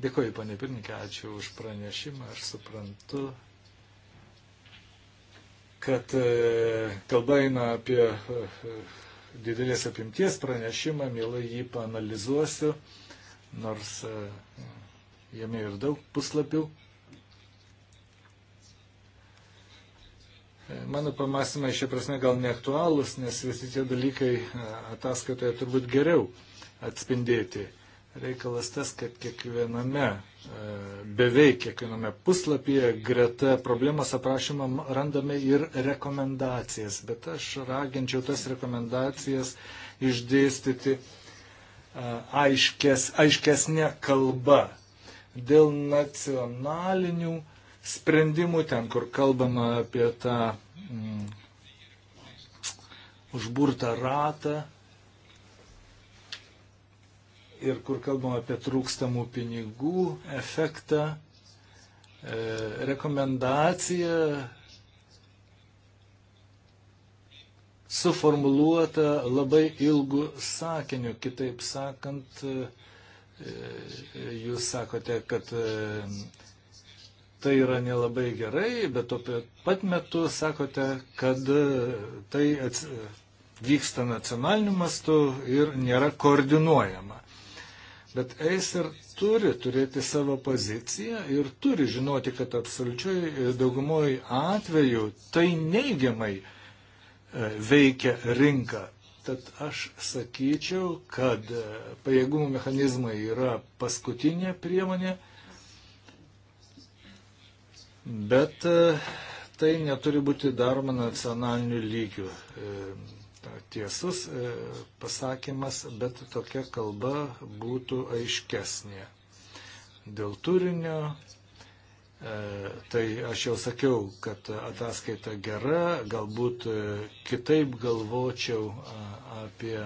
Dėkoju, panė Pirnikė, ačiū už pranešimą. Aš suprantu, kad e, kalba eina apie e, e, didelės apimties pranešimą, mielai jį panalizuosiu, nors jame ir daug puslapių. Mano pamastymai šia prasme gal neaktualūs, nes visi tie dalykai ataskaitoje turbūt geriau atspindėti reikalas tas, kad kiekviename, e, beveik kiekviename puslapyje greta problemos aprašymą randame ir rekomendacijas, bet aš raginčiau tas rekomendacijas išdėstyti e, aiškes, aiškesnė kalba dėl nacionalinių sprendimų, ten kur kalbama apie tą mm, užburtą ratą, ir kur kalbam apie trūkstamų pinigų efektą, e, rekomendacija suformuluota labai ilgu sakiniu. Kitaip sakant, e, e, jūs sakote, kad tai yra nelabai gerai, bet tuo pat metu sakote, kad tai vyksta nacionaliniu mastu ir nėra koordinuojama. Bet Acer turi turėti savo poziciją ir turi žinoti, kad absoliučiai e, daugumoji atveju tai neigiamai e, veikia rinką. Tad aš sakyčiau, kad e, pajėgumų mechanizmai yra paskutinė priemonė, bet tai neturi būti daroma nacionaliniu lygiu tiesus e, pasakymas, bet tokia kalba būtų aiškesnė. Dėl turinio, e, tai aš jau sakiau, kad ataskaita gera, galbūt e, kitaip galvočiau apie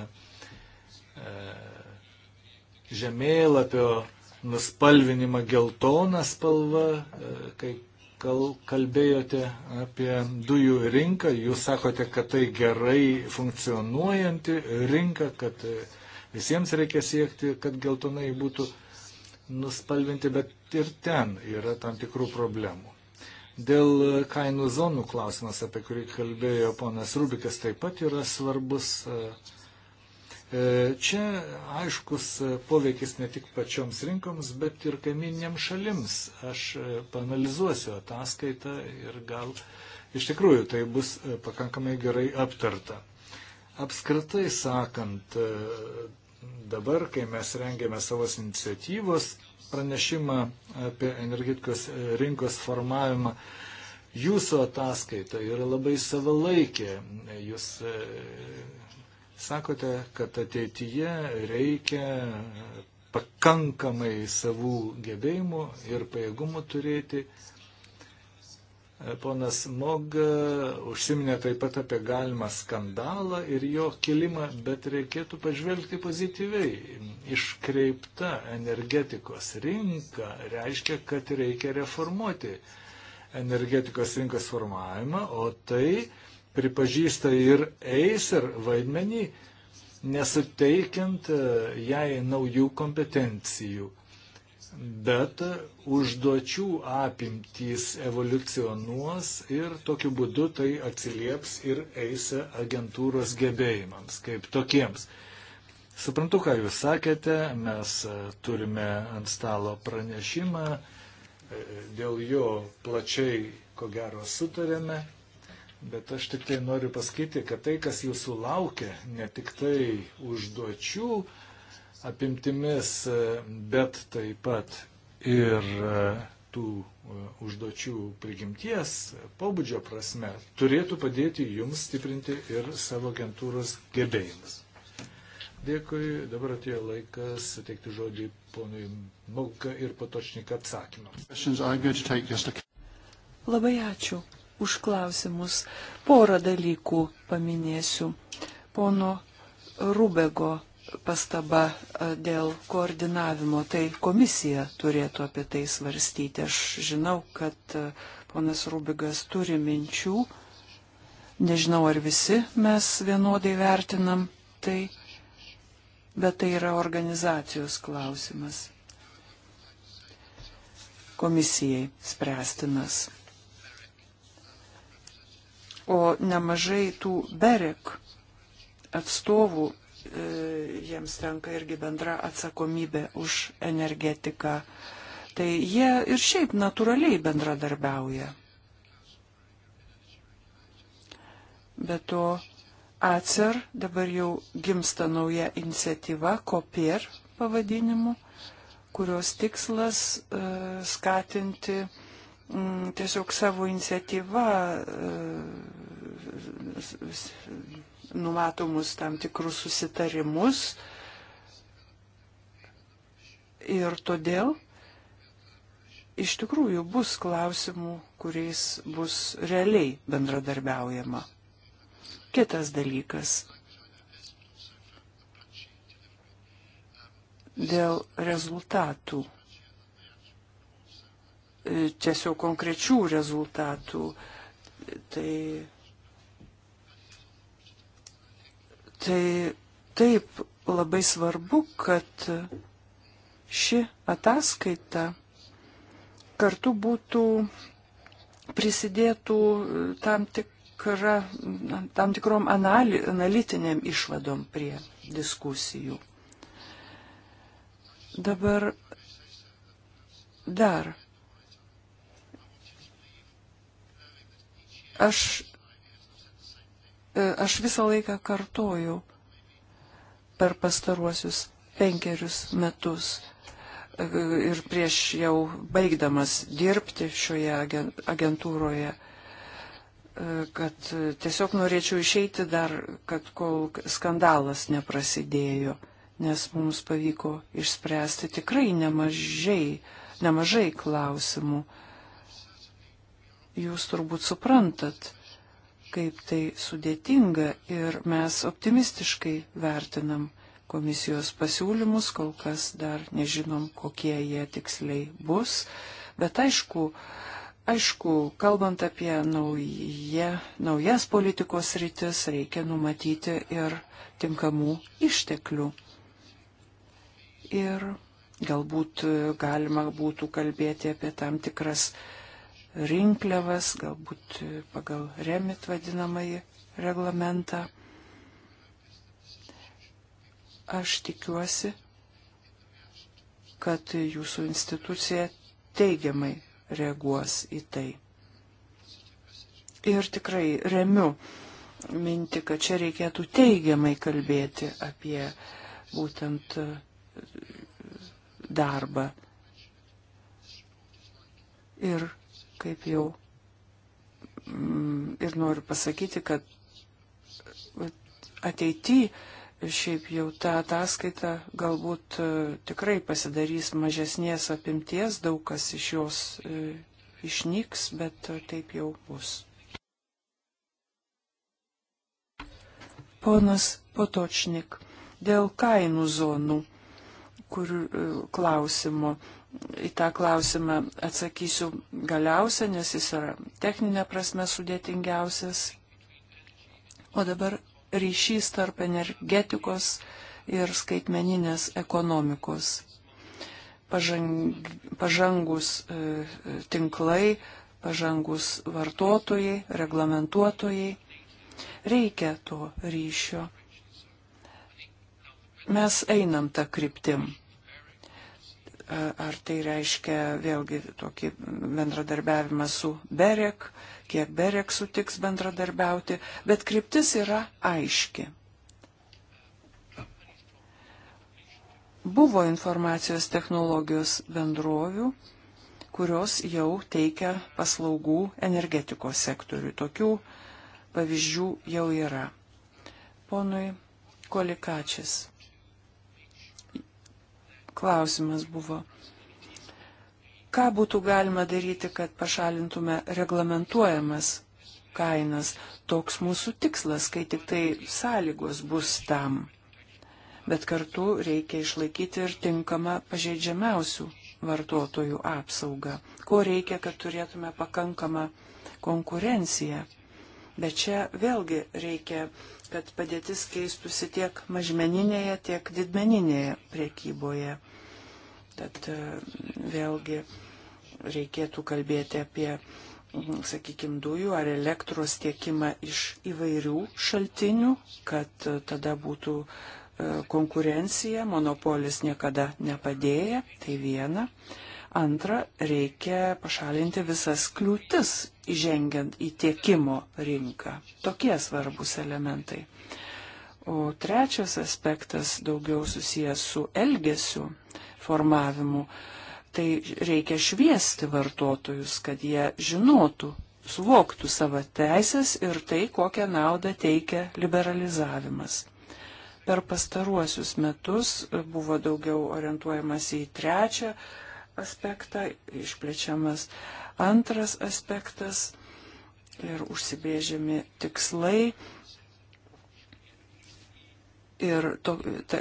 žemėlapio nuspalvinimą geltoną spalvą, kai kol kalbėjote apie dujų rinką, jūs sakote, kad tai gerai funkcionuojanti rinka, kad visiems reikia siekti, kad geltonai būtų nuspalvinti, bet ir ten yra tam tikrų problemų. Dėl kainų zonų klausimas, apie kurį kalbėjo ponas Rubikas, taip pat yra svarbus. Uh, E, čia aiškus poveikis ne tik pačioms rinkoms, bet ir kaiminėms šalims. Aš e, panalizuosiu ataskaitą ir gal iš tikrųjų tai bus e, pakankamai gerai aptarta. Apskritai sakant, dabar, kai mes rengėme savos iniciatyvos pranešimą apie energetikos rinkos formavimą, jūsų ataskaita yra labai savalaikė. Jūs Sakote, kad ateityje reikia pakankamai savų gebėjimų ir pajėgumų turėti. Ponas Mog užsiminė taip pat apie galimą skandalą ir jo kilimą, bet reikėtų pažvelgti pozityviai. Iškreipta energetikos rinka reiškia, kad reikia reformuoti energetikos rinkos formavimą, o tai pripažįsta ir Acer vaidmenį, nesuteikiant e, jai naujų kompetencijų. Bet užduočių apimtys evoliucionuos ir tokiu būdu tai atsilieps ir eise agentūros gebėjimams kaip tokiems. Suprantu, ką Jūs sakėte, mes e, turime ant stalo pranešimą, e, dėl jo plačiai, ko gero, sutarėme. Bet aš tik tai noriu pasakyti, kad tai, kas jūsų laukia, ne tik tai užduočių apimtimis, bet taip pat ir e, tų e, užduočių prigimties pobūdžio prasme, turėtų padėti jums stiprinti ir savo agentūros gebėjimus. Dėkui, dabar atėjo laikas suteikti žodį ponui Mauka ir Patočnik atsakymą. Labai ačiū už klausimus. Porą dalykų paminėsiu. Pono Rubego pastaba e, dėl koordinavimo, tai komisija turėtų apie tai svarstyti. Aš žinau, kad e, ponas Rubigas turi minčių, nežinau ar visi mes vienodai vertinam tai, bet tai yra organizacijos klausimas. Komisijai spręstinas. O nemažai tų berek atstovų, e, jiems tenka irgi bendra atsakomybė už energetiką. Tai jie ir šiaip natūraliai bendradarbiauja. Be to, ACER dabar jau gimsta nauja iniciatyva, COPIR pavadinimu, kurios tikslas uh, skatinti uh, Mm, tiesiog savo iniciatyva e, numatomus tam tikrus susitarimus. Ir todėl iš tikrųjų bus klausimų, kuriais bus realiai bendradarbiaujama. Kitas dalykas. Dėl rezultatų tiesiog konkrečių rezultatų. Tai, tai taip labai svarbu, kad ši ataskaita kartu būtų prisidėtų tam, tikra, tam tikrom anali, analitiniam išvadom prie diskusijų. Dabar dar Aš, e, aš visą laiką kartoju per pastaruosius penkerius metus e, ir prieš jau baigdamas dirbti šioje agentūroje, e, kad tiesiog norėčiau išeiti dar, kad kol skandalas neprasidėjo, nes mums pavyko išspręsti tikrai nemažai, nemažai klausimų. Jūs turbūt suprantat, kaip tai sudėtinga ir mes optimistiškai vertinam komisijos pasiūlymus, kol kas dar nežinom, kokie jie tiksliai bus, bet aišku, Aišku, kalbant apie nauja, naujas politikos rytis, reikia numatyti ir tinkamų išteklių. Ir galbūt galima būtų kalbėti apie tam tikras rinkliavas, galbūt pagal remit vadinamąjį reglamentą. Aš tikiuosi, kad jūsų institucija teigiamai reaguos į tai. Ir tikrai remiu minti, kad čia reikėtų teigiamai kalbėti apie būtent darbą. Ir kaip jau mm, ir noriu pasakyti, kad ateityje šiaip jau ta ataskaita galbūt e, tikrai pasidarys mažesnės apimties, daug kas iš jos e, išnyks, bet e, taip jau bus. Ponas Potočnik, dėl kainų zonų kur, klausimo į tą klausimą atsakysiu galiausia, nes jis yra techninė prasme sudėtingiausias. O dabar ryšys tarp energetikos ir skaitmeninės ekonomikos. Pažang, pažangus e, e tinklai, pažangus vartotojai, reglamentuotojai. Reikia to ryšio. Mes einam tą kryptim ar tai reiškia vėlgi tokį bendradarbiavimą su Berek, kiek Berek sutiks bendradarbiauti, bet kryptis yra aiški. Buvo informacijos technologijos bendrovių, kurios jau teikia paslaugų energetikos sektoriui. Tokių pavyzdžių jau yra. Ponui Kolikačis klausimas buvo. Ką būtų galima daryti, kad pašalintume reglamentuojamas kainas? Toks mūsų tikslas, kai tik tai sąlygos bus tam. Bet kartu reikia išlaikyti ir tinkamą pažeidžiamiausių vartotojų apsaugą. Ko reikia, kad turėtume pakankamą konkurenciją Bet čia vėlgi reikia, kad padėtis keistųsi tiek mažmeninėje, tiek didmeninėje priekyboje. Tad e, vėlgi reikėtų kalbėti apie, sakykime, dujų ar elektros tiekimą iš įvairių šaltinių, kad e, tada būtų e, konkurencija, monopolis niekada nepadėja, tai viena. Uh, Antra, reikia pašalinti visas kliūtis įžengiant į tiekimo rinką. Tokie svarbus elementai. O trečias aspektas daugiau susijęs su elgesiu formavimu. Tai reikia šviesti vartotojus, kad jie žinotų, suvoktų savo teisės ir tai, kokią naudą teikia liberalizavimas per pastaruosius metus buvo daugiau orientuojamas į trečią aspektą išplečiamas antras aspektas ir užsibrėžiami tikslai. Ir to, ta,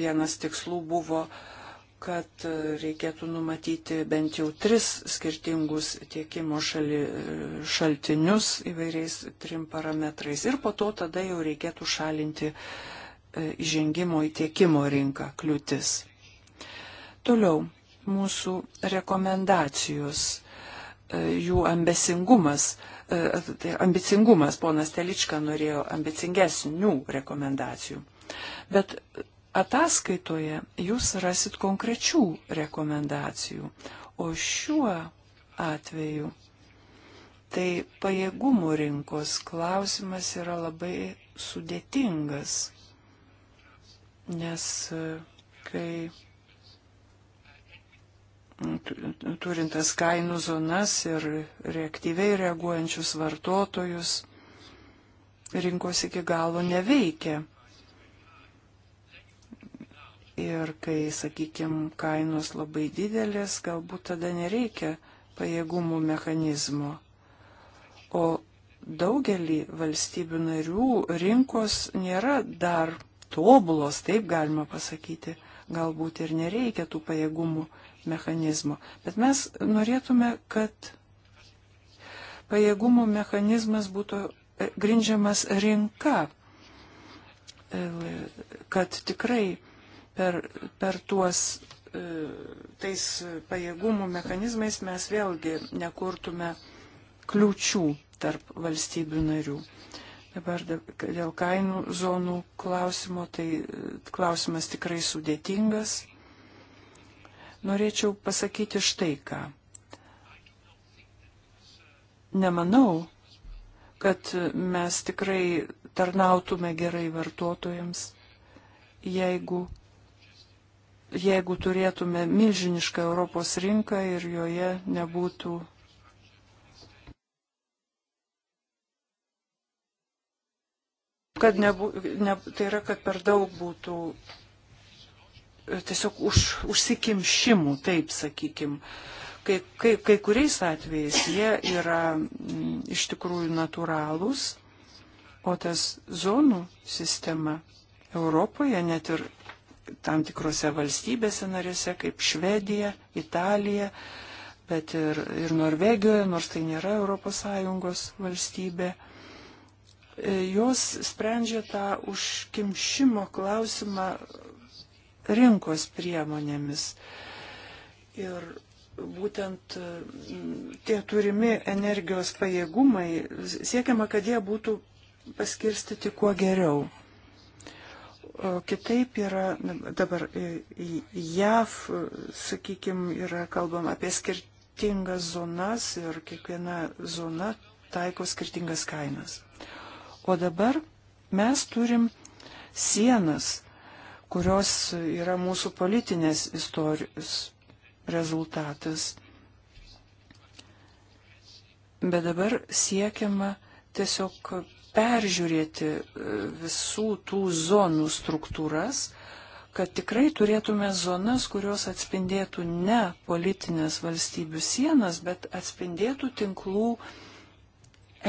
vienas tikslų buvo, kad reikėtų numatyti bent jau tris skirtingus tiekimo šali, šaltinius įvairiais trim parametrais. Ir po to tada jau reikėtų šalinti e, įžengimo į tiekimo rinką kliūtis. Toliau mūsų rekomendacijos, e, jų ambicingumas. E, tai ambicingumas, ponas Telička norėjo ambicingesnių rekomendacijų. Bet ataskaitoje jūs rasit konkrečių rekomendacijų, o šiuo atveju tai pajėgumų rinkos klausimas yra labai sudėtingas, nes e, kai turintas kainų zonas ir reaktyviai reaguojančius vartotojus rinkos iki galo neveikia. Ir kai, sakykime, kainos labai didelės, galbūt tada nereikia pajėgumų mechanizmo. O daugelį valstybių narių rinkos nėra dar tobulos, taip galima pasakyti. Galbūt ir nereikia tų pajėgumų mechanizmų mechanizmo. Bet mes norėtume, kad pajėgumo mechanizmas būtų e, grindžiamas rinka, e, kad tikrai per, per tuos e, tais pajėgumų mechanizmais mes vėlgi nekurtume kliučių tarp valstybių narių. Dabar dėl kainų zonų klausimo, tai klausimas tikrai sudėtingas norėčiau pasakyti štai ką. Nemanau, kad mes tikrai tarnautume gerai vartotojams, jeigu, jeigu turėtume milžinišką Europos rinką ir joje nebūtų kad nebū, ne, tai yra, kad per daug būtų tiesiog už, užsikimšimų, taip sakykim. Kai, kai, kai kuriais atvejais jie yra m, mm, iš tikrųjų natūralūs, o tas zonų sistema Europoje, net ir tam tikrose valstybėse narėse, kaip Švedija, Italija, bet ir, ir Norvegijoje, nors tai nėra ES valstybė, e, jos sprendžia tą užkimšimo klausimą rinkos priemonėmis. Ir būtent mm, tie turimi energijos pajėgumai, siekiama, kad jie būtų paskirstyti kuo geriau. O kitaip yra dabar JAV, sakykime, yra kalbam apie skirtingas zonas ir kiekviena zona taiko skirtingas kainas. O dabar mes turim sienas kurios yra mūsų politinės istorijos rezultatas. Bet dabar siekiama tiesiog peržiūrėti e, visų tų zonų struktūras, kad tikrai turėtume zonas, kurios atspindėtų ne politinės valstybių sienas, bet atspindėtų tinklų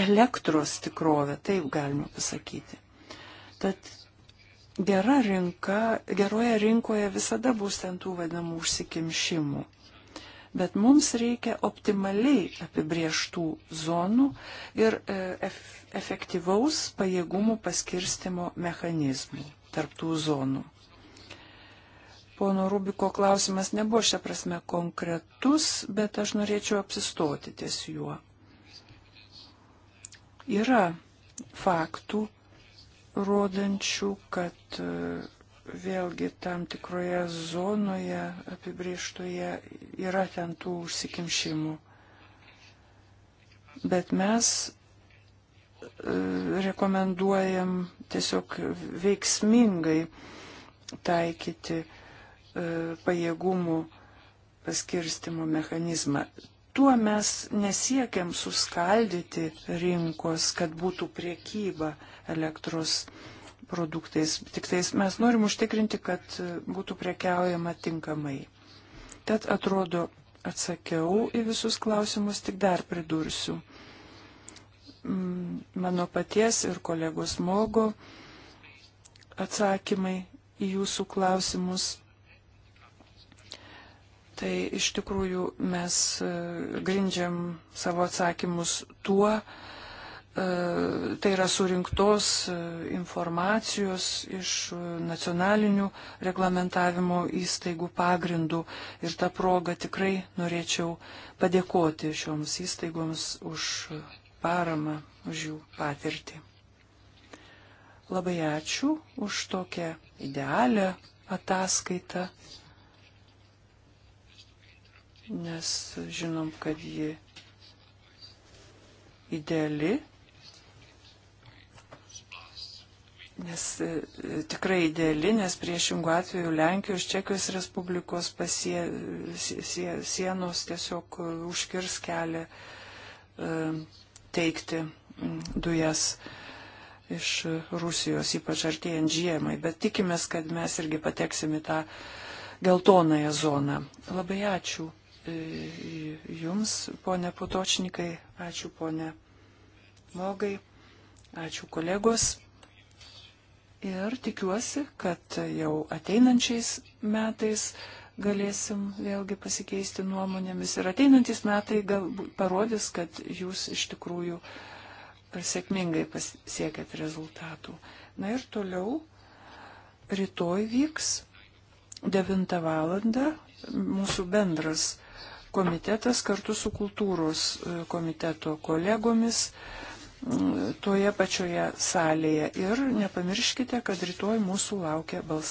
elektros tikrovę, taip galima pasakyti. Tad gera rinka, geroje rinkoje visada bus ten tų vadinamų užsikimšimų. Bet mums reikia optimaliai apibrieštų zonų ir e, ef, efektyvaus pajėgumų paskirstimo mechanizmų tarptų zonų. Pono Rubiko klausimas nebuvo šią prasme konkretus, bet aš norėčiau apsistoti ties juo. Yra faktų, rodančių, kad e, vėlgi tam tikroje zonoje apibrieštoje yra ten tų užsikimšimų. Bet mes e, rekomenduojam tiesiog veiksmingai taikyti e, pajėgumų paskirstimo mechanizmą. Tuo mes nesiekiam suskaldyti rinkos, kad būtų priekyba, elektros produktais. Tik tais mes norim užtikrinti, kad būtų prekiaujama tinkamai. Tad atrodo, atsakiau į visus klausimus, tik dar pridursiu. Mm, mano paties ir kolegos Mogo atsakymai į jūsų klausimus. Tai iš tikrųjų mes e, grindžiam savo atsakymus tuo, E, tai yra surinktos e, informacijos iš e, nacionalinių reglamentavimo įstaigų pagrindų ir tą progą tikrai norėčiau padėkoti šioms įstaigoms už paramą, už jų patirtį. Labai ačiū už tokią idealią ataskaitą, nes žinom, kad ji ideali Nes e, tikrai ideali, nes priešingų atveju Lenkijos, Čekijos Respublikos pasie, sie, sienos tiesiog e, užkirs kelią e, teikti dujas iš Rusijos, ypač artėjant žiemai. Bet tikimės, kad mes irgi pateksim į tą geltonąją zoną. Labai ačiū Jums, ponė Putočnikai, ačiū ponė Mogai, ačiū kolegos. Ir tikiuosi, kad jau ateinančiais metais galėsim vėlgi pasikeisti nuomonėmis. Ir ateinantis metai gal parodys, kad jūs iš tikrųjų sėkmingai pasiekėt rezultatų. Na ir toliau rytoj vyks 9 val. mūsų bendras komitetas kartu su kultūros e, komiteto kolegomis toje pačioje salėje. Ir nepamirškite, kad rytoj mūsų laukia balsavimas.